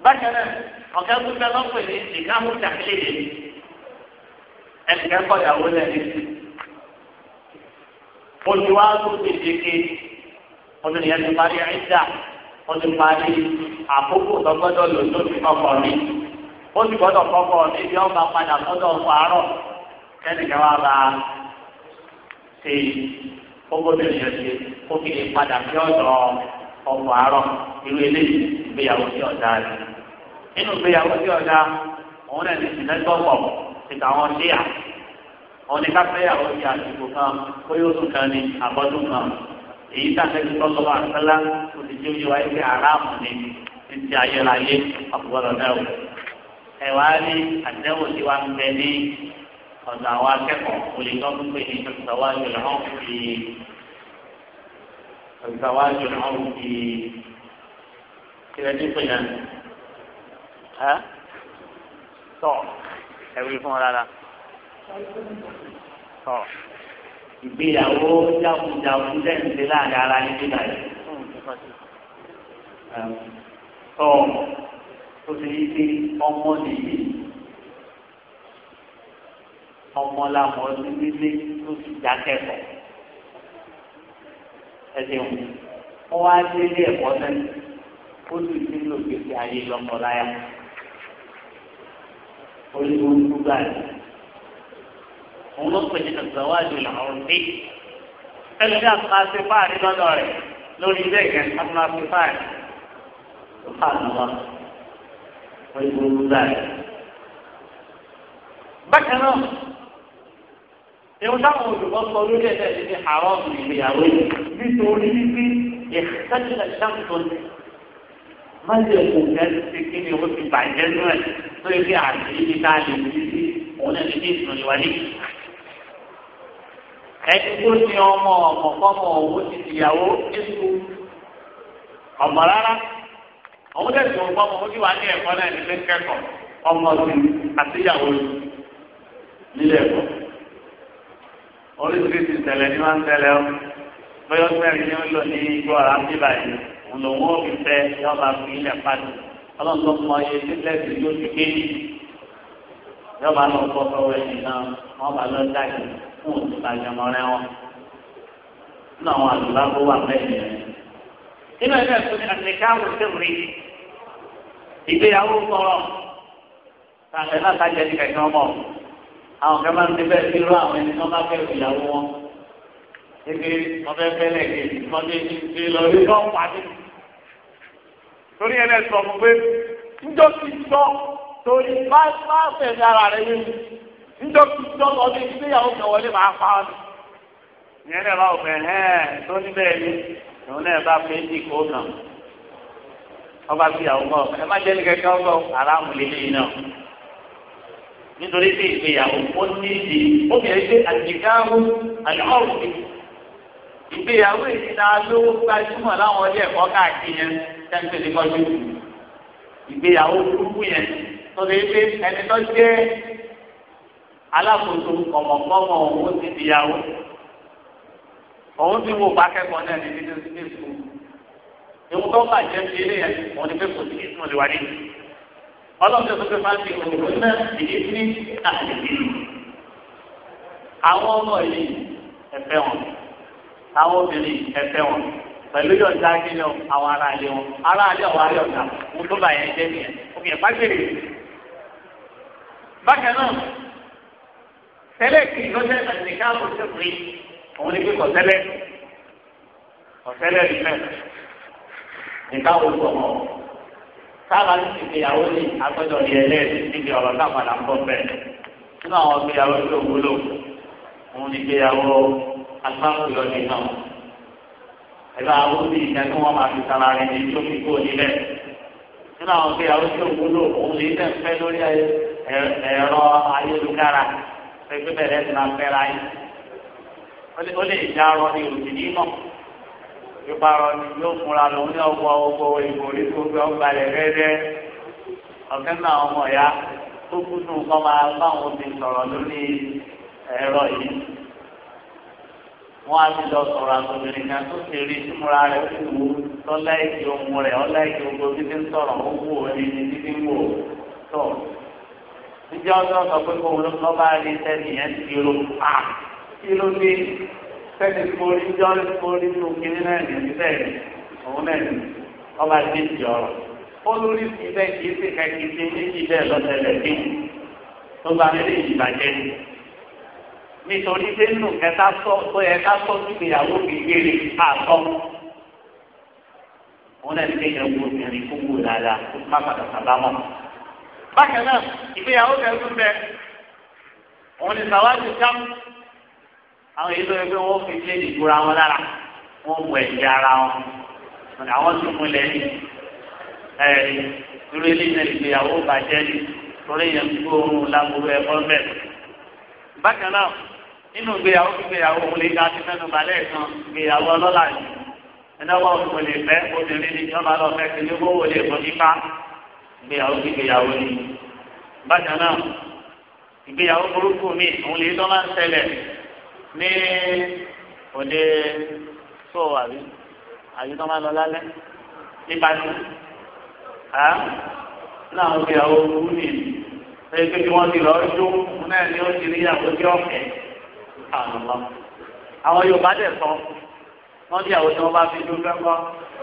bákan náà ọ̀gá gbígbẹ́ lọ́pọ̀ ní ìdíkàmú tàkìlì oṣù wa tó gbèdéke ọdún yẹn ti parí ẹ̀dá oṣù parí àkókò tó gbọ́dọ̀ lò tó ti kọ́kọ́ mi ó ti gbọ́dọ̀ kọ́kọ́ mi bí ọba padà gbọ́dọ̀ pààrọ̀ kẹ́nìkan wa bá ṣe kókó tó yẹn ṣe kó kì í padà bí ọ̀dọ̀ ọkọ̀ àárọ̀ irú eléyìí ìgbéyàwó sí ọ̀dà rẹ̀ nínú ìgbéyàwó sí ọ̀dà òun náà ti sì lẹ́gbọ̀pọ̀ ti tàwọn ṣíyà àwọn ní káfíńyàwó ti àsìkò kan ó yóò tún kan ní àbọ́dún kan èyí tàbí tọ́lọ́wọ́ àtẹ́lá tó ti jẹ́ òye wáyé pé aráàmù ni títí ayérayé ọ̀pọ̀lọpọ̀ náà wò. ẹ̀wá ní àdéhùn tí wàá ń bẹ ní ọ̀dọ̀ àwọn akẹ́kọ̀ọ́ olùdókòwò pé ní ìṣòwájú lọ́wọ́ fi ìṣòwájú lọ́wọ́ fi kílẹ̀dí pè náà. tọ́ ẹ̀rí fún ọ ìgbéyàwó jákujáku lẹ́ǹdé láàrin ara yín nígbà yìí. tọ́ ó ti yí pé ọmọ nìyí ọmọ làmọ́ sí nílé tó sì dákẹ́kọ̀ọ́ ẹsẹ̀ wù wọ́n wá sí ilé ẹ̀kọ́ náà ó sì ti lò gbèsè ayé lọ́kọ̀ọ́láyà. olùkọ́ gbogbo òun ló làwọn bí ẹni tí fáàrí lọ́dọ̀ rẹ̀ lórí ilé ìkẹ́ a fáàrí tó fáàrí wọn wọ́n ti burú láàyè. bákan náà ìwọ táwọn olùkọ́ sọ lórí ẹ̀dá ìdí ní àwọn ìgbéyàwó nítorí wípé ìṣẹ́jìlẹ̀ ṣàkóso máa ń lè kó kẹ́ ṣe kí ni o ti bàjẹ́ nù ẹ̀ tó yẹ kí àti ibi tá òun náà ti ní ìsìn ẹni tó ní ọmọ ọmọ fọmọ owó ti tìyàwó kíkú ọmọ rárá àwọn tẹsí ọmọ ọmọ ó sì wà ní ẹ̀kọ́ náà nílé kẹ́kọ̀ọ́ ọmọ sí àtìyàwó nílé ẹ̀kọ́ oríṣiríṣi ìṣẹ̀lẹ̀ ní máa ń ṣẹlẹ̀ ọ bẹyọ sẹrin ni ó lò ní igbó ọ̀rá ń bíbà yìí òun lòun ò fi fẹ́ yọ ọba fún ilẹ̀ pàdé ọlọ́run tó mọ iye nílẹ̀ tí yóò ti kéde yọ ọba lọ fọ́ sọ́wọ́ ẹ̀yìn náà wọ́n bá lọ dáìní fún òtún àjọmọ́rẹ́ wọn nínú àwọn àdúrà tó wà lẹ́yìn rẹ̀. nínú ẹgbẹ́ tó ní àtẹ̀káwò sẹ́wìrì ìgbéyàwó kọ̀rọ̀ kàkẹ́ náà kájẹ́ ní kẹ̀kẹ́ ọmọ àwọn kẹ́ ń tẹ́lẹ̀ sí irú àwọn ẹni tó bá fẹ́ ìyàwó wọn. ebi ọbẹ̀ fẹ́lẹ̀ kejì mọ́tẹ́ ti lọ rí lọ́ pàdé. torí ẹlẹ́sìn ọ̀mọ̀ pé ń níjọ́ níjọ́ ọdún ìgbéyàwó kan wọlé máa pa ọ́ ìyẹn náà bá òfin ẹ̀ tó ní bẹ́ẹ̀ ni òun náà bá pé ní kó kàn ọba fi àwọn ọmọ ẹ má jẹ́ ní kẹ́kẹ́ ọgbọ́ aráàmù lélẹ́ yìí náà nítorí pé ìgbéyàwó ó ní ìdí obìnrin pé àtìkáwó àlọ́ọ̀rù ìgbéyàwó èyí náà lówó gbajúmọ̀ láwọn ọdẹ ẹ̀kọ́ káàkiri yẹn tẹ́ǹtẹ́ ní kọ́jú ìgbéyàwó burúkú yẹn tó lè pé ẹni tó jẹ́ alákòóso kọ̀mọ̀kọ́mọ̀ òun ti dìyàwó òun ti wò pákẹ́kọ̀ọ́ náà ní nínú sí èso ìwọ tó bàjẹ́ fi ilé yẹn òun ni pé kò sí ìtumọ̀ lè wà ní. ọlọ́run tó tó fẹ́ máa ń fi òun náà ìdí sí àdìdì. àwọn ọmọ yìí ẹ̀fẹ́ wọn àwọn obìnrin ẹ̀fẹ́ wọn pẹ̀lú yọ̀ọ̀dá kíni o àwọn ará ilé wọn ará ilé ọ̀wọ́ ará ọ̀dà òun tó bàjẹ́ jẹ́ nìyẹn òun yẹn náà ẹlẹ́ẹ̀kejì lọ́jọ́ àdìsíká kò sí rí òun ní pé kọ̀sẹ́lẹ̀ kọ̀sẹ́lẹ̀ rí mẹ́rin nìka wo sọ̀mọ́ sábà ní ìgbéyàwó ni agbẹ́jọ́ ní ẹlẹ́ẹ̀sì níbi ọ̀rọ̀ náà padà ń bọ̀ bẹ́ẹ̀ nínú àwọn ìgbéyàwó tó wúlò òun ní ìgbéyàwó agbáwòyọ ní náà ẹ̀rọ àwọn òbí ìjà tí wọ́n máa fi sára rẹ̀ ní tó fi kó nílẹ̀ nínú àwọn ìgbéyàwó tó wúlò òun ní ìfẹ́ lórí ẹ̀rọ ayélujára pẹ̀lú bẹ̀rẹ̀ ti máa fẹ́ra yìí ó lè já arọ ní òbí nínà ìpa arọ ni yóò múra lòun ní ọgbọ ọgbọ ìbò rí tó fẹ́ ọgbà rẹ̀ rẹ́rẹ́ ọ̀kẹ́ náà ọmọ ya tó kú nù kọ́ máa báwọn obìnrin sọ̀rọ̀ lórí ẹ̀rọ yìí wọ́n á ti lọ sọ̀rọ̀ àtòmìnrin kan tó ti rí símúra rẹ̀ ó lọ́lá ìdí ohun rẹ̀ ọlá ìdí ogun níbi ọjọ́ sọ pé kò ló lọ́ bá rí sẹ́ni yẹn ti ro à kí ló dé sẹ́ni forí jọ́ forí tó kiri náà nìyí bẹ́ẹ̀ òun náà ní ọba dé ti ọ̀rọ̀ ó lórí sí bẹ́ẹ̀ kì í sì ká kì í ṣe méjì bẹ́ẹ̀ lọ́sẹ̀lẹ̀ bí tó bá mi lè ìbàjẹ́ nítorí pé nù kẹta sọ tó yẹ ká sọ sí ìgbéyàwó kékeré àtọ́ òun náà ní kéèyàn wo ìrìn kúkú dáadáa má padà sábà mọ́ bákan náà ìgbéyàwó kẹrù bẹ òun ni sàwájú sáà àwọn èyí tó yẹ pé wọn fi lé ìgbóra wọn lára wọn wọ ẹ̀jẹ̀ ara wọn àwọn tó mú lẹ́yìn ẹ lórí ilé ìgbéyàwó bàjẹ́ ni lórí yẹn gbóòórùn lágbóró ẹ̀kọ́ bẹ́ẹ̀ bákan náà nínú ìgbéyàwó ìgbéyàwó òun lè ga sí mẹ́nu balẹ̀ kan ìgbéyàwó ọlọ́lá yìí ẹ̀dáwọ́ òun kò lè fẹ́ obìnrin ní ìjọba lọ́fẹ́ kí ní owó lè fọ́ nípa ìgbéyàwó sí ìgbéyàwó ni bákan náà ìgbéyàwó burúkú mi òun lè lọ́la ń ṣẹlẹ̀ ní òde tó àbí àbí tó máa lọ lálẹ́ nípa ní à láwọn ìgbéyàwó burúkú ni ẹgbẹ́ tí wọ́n ti lọ jó náà ni ó ti rí ìyàwó tí ọ̀kẹ́ àlọ́ àwọn Yorùbá dẹ̀ sọ wọ́n ní ìyàwó tí wọ́n bá fi dúró lọ́kọ́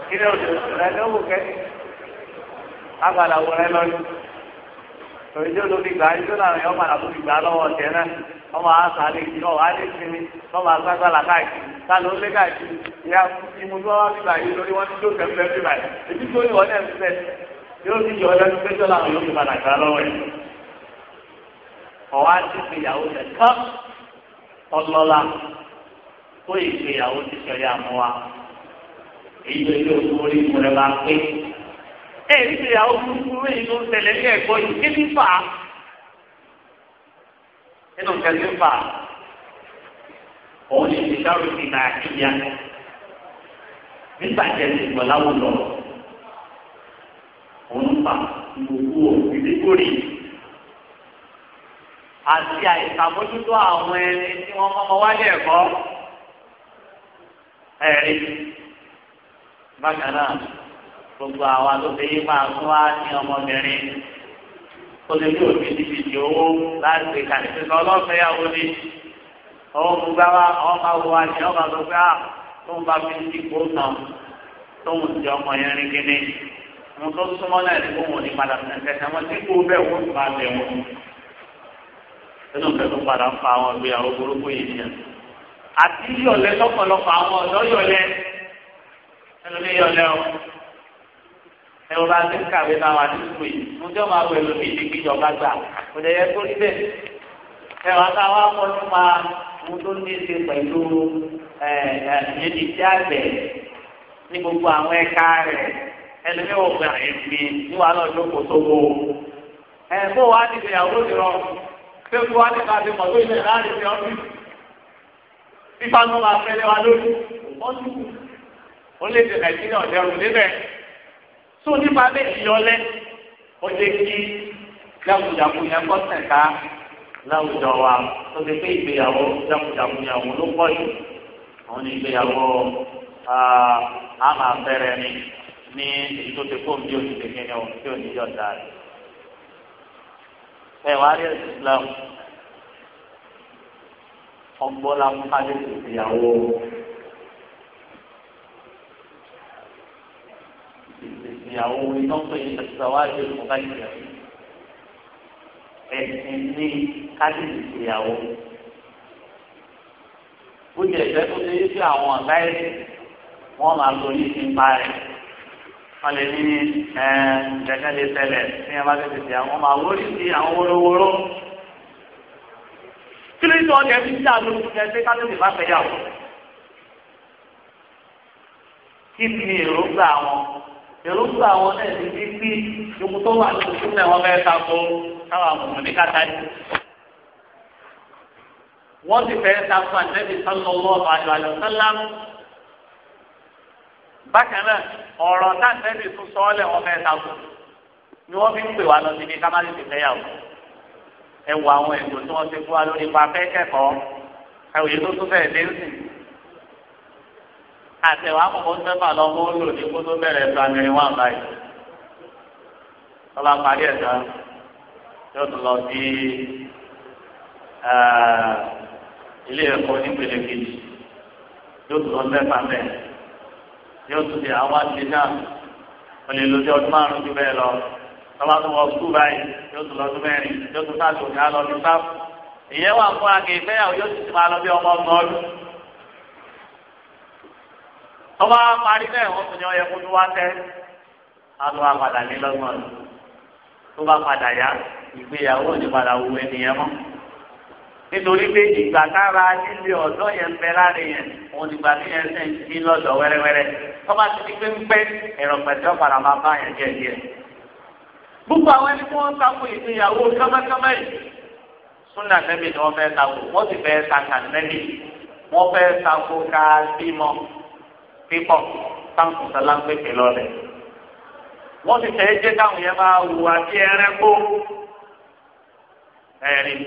kí ni òṣèlú rẹ̀ lówó kẹ́kẹ́. agbada wọ rẹ lọ́rí ya tí olóbi gbà á tó làwọn èèyàn padà tó fi gbà á lọ́wọ́ ọ̀tẹ̀ náà ọmọ àṣà lè kí ya àlè sinmi ọmọ àgbàgbà ya káàkiri ká ló lé káàkiri ìyá ìmú tí wọ́n wá bíbà yìí lórí wọ́n ti tó kẹ́kẹ́ bíbà yìí èyí tó yọ ọ́nà ẹ̀fẹ́ yóò ti yọ ọ́nà ẹ̀fẹ́ tó làwọn èèyàn padà gbà lọ́wọ́ ẹ̀ ọ̀wá ti fi ìgbéyàwó ti sọ ẹ ẹ ti àwọn nkuru rẹ inú tẹlẹ ní ẹ̀kọ́ yìí kí ní fà á nínú kẹsí fà á òun ní ìdárò ti nà ìyá nígbà jẹ ti gbọ láwùjọ òun fà gbogbo àti àìsàmójútó àwọn ẹni tí wọn gbogbo àwa ló fi yí máa fún wa ní ọmọbìnrin ó lè ní òbí níbi ìdí owó láti ṣe kàlẹ́ pé kọ́ ọlọ́fẹ́ yàwó ni ọ̀hún gbogbo àwa ọmọ àwọn wa ni ọmọ àgbà pé à tó ń bá fi ti kó tán tó ń ti ọmọ yẹn rí kíní mo tó súnmọ́ náà ní kóhùn ní padà tẹ̀sẹ̀ wọn tí kò bẹ́ẹ̀ wọ́n ti máa bẹ̀ wọ́n. nínú ìfẹ́ tó padà ń fa àwọn ìgbéyàwó burúkú yìí nìyẹn. àti yọ̀lẹ́ lọ́pọ̀lọpọ̀ àwọn ọ̀dọ́ yọ̀lẹ́ ẹlòmíyọ̀lẹ́ ẹ wọn bá ti ń kàwé náà wà nínú yìí mo jọ máa wẹ̀ lómi ìdíkì ìjọba gbà kò dẹ̀ yẹ kó rí bẹ́ẹ̀ ẹ wọn ká wá kọ́ nípa mo tó ní ṣe pẹ̀lú ẹ ẹ ìyẹn ìṣẹ́ àgbẹ̀ ní gbogbo àwọn ẹ̀ka rẹ̀ ẹlẹ́mí wọ̀ gbà èmi ní wàhálà ọjọ́ kò tó wò ẹ kó wàá ní ìgbéyàwó ti rọrùn pé kó wàá ní ká ti mọ̀ tó ilẹ̀ láàrin ti ọdún fífa ló wa lórí tó nípa bẹ́ẹ̀ yọlẹ́ ó lè kí jákujàkujà kọ́ tẹ̀ka láwùjọ wa tó ti pé ìgbéyàwó jákujàkujà òun ló pọ̀ jù òun ni ìgbéyàwó àmà fẹ́rẹ̀ ni ní èyí tó ti fóun bí oṣù tèmi ni òun tí ò ní yọ̀ọ̀dà rẹ̀. ẹ wá rí ẹ̀sìn Islam ọgbọ́n làwọn kájọ́ ìgbéyàwó. ìyàwó ìdánpẹ́ ìṣàwájú ìmọ̀kájìyà ẹ̀sìn ní kájìlì ìyàwó. ó jẹ ìfẹ́ tó ṣe é sí àwọn ọ̀gá ẹ̀sìn wọ́n máa lo yìí ní parí wọ́n lè ní ẹ̀ẹ́dẹ̀kẹ́ lè tẹ̀lẹ̀ ní ẹ̀ma tètè sí àwọn ọmọ àwòrán sí àwọn wórówóró. kí ló ń sọ ọ́kẹ́ fi sí àlòkù kẹ́sẹ́ kájìlì bá fẹ́ yàwó. kí ni èròǹgbà wọn? èròǹgbà àwọn náà ti di sí ìlú tó wà nínú sínú ẹ̀ wọ́n fẹ́ ta ko káwọn àmọ̀mọ̀ ní kàtà yìí. wọ́n ti fẹ́ ta fún àtẹ́bí sallallahu alaihi wasallam. bákan náà ọ̀rọ̀ táǹtẹ́bí tún sọ ọ́lẹ̀ wọ́n fẹ́ ta ko ni wọ́n fi ń pè wá lọ síbi ká má lè ti fẹ́yàwó. ẹ wọ àwọn ẹ̀dùn tí wọ́n ti fún wa lórí ipa fẹ́ kẹ́kọ̀ọ́ ẹ àtẹwà àkọ́kọ́ sẹfà lọmọ olò ní kótó bẹ̀rẹ̀ primary one báyìí tọba parí ẹ̀dá yóò tún lọ sí eh, ilé ẹ̀kọ́ nípele kejì yóò tún lọ sẹfà mẹ yóò tún di àwọn àti náà olè lójú ọdún márùn jù bẹ́ẹ̀ lọ tọba tó wọ sukú báyìí yóò tún lọ sí mẹ́rin yóò tún sáà tó ní alọ ní sáà ìyẹn wà fún akẹ́kẹ́ yàwó yóò tún ti máa lọ bí ọmọ ọgbọ̀n ọdún tọ́wọ́ parí bẹ́ẹ̀ wọ́n tún ní ọyẹ kó tó wá tẹ́ alọ́ apàdà ní lọ́gbọ̀n tó bá padà yá ìgbéyàwó ò ní padà wu ènìyàn mọ́ nítorí pé ìgbà tára nílé ọ̀dọ́ yẹn ń bẹ láàrin yẹn òun ìgbà tí yẹn ṣe ń dín lọ́dọ̀ wẹ́rẹ́wẹ́rẹ́ tọ́ba ti di pé ń pẹ́ ẹ̀rọ pẹ̀tẹ́ ọ̀padà máa bá yẹn jẹ́ díẹ̀. gbogbo àwọn ẹni tí wọ́n ń takò ìgbéyàwó kámákámá yìí súnà nẹ́bí ni wọ́n fẹ́ takò wọ́n sì fẹ́ takà nẹ́bí wọ́n fẹ́ takò ká bímọ pípọ̀ táwọn sọ̀tà láńpẹ̀pẹ̀ lọ́lẹ̀. wọ́n sì fẹ́ jẹ́ káwọn yẹn máa wù àti ẹrẹ́ kó ẹ̀rín.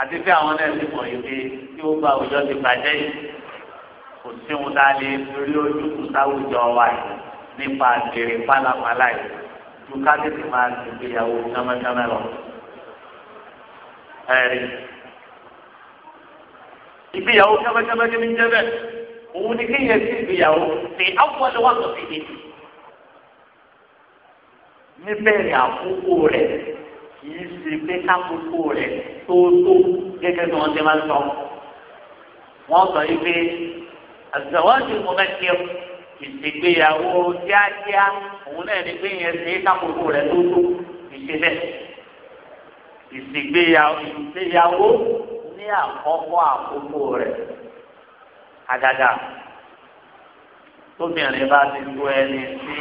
àti pé àwọn náà ti mọ̀ yìí pé tí ó gba àwùjọ ti bàjẹ́ yìí kò sí ohun tá a lè rí ojúkù sáwùjọ wa nípa àgbèrè pálapàla yìí ju ká tètè máa gbèyàwó kámákámá lọ. ẹ̀rín ìgbéyàwó kẹ́mẹ́kẹ́mẹ́ ní jẹ́bẹ̀ òun ni kí yẹn sí ìgbéyàwó ní awọ́lẹ̀ wà tó fìdí. níbẹ̀ ni àkókò rẹ̀ kìí ṣe pé kákòókò rẹ̀ tó gẹ́gẹ́ bí wọ́n ti máa ń sọ. wọ́n sọ yìí pé àzọwọ́sì mo bẹ́ kí ọ ìṣègbéyàwó kíákíá òun náà ni pé yẹn ṣe kákòókò rẹ̀ tó ìṣe bẹ́ẹ̀ ìṣègbéyàwó ní àkọ́kọ́ àkókò rẹ̀ àgàgà tóbìnrin bá ti tó ẹni tí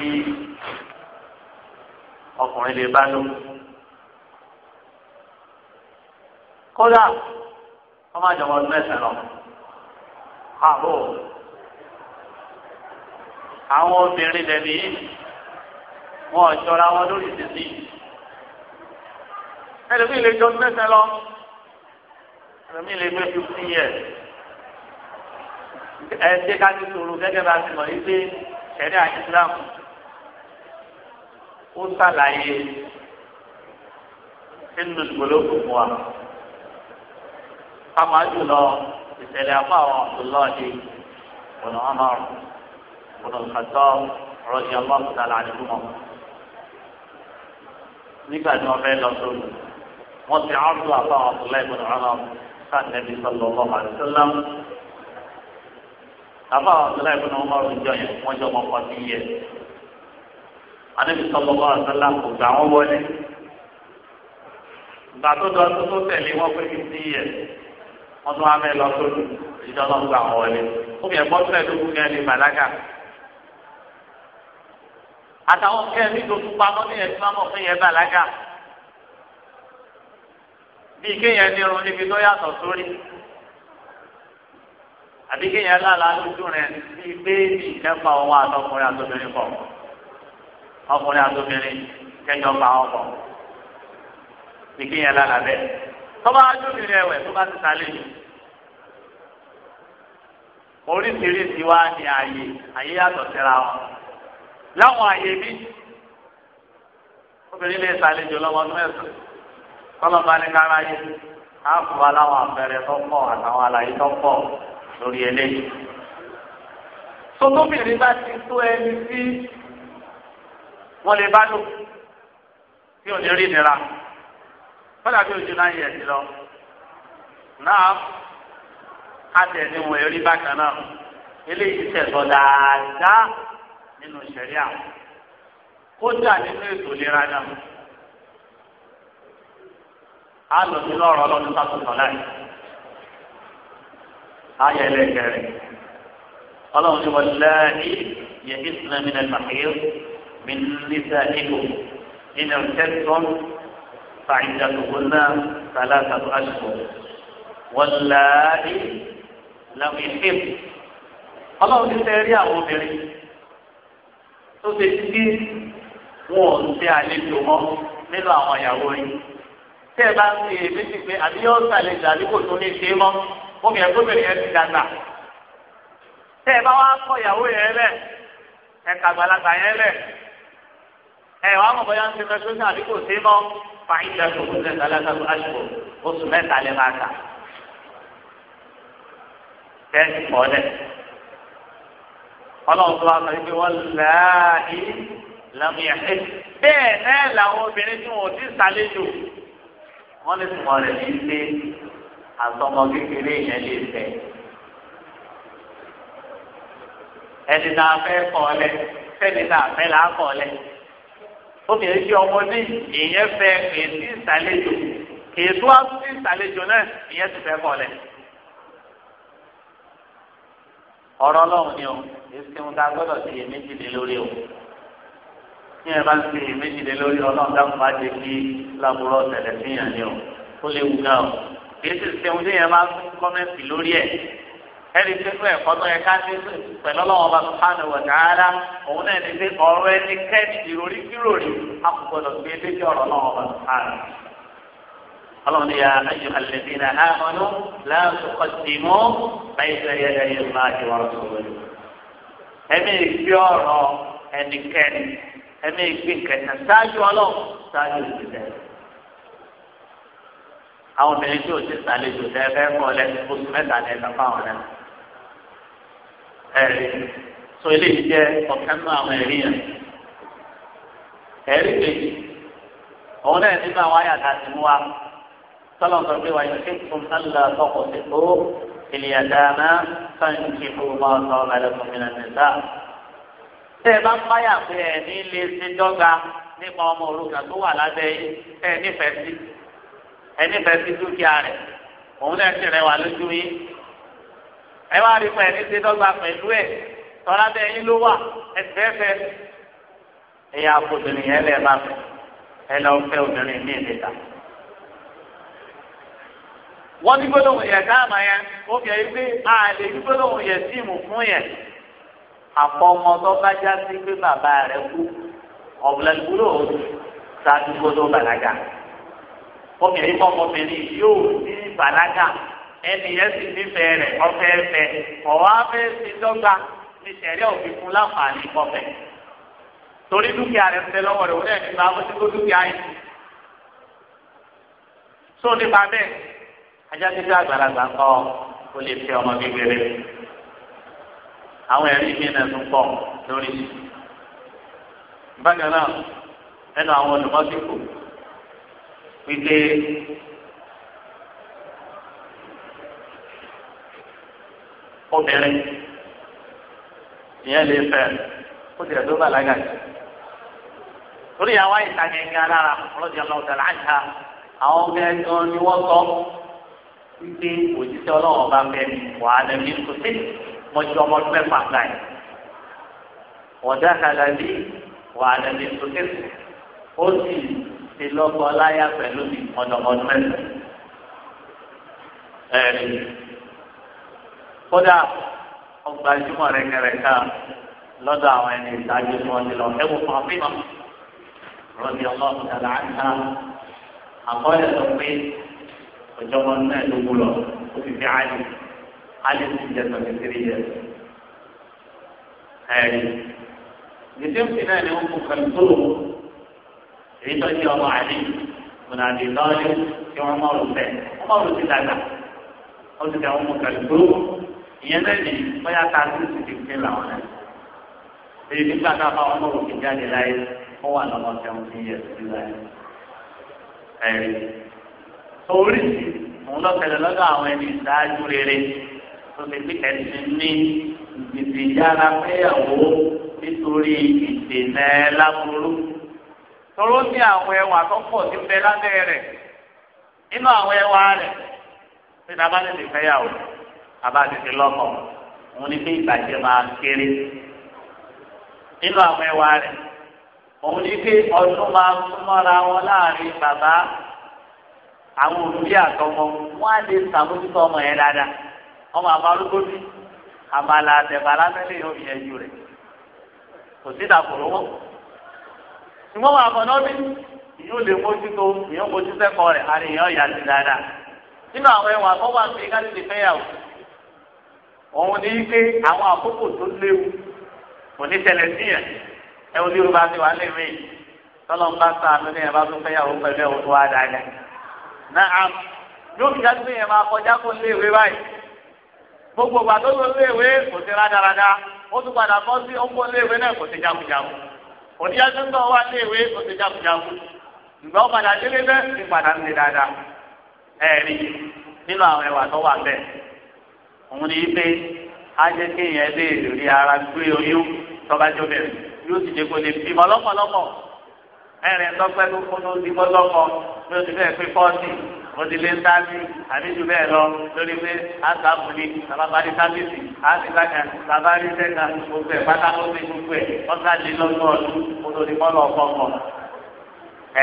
ọkùnrin lè bá lò. kódà wọ́n máa jọmọ ọdún mẹ́sàn-án lọ. àbò àwọn obìnrin lẹ́nu wọ́n jọra wọn lórí ìsinsin. ẹlòmíì lè jọ ọdún mẹ́sàn-án lọ ẹ̀mí lè gbé fifteen years ẹ̀ ṣe ká ti sòrò gẹ́gẹ́ bá ti mọ̀ yí pé ṣẹ̀dá Islam ó sàlàyé nínú ìgbòlógún wa ká máa jùlọ ìṣẹ̀lẹ̀ apá àwọn Abdullahi ọ̀nà Umar ọ̀nà Khattab rọ̀jì ọlọ́run tààlà àdúgbò nígbà tí wọ́n fẹ́ lọ sóòlù wọ́n ti àrùn àpá àwọn Abdullahi ọ̀nà Umar sànẹ́bí sọlọ ọmọ àdìsọ́lám àbá ọ̀sẹ̀lá ìbùnà ọmọ ọ̀rùnjọ yẹn wọ́n jọ ọmọ kan sí yẹ ànẹ́bí sọlọ ọmọ àdìsọ́lám kò gbà wọ́n wọlé ìgbà tó dọ̀ tó tó tẹ̀lé wọ́n pé kí sí yẹ wọ́n tún wá mẹ́ lọ sódù ìjọ náà gbà wọ́n wọlé ó fi ẹ̀gbọ́n sílẹ̀ lókun ní ẹni bàlágà àtàwọn kẹ́ẹ̀mí tó tún pamọ́ ní ẹ̀sìn bíi kéèyàn nírun níbi tó yàtọ̀ sórí àbí kéèyàn lálàá lójú rẹ̀ bíi béèbì kẹfà ọwọ́ àtọkùnrin àtọbìnrin pọ̀ ọkùnrin àtọbìnrin kẹjọ pa wọn bíi kéèyàn lálàá bẹ́ẹ̀ tó bá ti sálẹ̀ yìí oríṣiríṣi wá ní ààyè ààyè yàtọ̀ síra wọn láwọn ààyè bí obìnrin lè sálẹ̀ jù lọ́wọ́ ọdún kọ́lọ́ba ní kára yé á fún wa láwọn àpẹẹrẹ tó pọ̀ àtàwọn àlàyé tó pọ̀ lórí eléyìí. sotóbìnrin bá ti tó ẹni tí wọ́n lè bá lò tí ò ní rí nira kọ́lá bí ojú náà yẹ̀ sí lọ. náà á tẹ̀ ní wọ̀nyí rí bákan náà eléyìí tẹ̀sọ̀ dáadáa nínú ìṣẹ̀rí àwọn kódà nínú ètò ìlera náà á lọ sí lọ́rọ̀ ọlọ́run sátú sọ̀lá yìí. ayé ẹlẹ́gẹ̀rẹ̀ ọlọ́run ti wọlé lẹ́yìn yẹ ìsìnlẹ̀ mi lẹ́nu àkíyè mi níta ìlú nínú tẹ́tọ́n fàìjàdùgbòná sàlásàtú àṣùkò wọlé lẹ́yìn lẹ́nu ìfẹ́ ọlọ́run ti fẹ́ àwọn obìnrin tó ṣe ti gbé wọn ò àlejò mọ́ nínú àwọn ìyàwó yìí tẹ́ ẹ bá ń ṣe èméjì pé àbí yóò ṣàlejò àbí kò tún ní ṣe mọ́ omi ẹ̀ gómìnà yẹn ti dàgbà tẹ́ ẹ bá wá kọ́ ìyàwó yẹn lẹ̀ ẹ̀ kàgbàlagbà yẹn lẹ̀ ẹ̀ wàá mọ̀ bóyá ń ṣe mẹ́tírọ́sì àbí kò ṣe mọ́ fàáyì dàgbà kò ṣe ṣàlàkàtò àṣùkò oṣù mẹ́ta lè máa kà tẹ́ ẹ ti pọ̀ lẹ̀ ọlọ́run tó wá sọ wípé wọ́n láàyè wọ́n lè tún ọ̀rẹ́ ní ilé àtọmọ kékeré yẹn lè fẹ́. ẹni tá a fẹ́ kọ́ lẹ sẹ́ni tá a fẹ́ là á kọ́ lẹ. obìnrin tí ọmọdé ìyẹn fẹ́ èsì ìsàlẹ̀jò ètò àtúntì ìsàlẹ̀jò náà ìyẹn ti fẹ́ kọ́ lẹ. ọ̀rọ̀ ọlọ́run ni o èsì ń ta gbọ́dọ̀ sí èmi jìnnì lórí o ní ẹ bá ń fi méjìlélórí ọlọ́run dáhùn bá ti fi lábúrò tẹ̀lẹ̀ fíyàn ni o ó léwu náà o èyí ti ṣe oúnjẹ yẹn bá ń kọ́mẹ́ǹtì lórí ẹ̀ ẹni tí ó ẹ̀kọ́ tó yẹ ká ní pẹ̀lú ọlọ́wọ́ bá subhanahu wa ta'ala òun náà ní pé ọ̀rọ̀ ẹni kẹ́ẹ̀dì ìròrí kíròrí a kò gbọdọ̀ gbé létí ọ̀rọ̀ ọlọ́wọ́ bá subhanahu. ọlọ́run ni ayyuhal ladhina amanu la tuqaddimu bayna yadayi Allahi wa rasulihi. ẹ̀mí ìfi ọ̀rọ̀ ẹnikẹ́ni ẹ̀mí ìgbín kẹta ṣáájú ọlọ́run ṣáájú ìdílé. àwọn obìnrin tí ò ti ṣàlejò lẹ́ẹ̀fẹ́ kọ́ lẹ́nu oṣù mẹ́ta ní ẹ̀ka fáwọn náà. ẹ̀rí sọ eléyìí jẹ́ ọ̀kan náà àwọn ẹ̀rí yẹn. ẹ̀rí kejì òun náà nínú àwọn àyàtà ti mú wa sọlọ sọ pé wàá yọ kí fún sálà tọkọ sí kó ìlíyàdá náà sọ tẹ́ ẹ bá ń báyà pé ẹ ní lè ṣe dọ́gba nípa ọmọ òrùka tó wà lábẹ́ ẹ nífẹ̀ẹ́ sí ẹ nífẹ̀ẹ́ sí dúkìá rẹ̀ òun náà ti rẹ̀ wà lójú yín ẹ wá rí pé ẹ ní ṣe dọ́gba pẹ̀lú ẹ̀ tọ́lá bẹ́ẹ̀ yín ló wà ẹ fẹ́ fẹ́ ẹ̀yà obìnrin yẹn lẹ́ẹ̀ bá fẹ́ ẹ lọ fẹ́ obìnrin míì níta wọ́n ní gbólóhùn yẹn káàmà yẹn ó fi ẹ̀yìn pé àlè gbólóhùn yẹn síìmù fún yẹn àfọmọ tó bá já sí pé bàbá rẹ̀ kú ọ̀bùlẹ̀kúrò ṣáájú kó tó bàlágà obìnrin kọ́mọbìnrin yóò ní bàlágà ẹnìyẹn sì nífẹ̀ẹ́ rẹ̀ ọ̀fẹ́ẹ̀fẹ́ ọ̀wá fẹ́ ti dọ́gba ní sẹ̀rí òfin fún láǹfààní kọfẹ́ torí dúkìá rẹ̀ ń tẹ lọ́wọ́ rẹ̀ wọ́n ẹ̀ nípa bó ti kó dúkìá yìí tó nípa bẹ́ẹ̀ ajá títí àgbàlagbà kọ́ ó lè fi ọmọ àwọn ẹ̀rí mi náà tún pọ̀ lórí mi. bákan náà ẹnu àwọn olùmọ́síkò wípé obìnrin ìyẹn lè fẹ́ ó ti rẹ̀ tó bàlágà jù torí àwọn ìtàgé ń gara àwọn ọmọ ni wọ́n sọ wípé òjíṣẹ́ ọlọ́wọ́n bá fẹ́ wàá lẹ́mí mọ̀jọ́ ọmọ ọdún mẹ́fà gbà yìí. wọ̀dà kàlàlí wà lẹ́lẹ́ sókè ó sì ti lọ́kọ láyà pẹ̀lú mi ọ̀dọ̀mọdún mẹ́fà. ẹ̀rí kódà ọgbà ìjùmọ̀ rẹ̀ kẹrẹ̀ká lọ́dọ̀ àwọn ẹni ìdájọ́ tí wọ́n ti lọ ẹ̀wù fún ọ̀fíìmọ̀ rọ̀bì ọlọ́run dàda àṣà àkọọ́lẹ̀ sọ pé ọjọ́ ọmọdún mẹ́ẹ̀ẹ́dógún lọ ó fi fi àyè alẹ́ ti jẹ twenty three years ẹ̀rí gbèsèmùsì náà ni wọ́n kó kàlùkòlò èyí tó jẹ́ ọmọ àlè mùnàdì lọ́ọ̀lì tí wọ́n mọ̀ lùfẹ́ wọ́n mọ̀ lùfẹ́ dàgbà wọ́n ti dà wọ́n kó kàlùkòlò ìyẹn náà ni wọ́n yà ká sí ti fìfẹ́ làwọn náà èyí nígbà tá a wọn mọ̀ lùfẹ́ jáde láyé wọ́n wà lọ́mọ seventeen years ti láyé ẹ̀rí torí òun lọ́kẹ̀lẹ̀ lọ́dọ̀ àwọn ẹni ìsáájú rere tó lè fi ẹ̀sìn ní ìgbìdì yára fẹ́yàwó nítorí ìdènà ẹ̀ láburú. Tọ́lọ́ ní àwọn ẹwà tó pọ̀ sí bẹ lábẹ́ rẹ̀ nínú àwọn ẹwà rẹ̀ pé bàbá lè fi fẹ́yàwó bàbá lè lọ́kọ̀ òun ni pé ìbàjẹ́ máa kéré nínú àwọn ẹwà rẹ̀ òun ni pé ọdún máa súnmọ́ra wọn láàrin bàbá àwọn òbí àtọmọ wọn á lè sàmójútó ọmọ yẹn dáadáa ọmọ àfarúgbó bí àmàlà àtẹ̀bàlá mẹ́lẹ̀ yóò fi ẹyú rẹ̀ kò sí ìdàkùrọ̀ wọ́n. ṣùgbọ́n wọn àmọ̀ náà bí yóò lè mójútó yóò mójútó ẹ̀kọ́ rẹ̀ àrè yóò yà sí dáadáa. nínú àwọn ẹwà àkọ́kọ́ àti káṣíṣe fẹ́yàwó òun ní pé àwọn àkókò tó léwu kò ní tẹ̀lẹ̀ síyàn ẹ̀wọ̀n tí yorùbá ti wà lẹ́mìí tọ́lọ́ ń bá sàánú ní ẹ̀bá tó fẹ́yàwó pẹ̀lú ẹ̀wọ̀n tó wà dáadáa. náà yóò fi dájú pé ẹ̀ máa kọjá kó lé báyìí gbogbo ìgbà tó lọ léèwé kò sí rádaràda ó tún padà bọ́ sí ó ń bọ́ léèwé náà kò sí jagunjagun òníyá tó ń bọ̀ wá léèwé kò sí jagunjagun ìgbà ó padà délé bẹ́ẹ̀ ní padà ń lè dáadáa ẹ̀rí nínú àwọn ẹwà tó wà bẹ́ẹ̀ òun ni pé á jẹ́ kéèyàn lè rí ara gbé oyún tọ́ba jó bẹ̀rẹ̀ yóò sì jẹ́ kó lè bímọ lọ́pọ̀lọpọ̀ ẹ̀rẹ̀ tọ́pẹ́ tó kó ló bímọ lọ́pọ̀ ló ti bẹ́ẹ̀ pé wọ́n ti lé sáàbì àbí jù bẹ́ẹ̀ lọ lórí pé àtàkùn ni tàbábárí sábìsì àtìkákà tàbárí sẹ́ka gbogbo ẹ̀ pátákó ní gbogbo ẹ̀ ọ̀sánlélọ́gbọ̀n ọdún olórí mọ́lọ̀ ọ̀kọ̀ọ̀kọ̀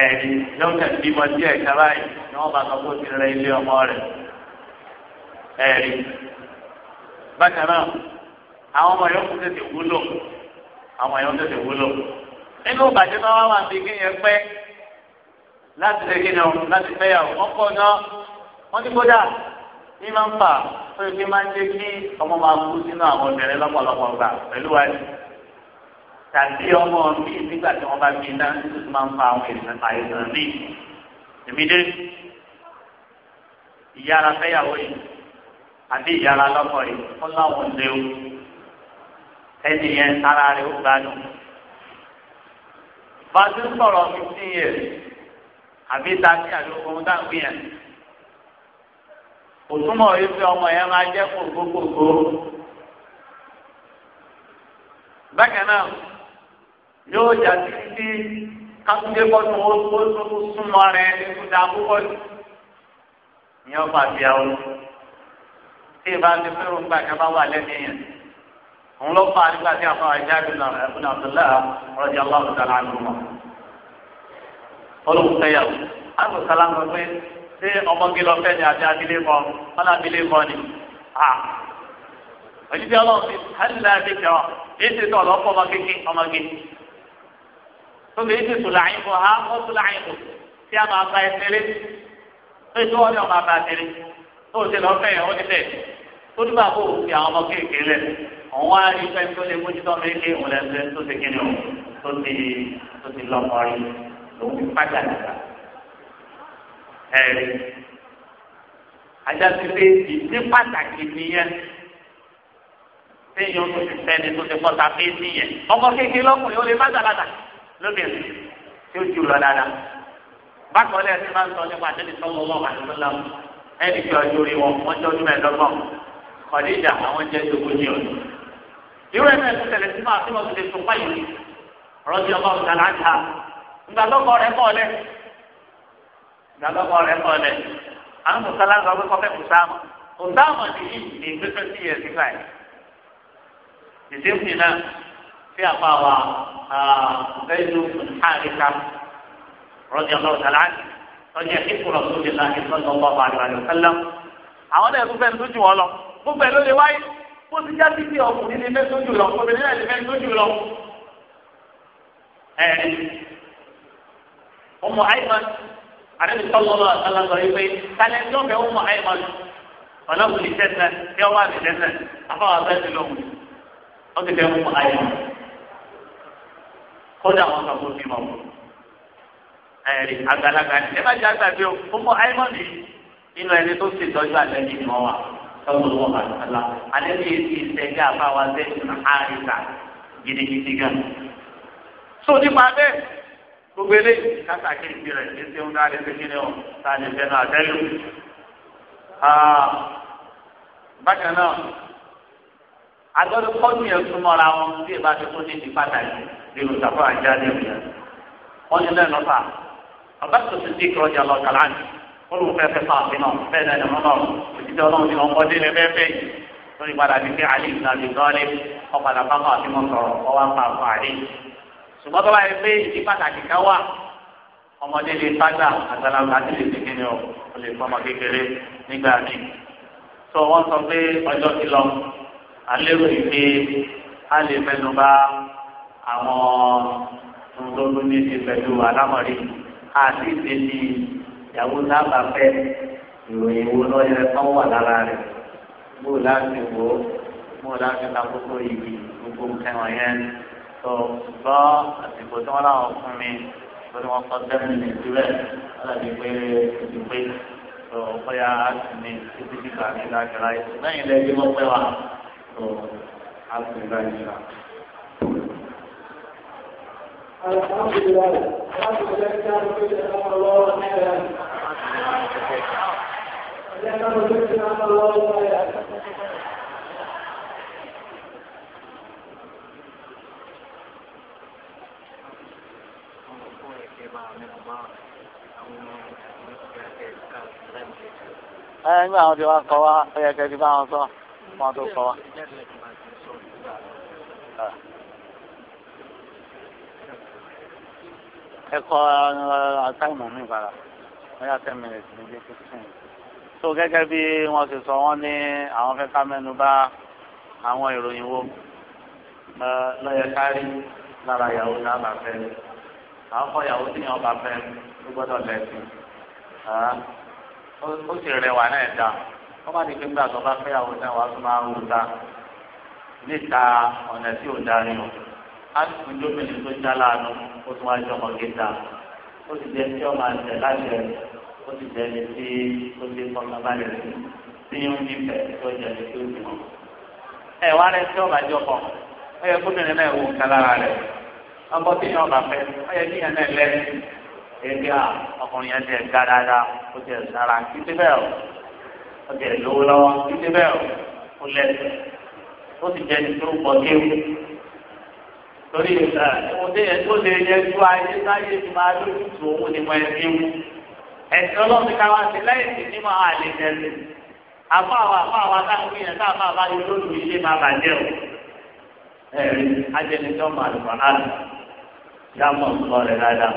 ẹ̀ẹ́dì lọ́kẹ̀ bímọ díẹ̀ kaba yìí ni wọ́n bá sọ pé ó ti rẹ ilé ọmọ rẹ̀ ẹ̀ẹ́dì bákan náà àwọn ọmọ yòókù tètè wúlò àwọn yòókù tètè wúlò nínú ìbàjẹ́ náà wá wà ní kéèyàn pẹ́ láti lè kíni o láti fẹ́ yàwó wọ́n kọ́ ná wọ́n ti kódà ní máa ń fà fún ibi máa ń jẹ́ kí ọmọ máa kú sínú àwọn obìnrin lọ́pọ̀lọpọ̀ gbà pẹ̀lú wa ni tàbí ọmọ mi nígbà tí wọ́n bá fi iná tó ti máa ń fa àwọn èèyàn àìsàn mi èmi dé ìyára fẹ́yàwó yìí àbí ìyára lọ́kọ yìí ó láwọn lé o ẹni yẹn ara rẹ̀ ó gbádùn. bá sọ̀rọ̀ fifteen years àbí tàbí àlòkùn dáhùn yẹn kò túmọ̀ wípé ọmọ yẹn máa jẹ́ kòkókòkó bákan náà yóò jà títí kátúndé bọ́tù wọn kó tó súnmọ́ rẹ̀ nígbà púpọ̀ jù ní ọba àbíyáwó tí ìbá ti fẹ́rù ń gbà kí a bá wà lẹ́nu yẹn òun ló fà á nígbà tí a fọ àjáde náà ẹ̀kúnà àbdùlá rọ̀jà aláwọ̀ sàlámù náà. ọlọ́run fẹ́yàwó àwọn sàlámù pé ṣé ọmọge lọ fẹ́ ni àbí abilé kọ wọn abilé kọ ni à òjijì ọlọ́run ti hàlìlá àdékẹ́ èsì tó ọlọ́pọ̀ ọmọ kékeré ọmọge tóbi èsì tó láàyè kọ ha ó tó láàyè kọ tí a máa ba ẹsẹ̀lé pé tí wọ́n ní ọmọ àbá tẹ̀lé tó o ti lọ ó ti bẹ̀ tó dúpọ̀ àbò fi àwọn ọmọ kékeré lẹ̀ ọ̀wọ́n tó ń padà nígbà ẹ̀rí ajásí pé ìdí pàtàkì nìyẹn téèyàn tó ti fẹ́ni tó ti pọ́ta fèsì yẹn ọmọ kékeré lọ́kùnrin ó lè má dàgbàdà lóbìnrin tí ó jù lọ dáadáa bákan lẹ́yìn tí máa ń sọ nípa àtẹ́lẹ́ sọ́wọ́ ọmọ àtúntò ẹnì kí ọjọ́ orí wọn wọ́n jẹ́ ọdún mẹ́ẹ̀ẹ́dọ́gbọ̀n kọ̀díjà àwọn jẹ́ ìdógójì ọdún. tó tẹ̀lé sí máa tí wọ́n ti lè ìgbà lọ́kọ rẹ̀ kọ́ lẹ̀ ìgbà lọ́kọ rẹ̀ kọ́ lẹ̀ àwọn mùsàlá ń sọ pé kọ́fẹ́ kùsàmù kùsàmù ti yí ìgbésẹ̀ sí yẹ sígbà yìí ìdínkù náà fi àpá wa ẹnu àríkà rọ́jà lọ́wọ́ sàlá rọ́jà kíkùrọ̀ sóde láti sọ́dọ̀ ọgbà bàbá àlùfẹ́ sẹ́lá àwọn náà tún fẹ́ẹ́ tójú wọn lọ gbogbo ẹ̀ ló lè wáyé bó ti já títí ọkùnrin ní fẹ́ẹ́ tójú lọ obìnrin náà lè fẹ́ẹ́ tójú lọ ọmọ àyìnbọn àdébí sọlọ lọ àtàlàgbọ yìí pé kálẹ̀ tí wọ́n fẹ́ ọmọ àyìnbọn ọlọ́wùlì tẹ́sán tí wọ́n wà ní tẹ́sán afọwọ́ abẹ́ ti lọ́wọ́ wọ́n ti fẹ́ ọmọ àyìnbọn kódà wọn kà fún mi mọ̀ ẹ̀rí àgbàlagbà ni ẹ bá jẹ́ àgbàdo ọmọ àyìnbọn yìí nínú ẹni tó ti tọ́jú àlẹ́bí mọ́ wa sọ́dọ̀ wọn bá tọ́lá àlẹ́bí ti ṣẹ̀gá àbáwá sẹ́yìn àríkà gidigidi gan. so nípa bẹ́ẹ̀ gbogbo eléyìí kátàkì ìpìlẹ̀ ní ti ń dáre sí kíni o ta ni fẹnu àtẹ́lù. bákan náà agbọ́dọ̀ kọ́ọ̀tù yẹn súnmọ́ra wọn bí ìbá ti tún ní ti pàtàkì nínú ìtàkùn àjáde rẹ̀. wọ́n ní lẹ́nu fà ọba tó ti di ìkọ̀rọ̀jà lọ kàlá ní olùfẹ́ fẹ́ fà àfihàn bẹ́ẹ̀ náà ẹ̀rọ náà òjijì ọlọ́run ni wọ́n kọ́dé lẹ́ fẹ́ẹ́ fẹ́ẹ́ lórí padà ní pé alẹ́ ìgbàlódé ọ̀padà bá fà sọ̀rọ̀ ọwọ́ ṣùgbọ́n bàbá yẹn pé ìdí pàtàkì kan wà ọmọdé lè fágbà àgbàlagbà àti lè tẹ̀kẹ́ ni ó lè fọmọ kékeré nígbà míì. sọ wọ́n sọ pé ọjọ́ ti lọ alérò yìí pé a lè fẹnu bá àwọn ńlọ́dún ní ti pẹ̀lú alámọ̀rí àti ìdílé ìyàwó sábà fẹ́ ìròyìn wo lọ́yẹ̀rẹ́ kan wà lára rẹ̀ bó láti wò ó bó láti ta kókó yìí gbogbo nǹkan wọ̀nyẹn tó gbọ́ àsìkò tí wọ́n láwọn fún mi tó ní wọ́n kọ́ sẹ́mi nìjúrẹ́ alábi pé ìdìpé tó bóyá ní títí dìgbà ní ìdájọ́ láyé lẹ́yìn lẹ́yìn wọ́n pẹ́ wa tó a sì ń láyé ṣá. الحمد لله الحمد لله كان كل امر الله خيرا لان الله خيرا ẹ nígbà àwọn tí wọ́n kọ́ wa ó yẹ kẹ́ ti bá wọn sọ wọn tó kọ́ wa. ẹ kọ́ àtàìmù mi padà wọ́n yà ten minutes níbi fifteen. so gẹ́gẹ́ bí wọ́n ṣe sọ wọ́n ní àwọn fẹ́ ká mẹ́nu bà àwọn ìròyìn wo lọ́yẹ̀kárí lára ìyàwó náà bá fẹ́ àwọn kọ́ tí yàn bá fẹ́ ó gbọ́dọ̀ ó sì rẹwà náà dá wọ́n bá ti fi gbà bá fẹ́ àwọn náà wàá tún máa ń wúta níta ọ̀nà tí ò darí o á sì fún gómìnà tó já láàánú ó tún wá jọ ọmọ gíga ó sì jẹ́ tí ọmọ àtẹ̀ láṣẹ ó sì jẹ́ ní tí ó lé tọ́ka balẹ̀ sí tí ó ní fẹ́ tó jẹ́ ní tí ó ti mọ̀. ẹ̀ wá rẹ tí ọmọ àjọpọ̀ ó yẹ gómìnà náà wò ká rẹ̀ ọkọ tí yọọ bá fẹ́ ọyẹ kí yẹn náà lẹ ẹbí à ọkùnrin yẹn tẹ ga dáadáa ó tẹ sára títí bẹ́ẹ̀ o ó tẹ lówó lọ́wọ́ títí bẹ́ẹ̀ o ó lẹ ó sì jẹ nítorí pọ kéwù torí ẹ ọdẹ yẹn tó lè yẹ ju ayé sáyé ti máa lójú tó òun ni mo ẹ fi wù ẹsẹ ọlọ́run ká wá sí lẹ́yìn tí ní máa lè tẹ̀lé àbá àwọn àbá àwọn akáwé yẹn ká máa bá yẹ lójú ilé máa bàjẹ́ o ẹ̀rí ajẹnitọ́ màlúmọ́ àlùmọ́ dámọ̀ nǹkan rẹ̀ dáadáa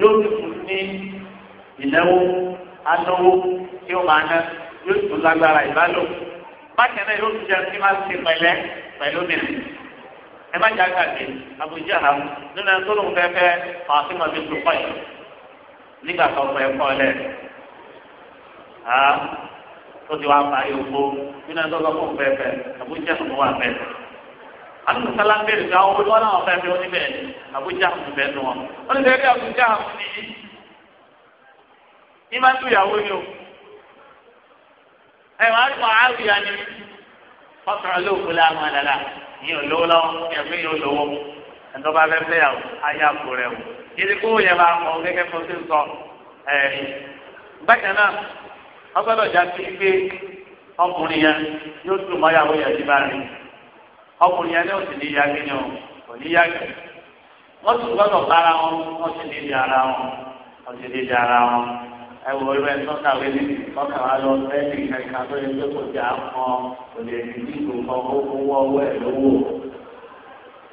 yóò ti kù ní ìnáwó anáwó tí ó máa ná yóò tún lágbára ìbálò bákan náà yóò tún jẹ kí máa ṣe pẹ̀lẹ́ pẹ̀lú mi ẹ má jáde àgbè àbújá ha nínú ẹni tó lóun fẹ́ fẹ́ fàásìmọ bí tó pọ̀ yìí nígbà tó fẹ́ kọ́ lẹ̀ ha tó ti wá parí ogbó nínú ẹni tó lóun fẹ́ fẹ́ àbújá tó wà bẹ́ẹ̀ àti sọlá ń bèrè pé àwọn olùwọ́n náà fẹ́ fi oníbẹ̀ àbújá fún bẹ́ẹ̀ nù wọn. wọ́n ti sẹ́yìn bí àbújá fún ni yìí ní máa ń tún ìyàwó yìí o. ẹ wàá rí wàá rí ya ni fọ́sọ̀rọ̀ ló kú láàmú àdàlà yìí ò lówó lọ́wọ́ ẹ̀fín yìí ò lówó ẹ̀dọ́ bá fẹ́ fẹ́ yàwó ayá kú rẹ̀ o. yìí kó yẹ máa kọ́ gẹ́gẹ́ fún sí sọ ẹ̀rí. bákan náà ọgbọ́dọ̀ já sí pé ọkùnrin yẹn yóò tún mọ́ ìyàwó yẹn ọkùnrin yẹn ní o sì ní ya kí ni o kò ní ya kí wọ́n sì gbọ́dọ̀ bára wọn wọ́n sì ní di ara wọn wọ́n sì ní di ara wọn ẹ wò ó bẹ́ẹ̀ tọ́ka wí ní tọ́ka wa lọ bẹ́ẹ̀ ní kankan tó yẹ kó ti àpọ̀ kò lè ní ní ìgbòkọ̀ owó owó ẹ̀ lówó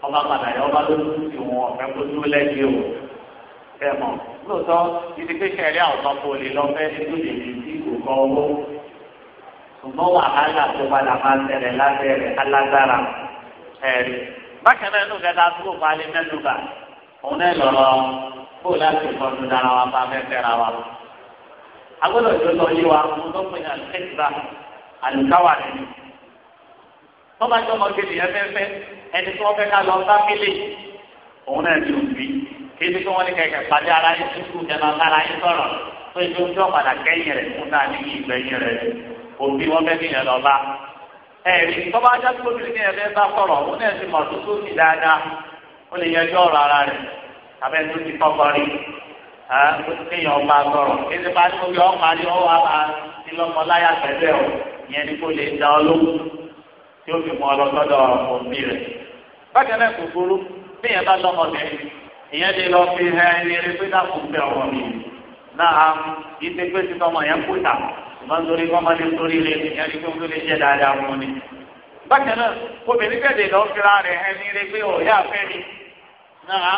ọba padà yẹ ọba ló tún ti wọn ọ̀fẹ́ kó tún lẹ́yìn o ẹ mọ̀ lóòótọ́ títí pé kẹrí àwọn ọkọ̀ òlè lọ bẹ́ẹ̀ ní lè ní ní ìgbòkọ̀ owó ṣùgbọ́n wàhálà tó padà máa ń tẹ̀lé lábẹ́rẹ̀ alágbára ẹ̀rí bákan náà inú kẹta tó kó palẹ̀ mẹ́lúgà òun náà lọ́rọ́ kó láti kọjú dára wa bá fẹ́fẹ́ ra wa. agbọ́dọ̀ tó lọ yé wa mo tó pè ní àlùkẹ́tìbá àlùkáwà ni tó bá jọmọ kejì yẹn fẹ́fẹ́ ẹni tí wọ́n fẹ́ ká lọ bá mílè òun náà ti òbí kí ibi tí wọ́n ní kẹ̀kẹ́ pàdé ara yín tútù ẹ̀ma bára yín sọ̀rọ̀ pé ìjọ padà kẹ́yìn rẹ̀ fún náà ní ìgbẹ́yìn rẹ̀ òbí wọ́n fẹ́ kí ẹ̀rí tọ́ba ajáde lóbìnrin ní ẹ̀fẹ́ bá sọ̀rọ̀ òun náà ti mọ̀ tó tó sì dáadáa ó lè yẹjọ́ ọ̀rọ̀ ara rẹ̀ abẹ́ tó ti kọ́kọ́ rí kéèyàn bá sọ̀rọ̀ kéde bá tó yọ ọ́ parí ọ́ wá bá lọ́mọ láyà pẹ̀lẹ́ o ìyẹn ni kò lè da ọ lóhùn tí ó fi mọ ọ lọ́sọ́dọ̀ òbí rẹ̀. bákan náà kò burú bí ìyẹn bá lọ́mọ bẹ́ẹ̀ ìyẹn lè lọ fi hẹ́ ẹni eré pé náà kò ọmọ mi náà ìdí pé ti tọmọ yẹn kú ìtàkùn ṣùgbọ́n nítorí wọ́n máa lè torí rẹ̀ ìyẹn ní kókó lè jẹ́ dáadáa wọn ni. bákan náà obìnrin bẹ̀rẹ̀ lọ fira rẹ̀ ẹni rẹ̀ pé ọ̀yà fẹ́ mi náà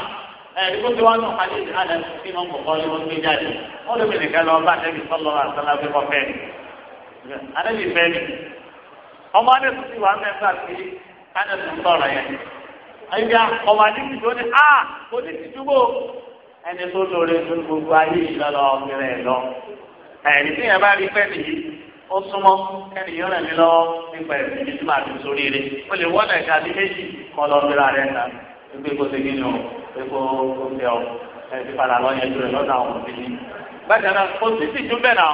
ẹ̀rí kó tí wọ́n nù kálí àdá sí wọn kọ̀kọ́ ni wọ́n gbé jáde wọ́n lóbi nìkan lọ bá àtẹ́bí sọ́lọ́ àtàlà pé wọ́n fẹ́ mi àtẹ́bí fẹ́ mi ọmọ adéṣu ti wà mẹ́fà sí adéṣu tó ní a kò ayé ẹ̀rí tí yẹn bá rí pẹ́ nìyí ó súnmọ́ kẹ́nìyàn rẹ̀ mí lọ́wọ́ nípa ẹ̀rí tí màá fi sórí rẹ̀ ó lè wọ́n náà ká bí méjì kọ́ lọ síra rẹ̀ ta pé kó ṣe kíni o pé kó kó tẹ ọ ẹ ti padà lọ yẹn jùlọ lọ́dọ̀ àwọn òbí ni. bákan náà kò sí sí ju bẹ́ẹ̀ náà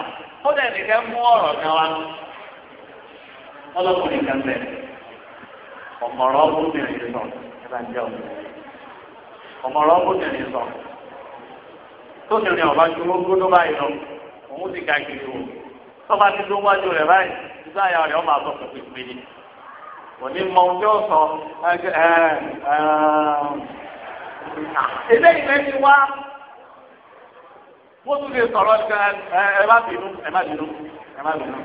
ó dẹ̀ nìkẹ́ mú ọ̀rọ̀ kan wá ọlọ́kùnrin kan bẹ̀ ọ̀mọ̀rọ̀ ọ̀bùnrin sọ ẹ bá jẹ́ ọ̀mọ̀rọ̀ ọ̀bùnrin sọ tó òun ti ka kiri o tọ́ba ti tó wájú rẹ̀ báyìí ìgbà yà rẹ̀ ọmọ àtọ̀ pèpè ni òní mọ ohun tí ó sọ eléyìí bẹ́ẹ̀ ti wá mo tún lè sọ̀rọ̀ ẹ má bínú ẹ má bínú ẹ má bínú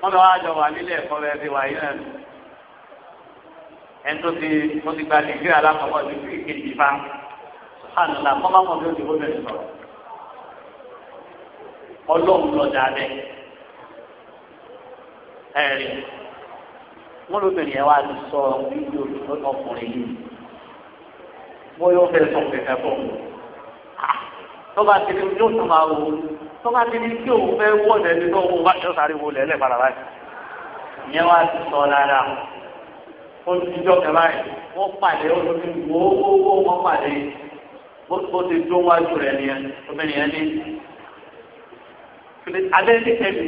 wọ́n lọ wá jọ wà nílé ẹ̀kọ́ rẹ̀ ti wà yín náà ẹni tó ti tó ti gba dìgírì alákọ̀ọ́kọ́ ti fi kejì fa àlùlà kọ́ bá mọ̀ bí ó ti bó bẹ̀rẹ̀ sọ̀rọ̀ ọlọ́run lọ dáadẹ́ ẹ̀rí wọ́n lóbìnrin yẹn wá ti sọ fídíò ọkùnrin yìí wọ́n yóò fẹ́ sọ kẹ̀kẹ́ fún un tọ́ba ti ní yóò tún máa wò ó tọ́ba ti ní kí òun fẹ́ wọ́n lẹ́ni tó wọ́n bá yóò sáré wò lẹ́lẹ̀ padà báyìí ìyẹn wá ti sọ lára olùdíjọ́ kẹfà yìí wọ́n pàdé olùdíjọ́ wọ́n pàdé bó ti dún wájú rẹ̀ nìyẹn obìnrin yẹn ní kiri alẹ́ ní ẹ̀mí.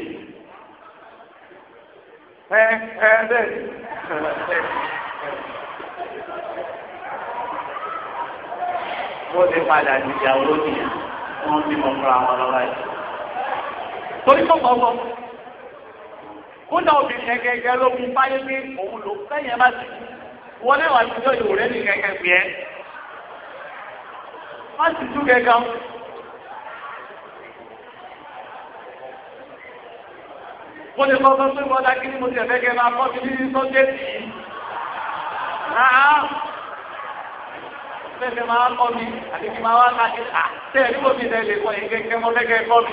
ẹ ẹ bẹ́ẹ̀ wọ́n ti padà di ìyàwó lónìí wọ́n ti mọ̀ fúnra wọn lọ́wọ́ yìí. torí tó kọ́ wọ́n kódà obìnrin gẹ́gẹ́ ló mú báyé pé òun ló fẹ́yẹ̀ má sí wọ́n lẹ́wọ̀n àtijọ́ ìwòrẹ́ ní gẹ́gẹ́ bí ẹ. má sì tú gẹ́gẹ́ mo lè kọ́ sọ pé mo dá kí ni mo ti ẹ̀fẹ́ kẹ́ máa kọ́ mi ní sọ́jẹ́tì yìí. Fẹ́fẹ́ máa kọ́ mi àti kí máa wá ká kí à tẹ́ ẹ̀ níbo mi lẹ́lẹ̀ kọ́ yìí kẹ́kẹ́ mo lẹ́kẹ́ kọ́ mi.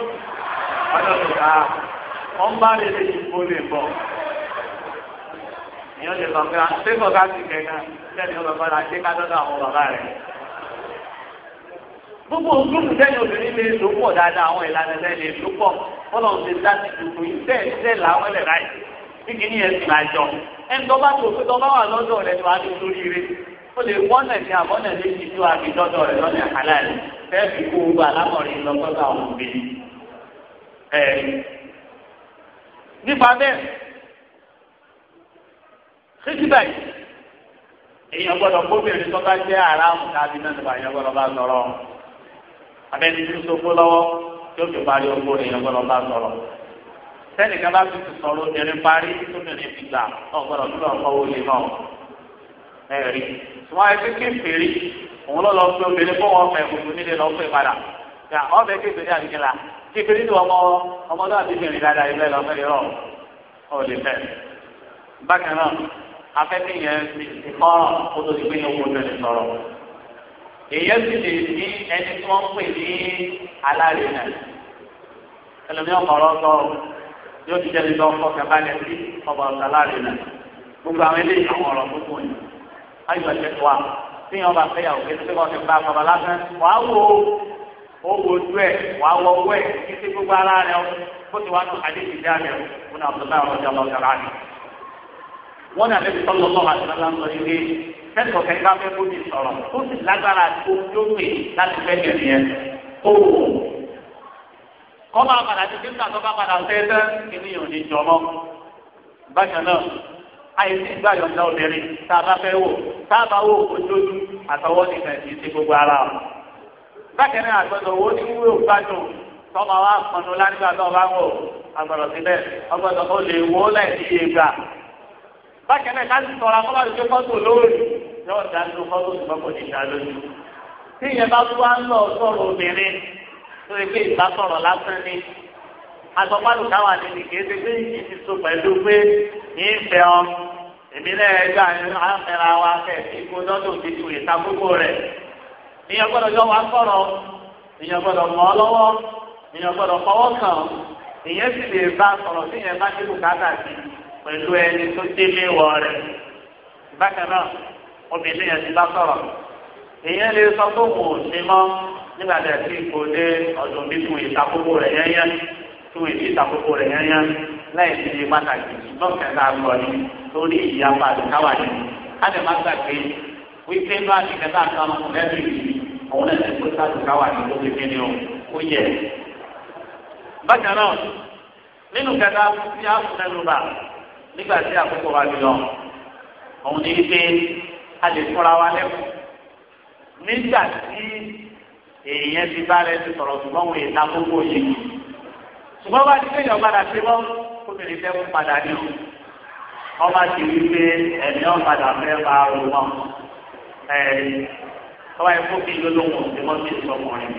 Ọjọ́ tó ká wọ́n bá lè lè mo lè bọ̀. Ìyọ́n lè sọ pé àti sẹ́kọ̀ọ́ ká sì kẹ́ náà, sẹ́ni ọ̀rọ̀ bá la ṣe gbogbo ojúlùmí sẹ́yìn obìnrin lè lò pọ̀ dáadáa àwọn ìlànà sẹ́yìn lè lò pọ̀ fọlọ́ ti dá sí tuntun yìí bẹ́ẹ̀ bẹ́ẹ̀ làwọn ẹlẹ́ ráì kíkì ní ẹ̀sìn àjọ ẹni tó bá tó pé tó bá wà lọ́dọ̀ rẹ̀ ni wàá tó lórí rẹ̀ ó lè wọ́nà ní àbọ̀nà léjì tó àbí lọ́dọ̀ rẹ̀ lọ́nà àlàyé bẹ́ẹ̀ fi kó gbogbo alámọ̀rin lọ́gbọ́dọ̀ àwọn obìnrin nípa bẹ́ẹ̀ kíkìbà yìí èèyàn gbọ́dọ̀ gbóbìnrin tó bá jẹ́ àrà àwọn tàbí náà nípa èèyàn gbọ́dọ̀ bá sọ̀rọ̀ abẹ́ni tí sọ́kó lọ́wọ́ tí ó fi parí oko ní ìyàgbọ́dọ̀ bá sọ̀rọ̀ sẹ́nìkan bá fi sọ̀rọ̀ obìnrin parí tóbìnrin fi gbà náà gbọ́dọ̀ tó lọ kọ́ wọlé náà ẹ̀rí wọn á fi kéferì òun lọ́ lọ fún obìnrin fún wọn fẹ́ gbogbo nílé lọ fún ìpadà yà ọ́ fẹ́ kéferì àdìgẹ́là kéferì ni ọmọ ọmọdé àdìgẹ́rin dáadáa ilé lọ fẹ́ lọ ọ̀ lè fẹ́ bákan náà afẹ́fẹ́ èyàn sì lè ní ẹni tí wọ́n pè ní alárinà ẹlòmíì ọ̀pọ̀lọ́ sọ yóò ti jẹ́ nígbà ọkọ̀ kẹfà ní ẹbí ọ̀pọ̀ ọ̀sẹ̀ alárinà gbogbo àwọn eléyìí àwọn ọ̀rọ̀ gbogbo yìí ayọ̀ ṣe wà tí yẹn bá fẹ́ yàwó kéde kọ́ kẹfà bàbá lásán wàá wo owó ojú ẹ̀ wàá wọ owó ẹ̀ títí gbogbo ara rẹ̀ o kó ti wá tó àdéhùn ìdí àmì ẹ̀ fún àbùdá ọ̀rọ̀ kẹ́kọ̀ọ́ kẹ́kọ̀ọ́ fẹ́ kó ní sọ̀rọ̀ ó sì lágbára tó tó pè láti fẹ́ bẹ̀rẹ̀ yẹn kó wò. kọ́ máa padà ti kí nǹkan tó bá padà fẹ́ tẹ́ ènìyàn ní jọmọ́. bákan náà àìsí ìgbà yọ̀ǹda obìnrin tá a bá fẹ́ wò tá a bá wò ojoojú àtọwọ́ nìkan kì í ṣe gbogbo ara o. bákan náà àgbẹ̀dọ̀ wo ni wúwo gbádùn tọ́mọ wa kọnu lánígbà tó bá wò àgbọ̀dọ̀ síbẹ̀ ọgbọ̀dọ̀ ó lè wó láì bákan náà láti sọ̀rọ̀ akọ́lá ìgbé fọ́tò lórí yóò dá fọ́tò ṣùgbọ́n kò ní dá lójú. tí ìyẹn bá tún wá ń lọ sọ̀rọ̀ obìnrin tó yẹ pé ìgbà sọ̀rọ̀ lásán ni agbọ́pálù táwa ní ní kéde pé ìyí ti so pẹ̀lú pé ní ìfẹ́ ọ èmi náà gbà áfẹ́ra wa fẹ́ ikú lọ́dún ti tu ìta rẹ̀ ìyẹn gbọ́dọ̀ yọ wá sọ̀rọ̀ ìyẹn gbọ́dọ̀ pẹ̀lú ẹni tó délé wọ rẹ̀ bákan náà obìnrin yẹn ti bá sọ̀rọ̀ èèyàn lè sọ pé kò ṣe mọ́ nígbà tí a ti kò dé ọdún bí tún ìtakókò rẹ̀ yẹ́nyẹ́ tún ìdí ìtakókò rẹ̀ yẹ́nyẹ́ láì fi di pàtàkì ṣùgbọ́n kẹta lọ ni lórí ìyapa àdìkáwà ni a lè má gbàgbé wípé inú àdìkẹta kan lẹ́bi òun náà ti kó sàdìkáwà ni ló fi kíni o ó yẹ. bákan náà nínú kẹta tí a fún ẹnu bá nígbà tí àkókò wa lọ òun ní pé a lè fúnra wa lẹ́kọ̀ọ́ nígbà tí èèyàn ti bá rẹ ti sọ̀rọ̀ ṣùgbọ́n òun ìta gbogbo yìí ṣùgbọ́n bá ti kéèyàn padà sí wọn obìnrin fẹ́ kó padà ní o wọ́n bá ti wí pé ẹ̀mí ọ̀padà fẹ́ bá ro wọn ẹ̀ẹ́dì tọ́wá ẹ̀kọ́ bíi lólóhùn tí wọ́n ti sọ ọkùnrin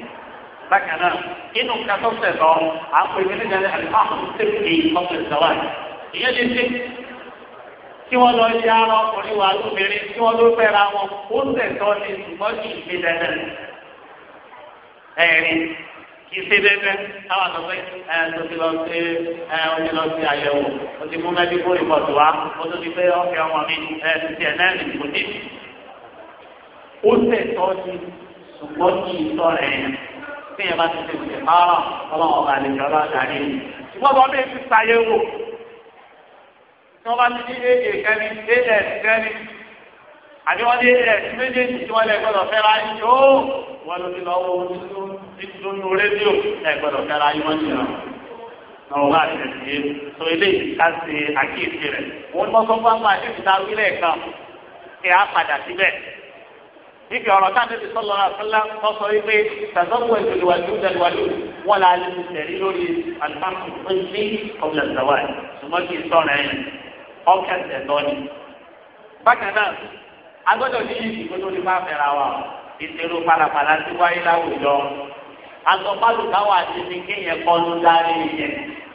bákan náà inú kátó lọ àpò ìgbẹ́lẹ́gbẹ́lẹ́ àti fáwọn tẹ̀lé ọ̀pẹ̀ sọ́wọ́ ìyẹn lè ṣe kí wọ́n lọ ṣe ara ọkùnrin wà lóbìnrin kí wọ́n ló fẹ́ra wọn ó tẹ̀tọ́ ní ṣùgbọ́n kì í ṣe dandan ẹ̀rín kì í ṣe dandan káwọn sọ pé ẹ tó ti lọ sí ẹ ó ti lọ sí àyẹ̀wò ó ti mú mẹ́díkù rìpọ̀tù wá ó tó ti pé ọ̀kẹ́ ọmọ mi ẹ ti tiẹ̀ náà ní ní. ó tẹ̀tọ́ ní ṣùgbọ́n kì í sọ ẹ̀yìn bí ẹ bá ti ṣe ṣe tí wọ́n bá ti ní èdè kẹ́mi as kẹ́mi àbí wọ́n ní as méjèèjì tí wọ́n lè gbọ́dọ̀ fẹ́ra yín tó wọ́n ló ti lọ́wọ́ nínú rédíò ẹ̀ gbọ́dọ̀ fẹ́ra yín wọ́n ti rà náà wá àtẹ̀sí sọ eléyìí ká ṣe àkíyèsí rẹ̀ wọ́n mọ́ sọ́kọ́ àwọn àdéhùn tá a wí lẹ́ẹ̀kan kí a padà síbẹ̀ níbi ọ̀rọ̀ táwọn ẹbí sọ́lọ́ àfẹ́lá sọ́sọ́ wípé tàzọ́pọ̀ ìdòdòwàjú dẹ̀dùwàjú wọn là á lè tẹ̀lé lórí àlùfáàkù tó ń bí ọ̀gbìn àtàwà ṣùgbọ́n kì í sọ̀rọ̀ ọ̀kẹ́sẹ̀ lọ́ni. bákan náà agbọ́dọ̀ ní ìdìbò tó ní bá fẹ́ra wa ìṣerú palapala ti wáyé láwùjọ. àtọ̀pálù káwá ti ní kéèyàn kọ́ ló dárí yẹn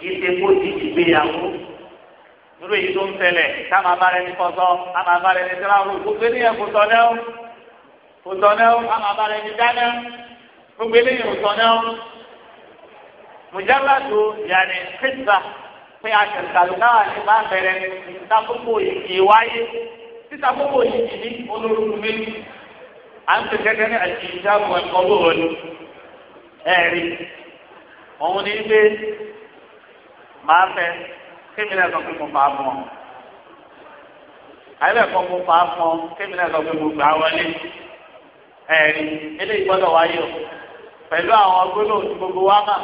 ìṣekú ti ìgbéyàwó. nírú èyí tó ń tẹ̀lẹ̀ ká máa bá rẹni kọ́sọ́ ká máa bá rẹni tíráwó gbogbo eléyàn kò tọ́ náà kò tọ́ náà ká máa bá rẹni dáná gbogbo eléyàn kò tọ́ náà. mùjálá tó yàrá pé àṣẹ̀ǹtàlù náà ni máa ń bẹ̀rẹ̀ ìtakókò ìyè wáyé títakókò ìyè ní olórúurú méjì à ń pè gẹ́gẹ́ ní àti ìjáàbù ẹ̀kọ́ lóòrò ni ẹ̀rí òun ni pé máa fẹ́ kémi náà sọ pé mo fà á mọ́ àyẹ̀bẹ̀ mo fà mọ́ kémi náà sọ mo gbà wọlé ẹ̀rí eléyìí gbọ́dọ̀ wáyé o pẹ̀lú àwọn gbólóhùn tí gbogbo wa máa.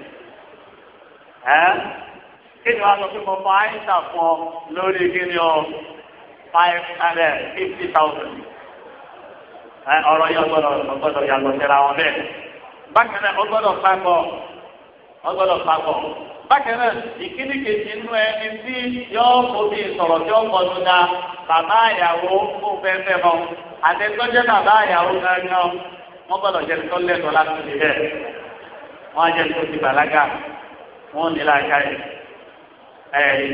ẹ́ kí ni wàá sọ pé mo fọ fọ lórí kí ni ọ five hundred fifty thousand ọ̀rọ̀ ọrụ gbọ́dọ̀ gbọ́dọ̀ síra wọn bẹ́ẹ̀ bákan ọgbọ́dọ̀ papọ̀ ọgbọ́dọ̀ papọ̀ kejì ẹni tí yọọ fobi sọ̀rọ̀ tí ó kọlu da bàbá àyàwó wọn ní láàkáyé ẹ̀rí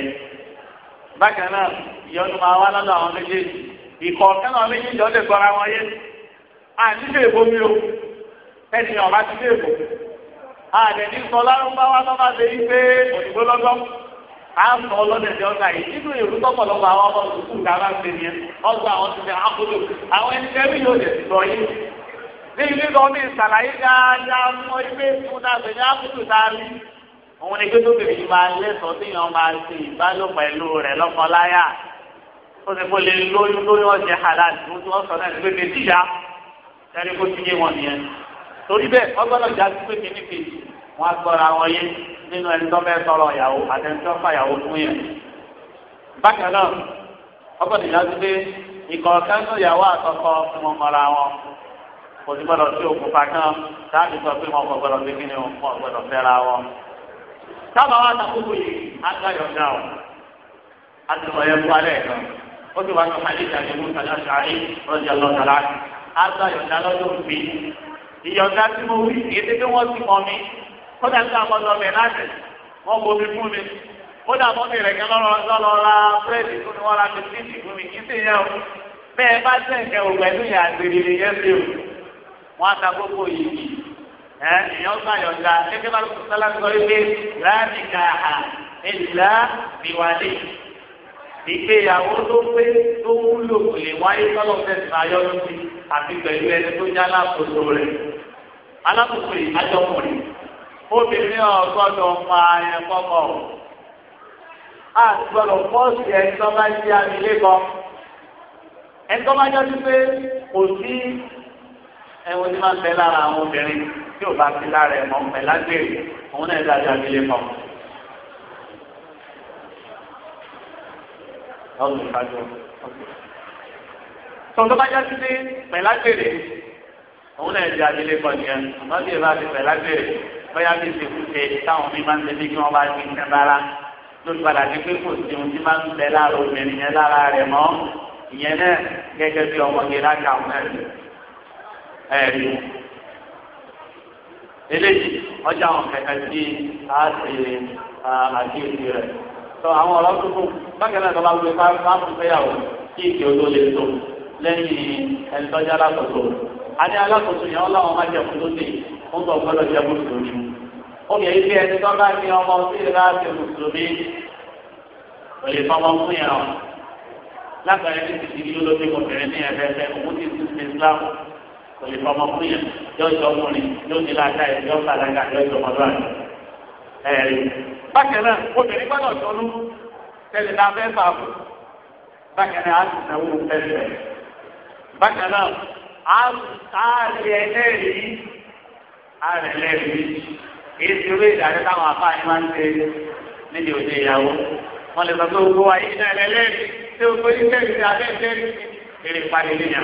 bákan náà ìyọnu máa wá lọ́dọ̀ àwọn méjèèjì ìkọ̀ọ̀kan náà méjèèjì ọ̀dẹ̀ gbọ́ra wọn yé àdídé èbó mi o ẹni ọ̀rá ti dé èbó àdẹ̀ní sọ lárúbáwá tó bá ṣe yí pé sọ òun ni pé tó bèbí máa lẹ́sọ̀ọ́ tí yàn máa ṣe ìbálò pẹ̀lú rẹ̀ lọ́kọláyà ó ti kó lè lóyún lóyún ọ̀jẹ̀ halal tó tí wọ́n sọ náà ní pé bèbí ya ẹni kó ti yé wọn nìyẹn torí bẹ́ẹ̀ wọ́n gbọ́dọ̀ já sí pé kìíní kejì wọ́n á gbọ́ra wọn yé nínú ẹni tó fẹ́ tọrọ ìyàwó àtẹnudọ́ fàyàwó fún yẹn bákan náà wọ́n gbọ́dọ̀ já sí pé ìkọ̀ọ̀kan tó yàwó àtọkọ sí gbọ́dọ̀ sí òkú pa kan sọ pé wọn kò gbọ́dọ̀ gbé kí ni wọn kò gbọ́dọ̀ fẹ́ra wọn sábà wà sàkóso yìí agbáyọ̀ dá o àtùmọ̀ yẹn fún alẹ́ kan ó ti wà ní hadith àti musa láti àárí rọ́jà lọ́tàlá agbáyọ̀ dá lọ́dún mi ìyọ̀dá tí mo wí ètè tí wọ́n ti mọ̀ mi kódà tí a mọ̀ lọ bẹ̀ láti wọ́n bomi fún mi kódà mọ́ mi rẹ̀ kí lọ́lọ́ ra fúrẹ́dì fún mi wọ́n ra bisikíìtì fún mi kí sì yẹ o bẹ́ẹ̀ bá tẹ̀ kẹ́ ògbẹ́ni yà àgbèrè yẹn fi o wọ́n á ta gbogbo yìí èèyàn gbà yọ̀ǹda gẹ́gẹ́ bá lóko sálá sọ wípé láàmì káà ìlà ìwàlẹ̀ ìgbéyàwó tó pé tó wúlò kò lè wáyé tọ́lọ̀ fẹ́sẹ̀ ayọ́ lórí àti pẹ̀lú ẹni tó jẹ́ alákòóso rẹ̀ alákòóso ìdájọ́kùnrin obìnrin ọ̀gbọ́dọ̀ máa yẹn kọ́kọ́ àgbọ̀dọ̀ pọ́ọ̀sì ẹni tó bá jẹ́ amílẹ́kọ̀ọ́ ẹni tó bá jẹ́ wípé kò sí ẹ̀wọ̀n tí máa ń bẹ lára àwọn obìnrin tí ò bá ti lára ẹ̀ mọ́ pẹ̀ lágbèrè òun náà dájú abilé mọ́. ọ̀sùn ìbájọ́ tọ́jú bá já sí pé pẹ̀lágbèrè òun náà di abilé kọ́ nìyẹn wọ́n sì bá ti pẹ̀lágbèrè bóyá bí ìsìnkú ṣe táwọn mi máa ń tẹ́lẹ̀ kí wọ́n bá ti ń tẹ́ bára lórí padà ní pé kò sí ohun tí máa ń bẹ lára obìnrin yẹn lára rẹ̀ mọ́ ìyẹn náà gẹ́gẹ́ bí ọmọge láti àwọn ẹ̀sìn ẹ̀rí eléyìí ọjà àwọn kẹ̀kẹ́ tí a ti àkíyèsí rẹ̀ tó àwọn ọ̀rọ̀ tuntun bákan náà tọ́lá wípé fáfún fẹ́yàwó kí ìkè odó lè tó lẹ́yìn ẹni tọ́jú alákòóso adé alákòóso yẹn wọ́n láwọn máa jẹ fún lóde wọ́n gbọ́ gbọ́dọ̀ jẹ mùsùlùmí obìnrin yìí bí ẹni tó bá ní ọmọ sí ìlà àti mùsùlùmí kò lè fọmọ fún yẹn o ti ti di olóde kò bẹ̀rẹ̀ ní ẹ̀fẹ́fẹ́ òun ti ti ti kò lè fọmọ fún yẹn yóò jọ ọkùnrin yóò ní láta ẹ yóò sàlágà yóò jọ ọmọdé wa ẹẹrí. bákan náà obìnrin gbọ́dọ̀ tọ́lú tẹ̀lé náà fẹ́ fà fún bákan náà á sì náwó ẹsẹ̀ bákan náà á rí ẹlẹ́rìí á rí ẹlẹ́rìí èyí ti rí ìdájọ́ táwọn afáàní máa ń ṣe níbi òde ìyàwó wọn lè sọ pé owó ayé náà ẹlẹ́rìí tí o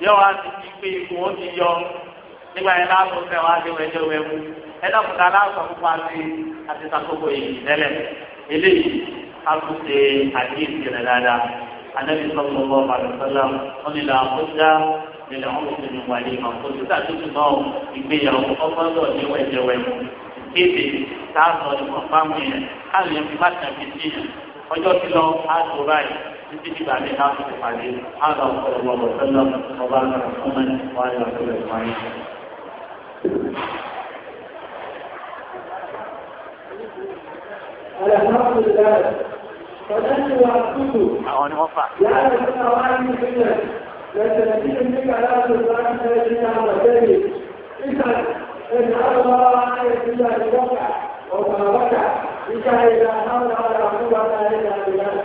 yọ wá ti di pé ipò ó ti yọ nígbà yẹn láàbò fẹ́ wá sí wọn ẹjọ́ wẹ̀wù ẹ̀dọ́kùnrin aláàbò pupa sí àti sàkókò èyí tẹ́lẹ̀ eléyìí kálukú ṣe àdéhùn rẹ̀ dáadáa anabi sọ̀rọ̀ lọ́wọ́ bàtàlá wọn ni làkúndà ni làwọn ò tẹ̀lé wàlé ma kò sí sàtúntò náà ìgbéyàwó ọgbọ́dọ̀ ní wọn ẹjọ́ wẹ̀wù kéde sáà sọ̀rọ̀ ìfọ̀npá mi yẹn káàlì yẹn fi má tẹ̀ fi sí yẹn ọjọ́ ti lọ á تجد عليه حافظ عليه هذا صلى الله عليه وسلم وبارك محمد وعلى اله اجمعين. الحمد لله فنحن وعبده لا نذكر عنه بالله لكن نجد بك على اهل القران الذي على اذا ان الله عن الله وقع وما وقع اذا اذا حول على عقوبه اهل الله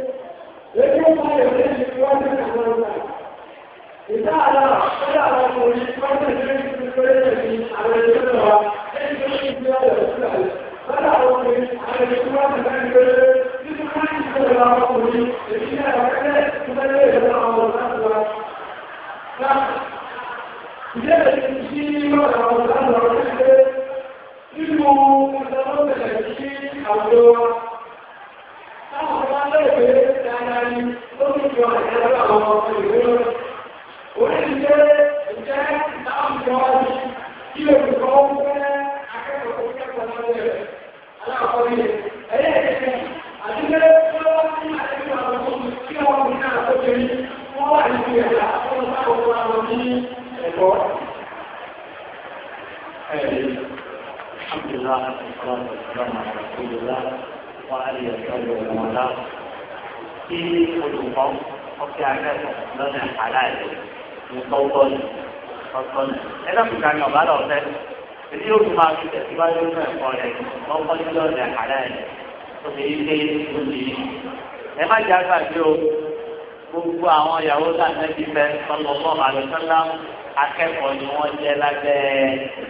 لكن ما يمكن يكون من إذا على إذا على المولد ما تدري في البلد على الجبهة تدري في البلد فلا أقول على الإسلام في البلد تدخل في البلد إذا أكلت تبلغ الله أكبر إذا تمشي مرة وتعرف تدخل تدخل تدخل تدخل تدخل táwọn bá lóye pé dáadáa ni ó ní jọ ìdájọ́ àwọn ọmọ ìwé lọ. Oríṣiríṣi ìjẹ́ táwọn jọ ọdún kí olùkọ́ ń fẹ́ akẹ́kọ̀ọ́ tó kẹ́kọ̀ọ́ lọ́wọ́ rẹ̀. Alákọ̀ọ́ ni ẹ̀yẹ́ ìṣẹ̀lẹ̀ àdúgbò tí wọ́n ti ń àdúgbò àwọn ọmọ tí wọ́n ń ná àkójọ yìí wọ́n wà ní ìgbéyà fún ọ̀pọ̀ àwọn ní ẹ̀kọ́. Ẹ̀rí, alhamdulillah, alhamdulillah, alhamdulillah. وآله وصحبه ومن والاه في olùkọ́ ọ̀kẹ́ akẹ́kọ̀ọ́ lọ́nà àláàlẹ́ ìtọ́wọ́ ọ̀tọ́nà ẹlẹ́kùnká ni ọ̀bá lọ fẹ́ èyí yóò máa fi tẹ̀síwájú ní ẹ̀kọ́ rẹ̀ lọ́kọ́ ní lọ́nà àláàlẹ́ tó fi yí pé ẹ má jẹ́ àgbàdo gbogbo àwọn ìyàwó lànà ti fẹ́ sọlọ́lọ́ àlùsọ́lá akẹ́kọ̀ọ́ ni wọ́n jẹ́ lábẹ́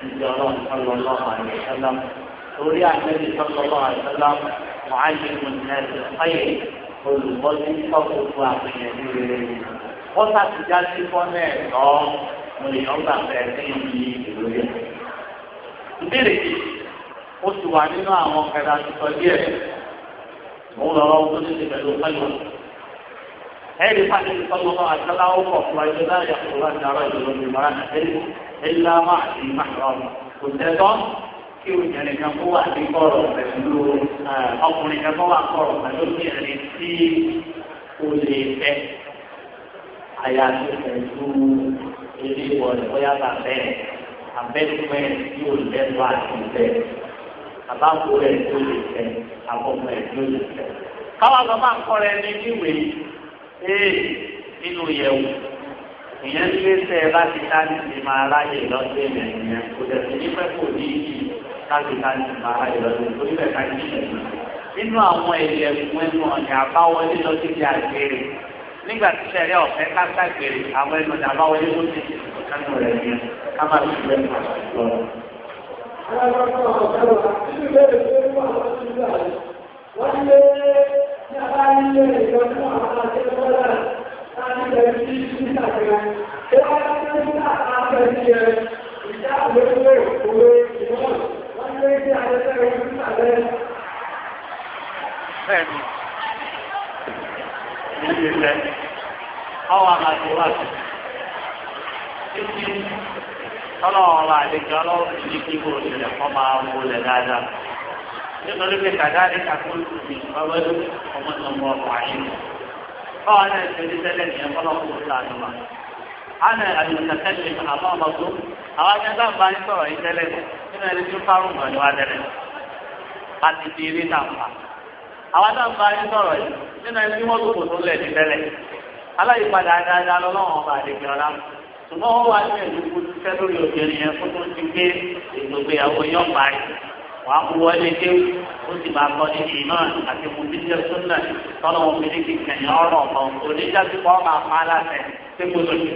ìjọ náà sọlọ́lọ́ àlùsọ́lá torí àtẹ́bí sọlọ́lọ́ àlùsọ́lá معلم الناس الخير olùkọ́ni kọ́kọ́ fún àpèyàn rere wọ́n sàtìjà sí fọ́nà ẹ̀tọ́ mo lè yàn gbà fẹ́ sí ibi ìlú rẹ̀. ìbéèrè yìí ó ti wà nínú àwọn kẹta tuntun díẹ̀ mo ń lọ́wọ́ tó ti ti pẹ̀lú pẹ̀lú. ẹ̀rí pàdé ìfọ́nmọ́ àtàláwò pọ̀ fún ẹgbẹ́ láyà fún wa ní ara ìlú mi mọ́ra ẹ̀rí ẹ̀rí láwọn àti ìmọ̀ àwọn kò tẹ́tọ́ kí òjòlè kan kó wà ní kọ̀rọ̀ pẹ̀lú ọkùnrin kan kó wà kọ̀rọ̀ pẹ̀lú obìnrin tí o lè fẹ́ àyàfi pẹ̀lú ilé ìwọlé bóyá bàbẹ́ abẹ́tùmẹ́ tí o lè lọ àti fẹ́ àbáko rẹ̀ tó lè fẹ́ àbọ̀mọ rẹ̀ tó lè fẹ́. káwọn lọ máa kọ́ rẹ ní níwèé ee nínú yẹ̀wò ìyẹn ń gbé sẹ́ ẹ bá ti ti máa ráyè lọ́sẹ̀ ilẹ̀ ìyẹn kò dẹ̀ sí nípẹ́ kò ní ìyí láti dání ti máa ráyè lọ́sẹ̀ tó ní bẹ̀ka ní ìyẹn. nínú àwọn ẹ̀yẹ fún ẹnu ọ̀nà àbáwọlé lọ sí ti àgbèrè nígbà tí sẹ́rẹ́ ọ̀fẹ́ ká sàgbèrè àwọn ẹnu ọ̀nà àbáwọlé ló ti kánú rẹ̀ yẹn ká má fi lẹ́nu lọ. wọ́n lé ní abáyé ìjọba àwọn àti ẹgbẹ́ náà Bẹ́ẹ̀ni, ìlú ilẹ̀, ọwọ́ àmàdíwájú, títí ọlọ́wọ́ ọba àdéjọ ọlọ́wọ́ ìdí kíkó ìṣẹ̀lẹ̀ kọ́ máa mú ilẹ̀ dáadáa. Nítorí pé kàdáàdé kàkó ìṣòfin ọmọdé ọmọ ọkọ̀ àyè. báwa náà ṣe ní tẹ́lẹ̀ ní ẹ̀kọ́ lọ́kùn ọkụ sàánú a nà àdìsínà tẹ́lẹ̀ àbá ọmọ tó àwọn akẹ́kọ̀ọ́ àgbà ń sọ̀rọ̀ yìí tẹ́lẹ̀ nínú ẹni a ti di eré náà fà. àwọn àgbà ń sọ̀rọ̀ yìí nínú ẹni tí wọ́n tó kò wà á wọ ẹni dé ó sì máa kọ́ ní ìmọ̀ àti mùsùlùmí súnà tọ́lá wọn fi ní kí kẹ̀yìn ọ̀rọ̀ kan oníjà tí máa pa aláṣẹ pé kò lọ sí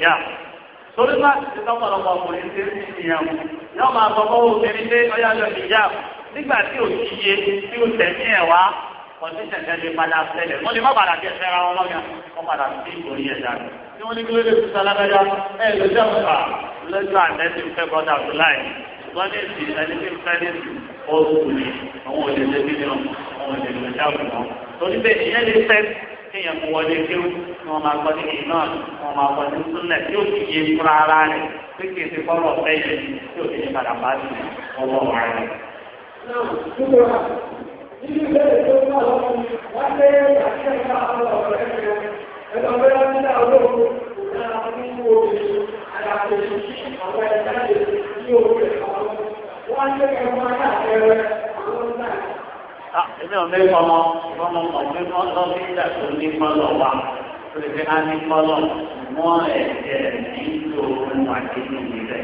torí bá ti tọ́pọ̀lọpọ̀ ọkùnrin ṣe ń sìn yàn yóò máa sọ fọ́wọ́ obìnrin pé ọyá lọ sí nígbà tí ò ti yé tí ó tẹ̀mí ẹ̀ wá kọ̀ǹtíṣẹ̀ kan lè padà sẹlẹ̀ wọ́n lè má padà bí ẹ̀fẹ́ ra wọn lọ́gàn ṣùgbọ́n ẹni tí ń fẹ́ ni àwọn òṣèlú bí ní àwọn òṣèlú dáhùn wọn. torí pé ìyẹn lè fẹ́ kí èèyàn mú wọlé kí wọ́n máa gbọ́ ní iná wọ́n máa gbọ́ ní súnlẹ̀ tí yóò fi yé fúnra ara rẹ̀ pé kì í ṣe kọ́lọ̀ fẹ́ yẹn tí ò ní padà bá sí ọwọ́ rẹ̀. Nínú ìbéèrè tó ń bá èmi ò ní kọ́mọ kọ́mọ mọ̀ pé wọ́n lọ sí ní kọ́lọ̀ wa tó lè fi á ní kọ́lọ̀ wọ́n ẹ̀jẹ̀ nílò ohun àkejì nílẹ̀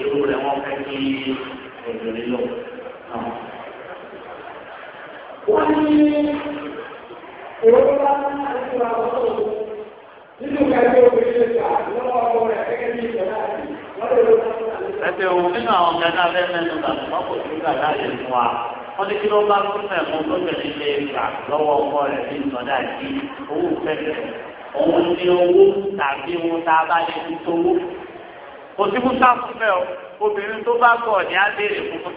irú rẹ̀ wọ́n fẹ́ kí èdè nílò. wọ́n ní èrò bá ń bá ń bá nínú kẹjọ obìnrin lè gbà lọ́wọ́ ọkọ rẹ̀ gẹ́gẹ́ bí ìṣẹ̀lá yìí lọ́dọ̀ ló bá tó náà. ẹsẹ̀ òun nínú àwọn ọ̀gá náà fẹ́ mẹ́nu tàbí wọ́n kò sí gbà láàyè fún wa wọ́n ní kí ló bá tún mẹ̀ fún lóbìnrin lè gbà lọ́wọ́ ọkọ rẹ̀ bí ìsọdá yìí owó fẹ́fẹ́ òun ní owó tàbí ohun tá a bá lè fi tówó. kò sí fún sáfún mẹ́ o obìnrin tó bá kọ̀ ní á léèrè fún fún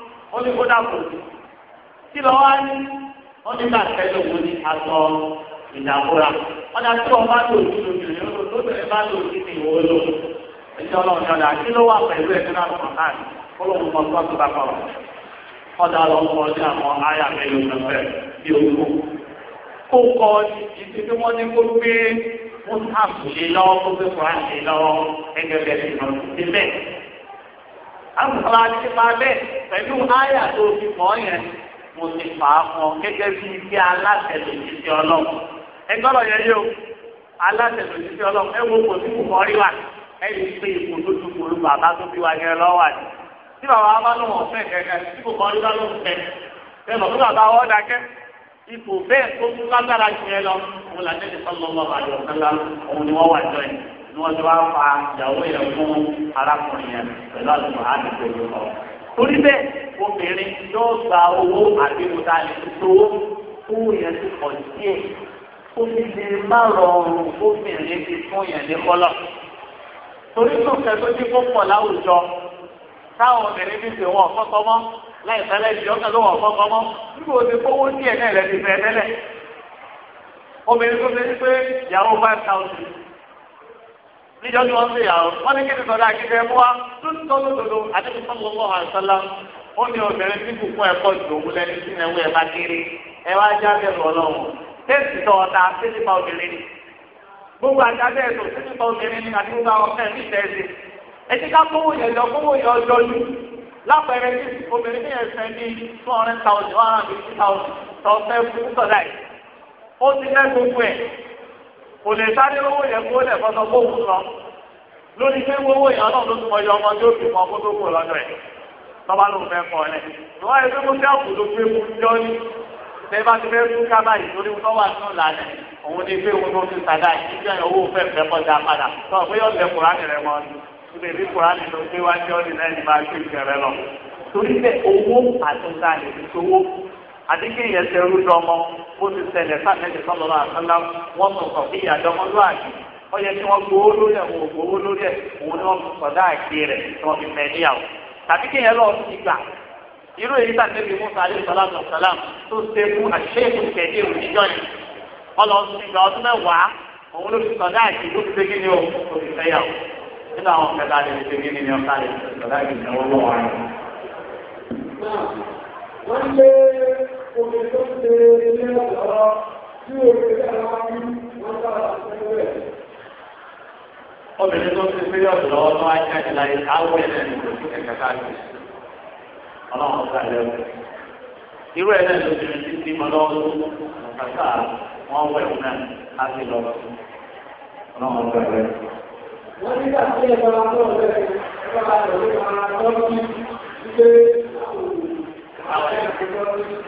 ó ní kó dàpọ̀ tí lọ wá ní wọ́n ní bàtẹ́ lòun ní aṣọ ìdàkúra wọ́n dá tí wọ́n bá lò sí lóbìnrin ló bẹ̀rẹ̀ bá lò sí ní ìwọ lò ẹjọ́ ọlọ́run yọ̀dà kí ló wà pẹ̀lú ẹ̀kọ́ náà kàn náà kó lóun mọ tó àtúbà kọ̀ọ̀ ọ̀dà lọ kọ́ sí àwọn àyà mẹ́rin lọ́fẹ̀ẹ́ bí owó kó kọ́ ìdí tí wọ́n ní kó gbé mọ́tàkùn lé lọ́wọ́ kó gbé kùrán lé lọ́wọ́ ẹgbẹ́ bẹ́ẹ̀ àtúntò àti máa bẹ́ẹ̀ pẹ̀lú àyà tó fi mọ́ yẹn mo ti fà á mọ́ gẹ́gẹ́ bí ibi alátẹ̀lẹ̀ títí ọlọ́run ẹgbọ́dọ̀ yẹn yóò alátẹ̀lẹ̀ títí ọlọ́run ẹ wo kò sí kò mọ́ rí wa ẹ lè pe ipò tó tu kò lu bàbá tó fi wa yẹn lọ́wọ́ àti tí bàbá bá lóun ọ̀fẹ́ kẹ̀kẹ́ tí kò mọ́ rí wa ló ń tẹ̀ ẹ lọ́ fún bàbá wọn dákẹ́ ipò bẹ́ẹ̀ tó tún lágbára ju yẹn lọ ni wọ́n ti wá fa ìyàwó yẹn fún arákùnrin yẹn pẹ̀lú àlùkò àdìgbò yìí kọ́. torí bẹ́ẹ̀ obìnrin yóò gba owó àdéhùtà ìṣòwò fún yẹn ti pọ̀ díẹ̀ omi má rọrùn obìnrin ti fún yẹn ní kọ́lọ̀. torí tó kẹ́ tó ti kópọ̀ láwùjọ táwọn obìnrin ti ṣe wọn kọ́kọ́ mọ́ láìpẹ́ lẹ́yìn ọ̀kẹ́ ló wọ̀ kọ́kọ́ mọ́ níbo ti kówó díẹ̀ náà rẹ̀ ti fẹ́ tẹ́lẹ̀ obìnrin tó ti pé ìyàwó five thousand níjọ́ tí wọ́n ń ṣèyàwó wọ́n ní kí ni sọ̀rọ̀ àkíkẹ́ mú wa tó ń tọ́ lódodo àdéhùn sọ́kòkò àṣálá ó ní obìnrin tí kò fún ẹ̀kọ́ ìdòwú lẹ́ni tí ìnáwó ẹ̀ bá kéré ẹ wá já bẹ́ẹ̀ ọlọ́run tẹ́sí tọ ọ̀tá sílípa obìnrin ni gbogbo àjà bẹ́ẹ̀ tó sílípa obìnrin ni àti gbogbo àwọn ọ̀fẹ́ ní ìtẹ́sí ẹ ti ká kówó yẹn lọ kówó yẹn ọjọ́ lu lápẹẹrẹ obìnrin ní ẹ̀ kò lè sáré owó yẹn kó lẹ̀ fọ́sọ kó wù sọ lórí pé owó yẹn ọlọ́run ló tún ọyọ ọmọ tó fi mọ kó tó kó lọ́dọ̀ ẹ̀ tọ́ba ló fẹ́ kọ́ ẹ̀ lọ́wọ́ ẹ̀ pé mo fẹ́ kù ló pé mo jọ ní tẹ́ ti fẹ́ kú kábà yìí torí wọ́n wà nínú ìlànà òun ni pé wọ́n ti sàdá yìí jẹ́ owó fẹ́ fẹ́ kọ́ da padà tọ́ pé yọ lẹ kùránì rẹ mọ́ ibè bí kùránì ló gbé wájú ọ̀nì náà ní máa gbé ìgbẹ̀rẹ̀ lọ torí pé owó àti kí èèyàn ṣe rú dọmọ bó ti ṣẹlẹ̀ sáàmẹ́jì sọ́lọ́lá àtàlá wọ́n sọ sọ kí ìyàdọ́mọ lóàjì ó yẹ kí wọ́n gbowó lórí ẹ̀ wọ́n gbowó lórí ẹ̀ òun ni wọ́n sọ̀dá àkè rẹ̀ tí wọ́n fi fẹ́ níyàwó tàbí kí èèyàn lọ sí gbà irú èyí tàbí bí musa alẹ́ sàlámù sàlám tó ṣe fún àṣẹ́kù kẹ̀dé òjijọ́ yìí wọ́n lọ sí ìgbà ọdún mẹ́wàá òun ló fi sọ̀dá àkè ló fi ṣégin ní o kò fi ṣégin omi tó ṣe ilé ọ̀dọ́ tí omi dára wáyé wọ́n sára pẹ̀lú ẹ̀. obìnrin tó ṣe pílẹ̀ ọ̀dọ́ lọ́wọ́ wá jáde láyé áwọ̀ ẹ̀ lẹ́nu kò sí kẹ̀kẹ́ káàkiri ọlọ́run ọ̀gá ẹ̀ lẹ́wọ̀ irú ẹ̀ lẹ́nu obìnrin ti ti mọ lọ́wọ́ kàkà wọ́n wẹ̀ wọn náà á sì lọ ọlọ́run ọ̀gá ẹ̀ lẹ́wọ̀. wọ́n ní ká sí ẹ̀ka ọlọ́run ọ̀gá ẹ̀ lọ́wọ́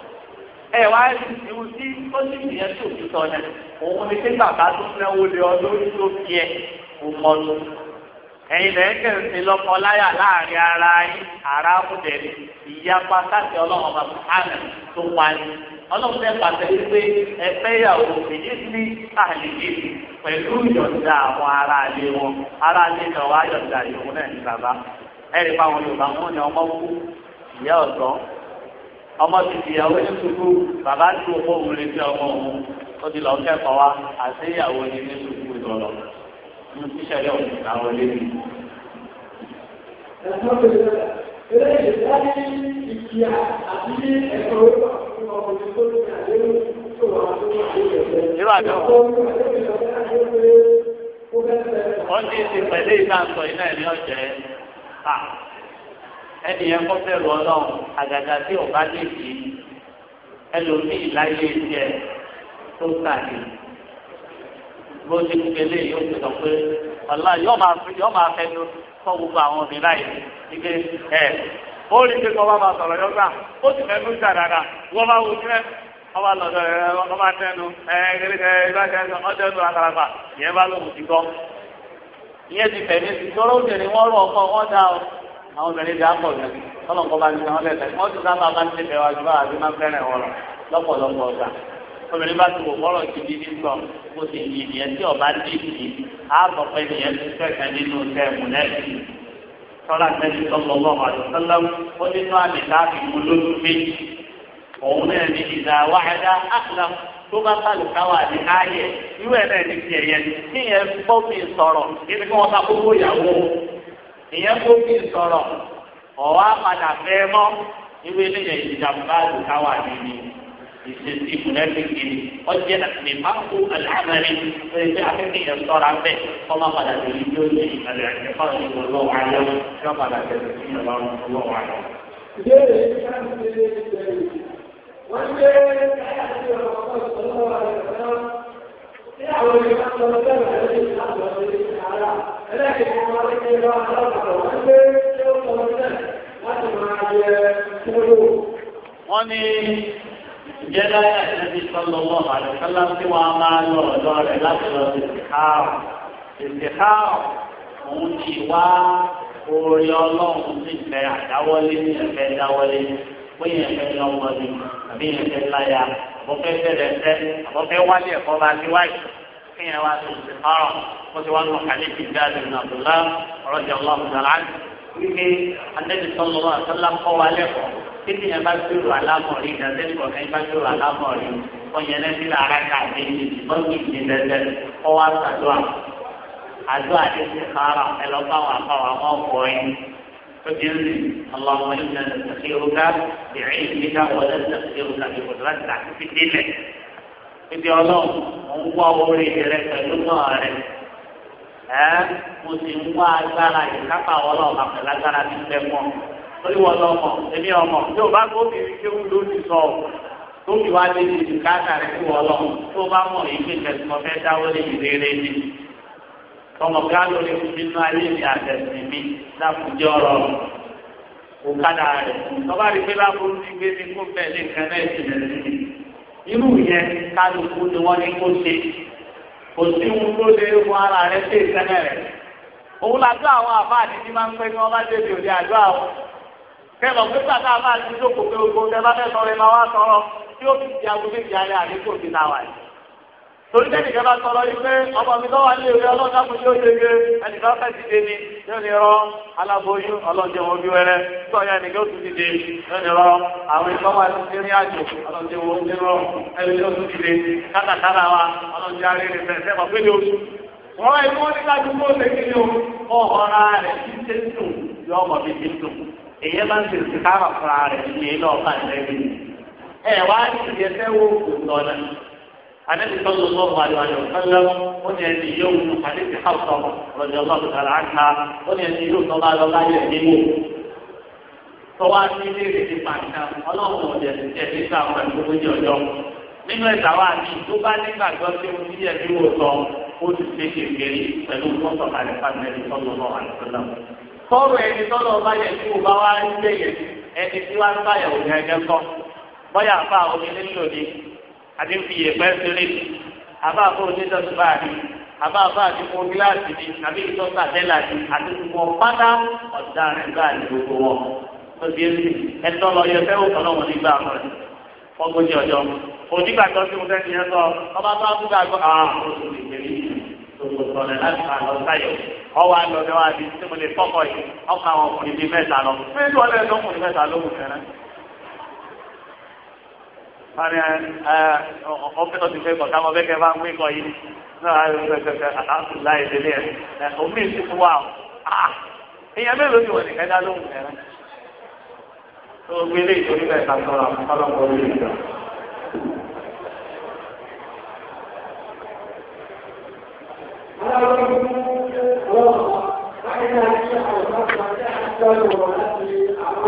ẹ wá ewu tí ó sì nìyẹn tó ti sọ yẹn òun ni pé bàbá tó náwó lé ọ tó fi ẹ kò ẹyin lẹ kẹsì lọkọ láyà láàrin ara yín ara kùdẹrì ìyapa káàkiri Ọlọ́run ọba buhari tó wá ní Ọlọ́run fẹẹ pàṣẹ wípé ẹfẹ ìyàwó èyí sí àlejò pẹ̀lú ìyọ̀ǹda àwọn ará ilé wọn ará ilé náà wá yọ̀ǹda ìyòwò náà ní bàbá ẹ rí i àwọn Yorùbá wọn ni ọmọ kú ìyá ọ̀dọ́ ọmọ ti fìyàwó ní sùkú bàbá tí o kó wúlé sí ọmọ òun ó ti lọ kẹ́kọ̀ọ́ wa àti ìyàwó ní ní sùkú lọ́lọ́ ní tíṣẹ́ yóò fi ta wọlé mi. Irú àjọ wọ́n ti ti pẹ̀lú ìgbà sọ iná ẹ̀ ní ọ̀jẹ̀ ah ẹni yẹn kọ́ bẹ̀rù ọlọ́run àgàgà tí ò bá lè fi ẹlòmíì láyé tiẹ̀ tó tàdé bó ti ń gbélé yóò ti sọ pé ọ̀la yóò máa fi yóò máa fẹnu kọ́ gbogbo àwọn obìnrin láyé ike ẹ̀ ó rí i pé kọ́ bá máa sọ̀rọ̀ yọ́gbà ó sì fẹ́ lóṣà dáadáa wọ́n máa wo sílẹ̀ wọ́n bá lọ́dọ̀ ẹ̀ wọ́n bá tẹnu ẹ̀ ẹ̀ ìbáṣẹ́ ọjọ́ ìlú ìyẹn bá lóhùn ti gbọ́ ìyẹn ti fẹ̀ ní àwọn obìnrin bí apọ̀ yẹn tọ́lọ̀ bá ti sàn lẹ́sẹ̀ wọ́n ti sábà bá ti bẹ̀rẹ̀ wájú bá àti máa fẹ́rẹ̀ wọ́n lọ́pọ̀lọpọ̀ obìnrin bá ti wò bọ́rọ̀ ti di nígbà bó ti yìí nìyẹn tí ọba dé yìí àbọ̀ pé nìyẹn ti fẹ́ẹ̀kan nínú tẹ́ẹ̀mù lẹ́sìn tọ́lá tẹ́lẹ̀ tọ́lọ́ lọ́wọ́ àdùsọ́lá ó nínú àmì láàbì mú lójú méjì òun náà ní ìdá wáhádá áhùlá tó bá sàlùkà wà ní ààyè irú náà ní tiẹ̀ yẹn kí yẹn gbọ́ mi sọ̀rọ̀ kí kí wọ́n ta gbogbo ìyàwó ìyẹn kó fi sọ̀rọ̀ ọ̀wá padà fẹ́ mọ́ ìwé lẹ́yìn ìjàmbá ìkáwà nínú ìṣesí mùnẹ́fìkì ọjọ́ àti máàkù àlàmẹ́rin ẹgbẹ́ akẹ́kẹ̀yẹ sọ́ra bẹ́ẹ̀ ọmọ padà lè ní yóò lè ìkàlẹ̀ ẹ̀fọ́ ìwọ̀n lọ́wọ́ ayọ́ tí wọ́n padà lè ní ìlọ́run lọ́wọ́ ayọ́. ìbéèrè yìí ká àwọn ìgbà tó lọ sẹ́nu ẹ̀rọ ní àgbà tó ní ara ẹlẹ́kẹ̀ẹ́ kan máa ń ké lọ alábàárọ̀ wọ́n gbé tí ó sọ sẹ́nu láti máa yẹ kúrò. wọ́n ní ìjẹ́lá ẹ̀sìn ti sọ lọ́wọ́ àdìsọ́lá tí wọ́n á máa lọ ọ̀dọ́ rẹ̀ láti lọ sí ìkáàrọ̀ ìkáàrọ̀ òun ti wá orí ọlọ́run sì fẹ́ àdáwọlé ní ẹ̀fẹ́ dáwọlé pé ẹ̀fẹ́ lọ́wọ́ ni àbọ̀fẹ́ tẹ̀lẹ̀tẹ̀ àbọ̀fẹ́ wálé ẹ̀kọ́ bá ti wáyé kéèyàn wá sí ọ̀rọ̀ kó ti wá lọ kàlẹ́ ti jáde ní àbúlá ọ̀rọ̀ jẹ́ ọlọ́run dàlá wípé anẹ́bí sọ́lọ́ àtọ́lá kọ́ wa lẹ́kọ̀ọ́ títí yẹn bá gbèrò alámọ̀rí ìdásẹ́lẹ̀ kọ̀ọ̀kan yẹn bá gbèrò alámọ̀rí ọ̀yẹ́ lẹ́sìn lára káàdé ìbọ́sì ìdẹ́sẹ̀ ọwọ́ àtàdúrà àdúrà ti ti kára ẹ lọ bá wà فبيرضي اللهم انا نستخيرك بعلمك ونستخيرك نستخيرك بقدرتك في دينك ibi ọlọ́run mo ń wá orí rẹ pẹ̀lú náà rẹ ẹ́ mo sì ń wá agbára ìkápá ọlọ́run pẹ̀lú agbára tí ń bẹ mọ́ torí wọn lọ́mọ èmi ọmọ yóò bá gómìnir kéwù ló ti sọ gómìnir wa lè di ìdíkàtà rẹ sí wọn tó bá mọ̀ èyí pé tẹ̀sán fẹ́ dáwọ́ lé ìrere ni tọmọ pé á lórí mi nú ayé mi àtẹ̀sìn mi lákùnjẹ́ ọ̀rọ̀ òkàdà rẹ̀ tọ́ba rí pé láburú ní gbé mi kó bẹ́ẹ̀ lè kẹ́ bẹ́ẹ̀ sì lẹ̀ sí irú yẹn kálukú ni wọ́n ní kó ṣe kò sí ohun tó lè wọ ara rẹ̀ sí ìsẹ́lẹ̀ rẹ̀ òun làdó àwọn àbáà ní máa ń pẹ́ ní wọ́n bá débi òde àdó àwọn kẹlọ pé pàtó àbáà ti dókòó pé gbogbo ọdẹ bá fẹ́ sọ̀rọ̀ ẹ máa wá sọ̀rọ̀ tí ó fi di agbófinjì alẹ́ àdínkù ti náà wáyé. torí pé nìkan bá sọ̀rọ̀ yìí pé ọmọ mi lọ́wọ́ alẹ́ òwe ọlọ́dà fún yóò ṣe ṣe fẹ́ ti dé ni yóò ní rọ aláboyún ọlọ́dẹ wọn bí wẹrẹ tí ọ̀yà nìkan tún ti dé yóò ní rọ àwọn àjò wọn rọ tún ti dé kátàkárà wa arére fẹ́ fẹ́ mọ̀ pé ní oṣù. wọ́n rẹ̀ النبي صلى الله عليه وسلم قل يأتي يوم حديث حفصة رضي الله تعالى عنها قل يأتي يوم صلى الله عليه وسلم tọwaasi léèrè ti pàṣẹ ọlọ́run ọ̀dẹ̀ ẹ̀ ti sá ọ̀pẹ̀ gbogbo ní ọjọ́ nínú ẹ̀dá wa ni tó bá nígbàgbọ́ tí mo ti yẹ bí mo sọ ó ti ṣe kékeré pẹ̀lú tọ́tọ̀ kalẹ̀ fáwọn ẹni tọ́lọ́ lọ́wọ́ àlùfẹ́lá. tọ́rọ ẹni tọ́lọ́ bá yẹ kí mo bá wá ń gbẹ̀yẹ ẹni tí wá ń báyà òun ẹgbẹ́ kọ́ bọ́yà fáwọn onílé lòdì àti ń fi yèpẹ́ sílẹ̀ ní àbá àbó onídọ̀tí bá rí àbá àbá àti fún gíláàsì ní àbí ìtọ́sà tẹ́lá ní àti wọn pátá ọ̀daràn gbà ní gbogbo wọn. ó ti ń ẹtọ́ lọ yẹ fẹ́ òkan náà wọn ní gbà wọn fọ́gbọ́njẹ ọjọ́ òdìgbà tó ti mú fẹ́ ti yẹn sọ ọba tó àbúgbà gbọ́ àwọn ah, oṣù lè gbèrè gbogbo sọ̀rọ̀ láti máa lọ sáyọ̀ ọwọ́ tí mo lè fọ́kọ̀ yìí ọkọ̀ àwọn lọ. fún ìdí wọn ọmọ tó ti fẹ́ kọ̀ táwọn bẹ́kẹ́ bá ń wí kọ yìí náà àlá ìdílé ẹ̀ omi ti fún wa èèyàn mélòó ni wọ́n nìkan dá lóhùn ẹ̀rẹ́ tó gbélé ìtòrí bẹ́ẹ̀ ká sọ̀rọ̀ àwọn ọlọ́pàá orí ìjọ. Thank you.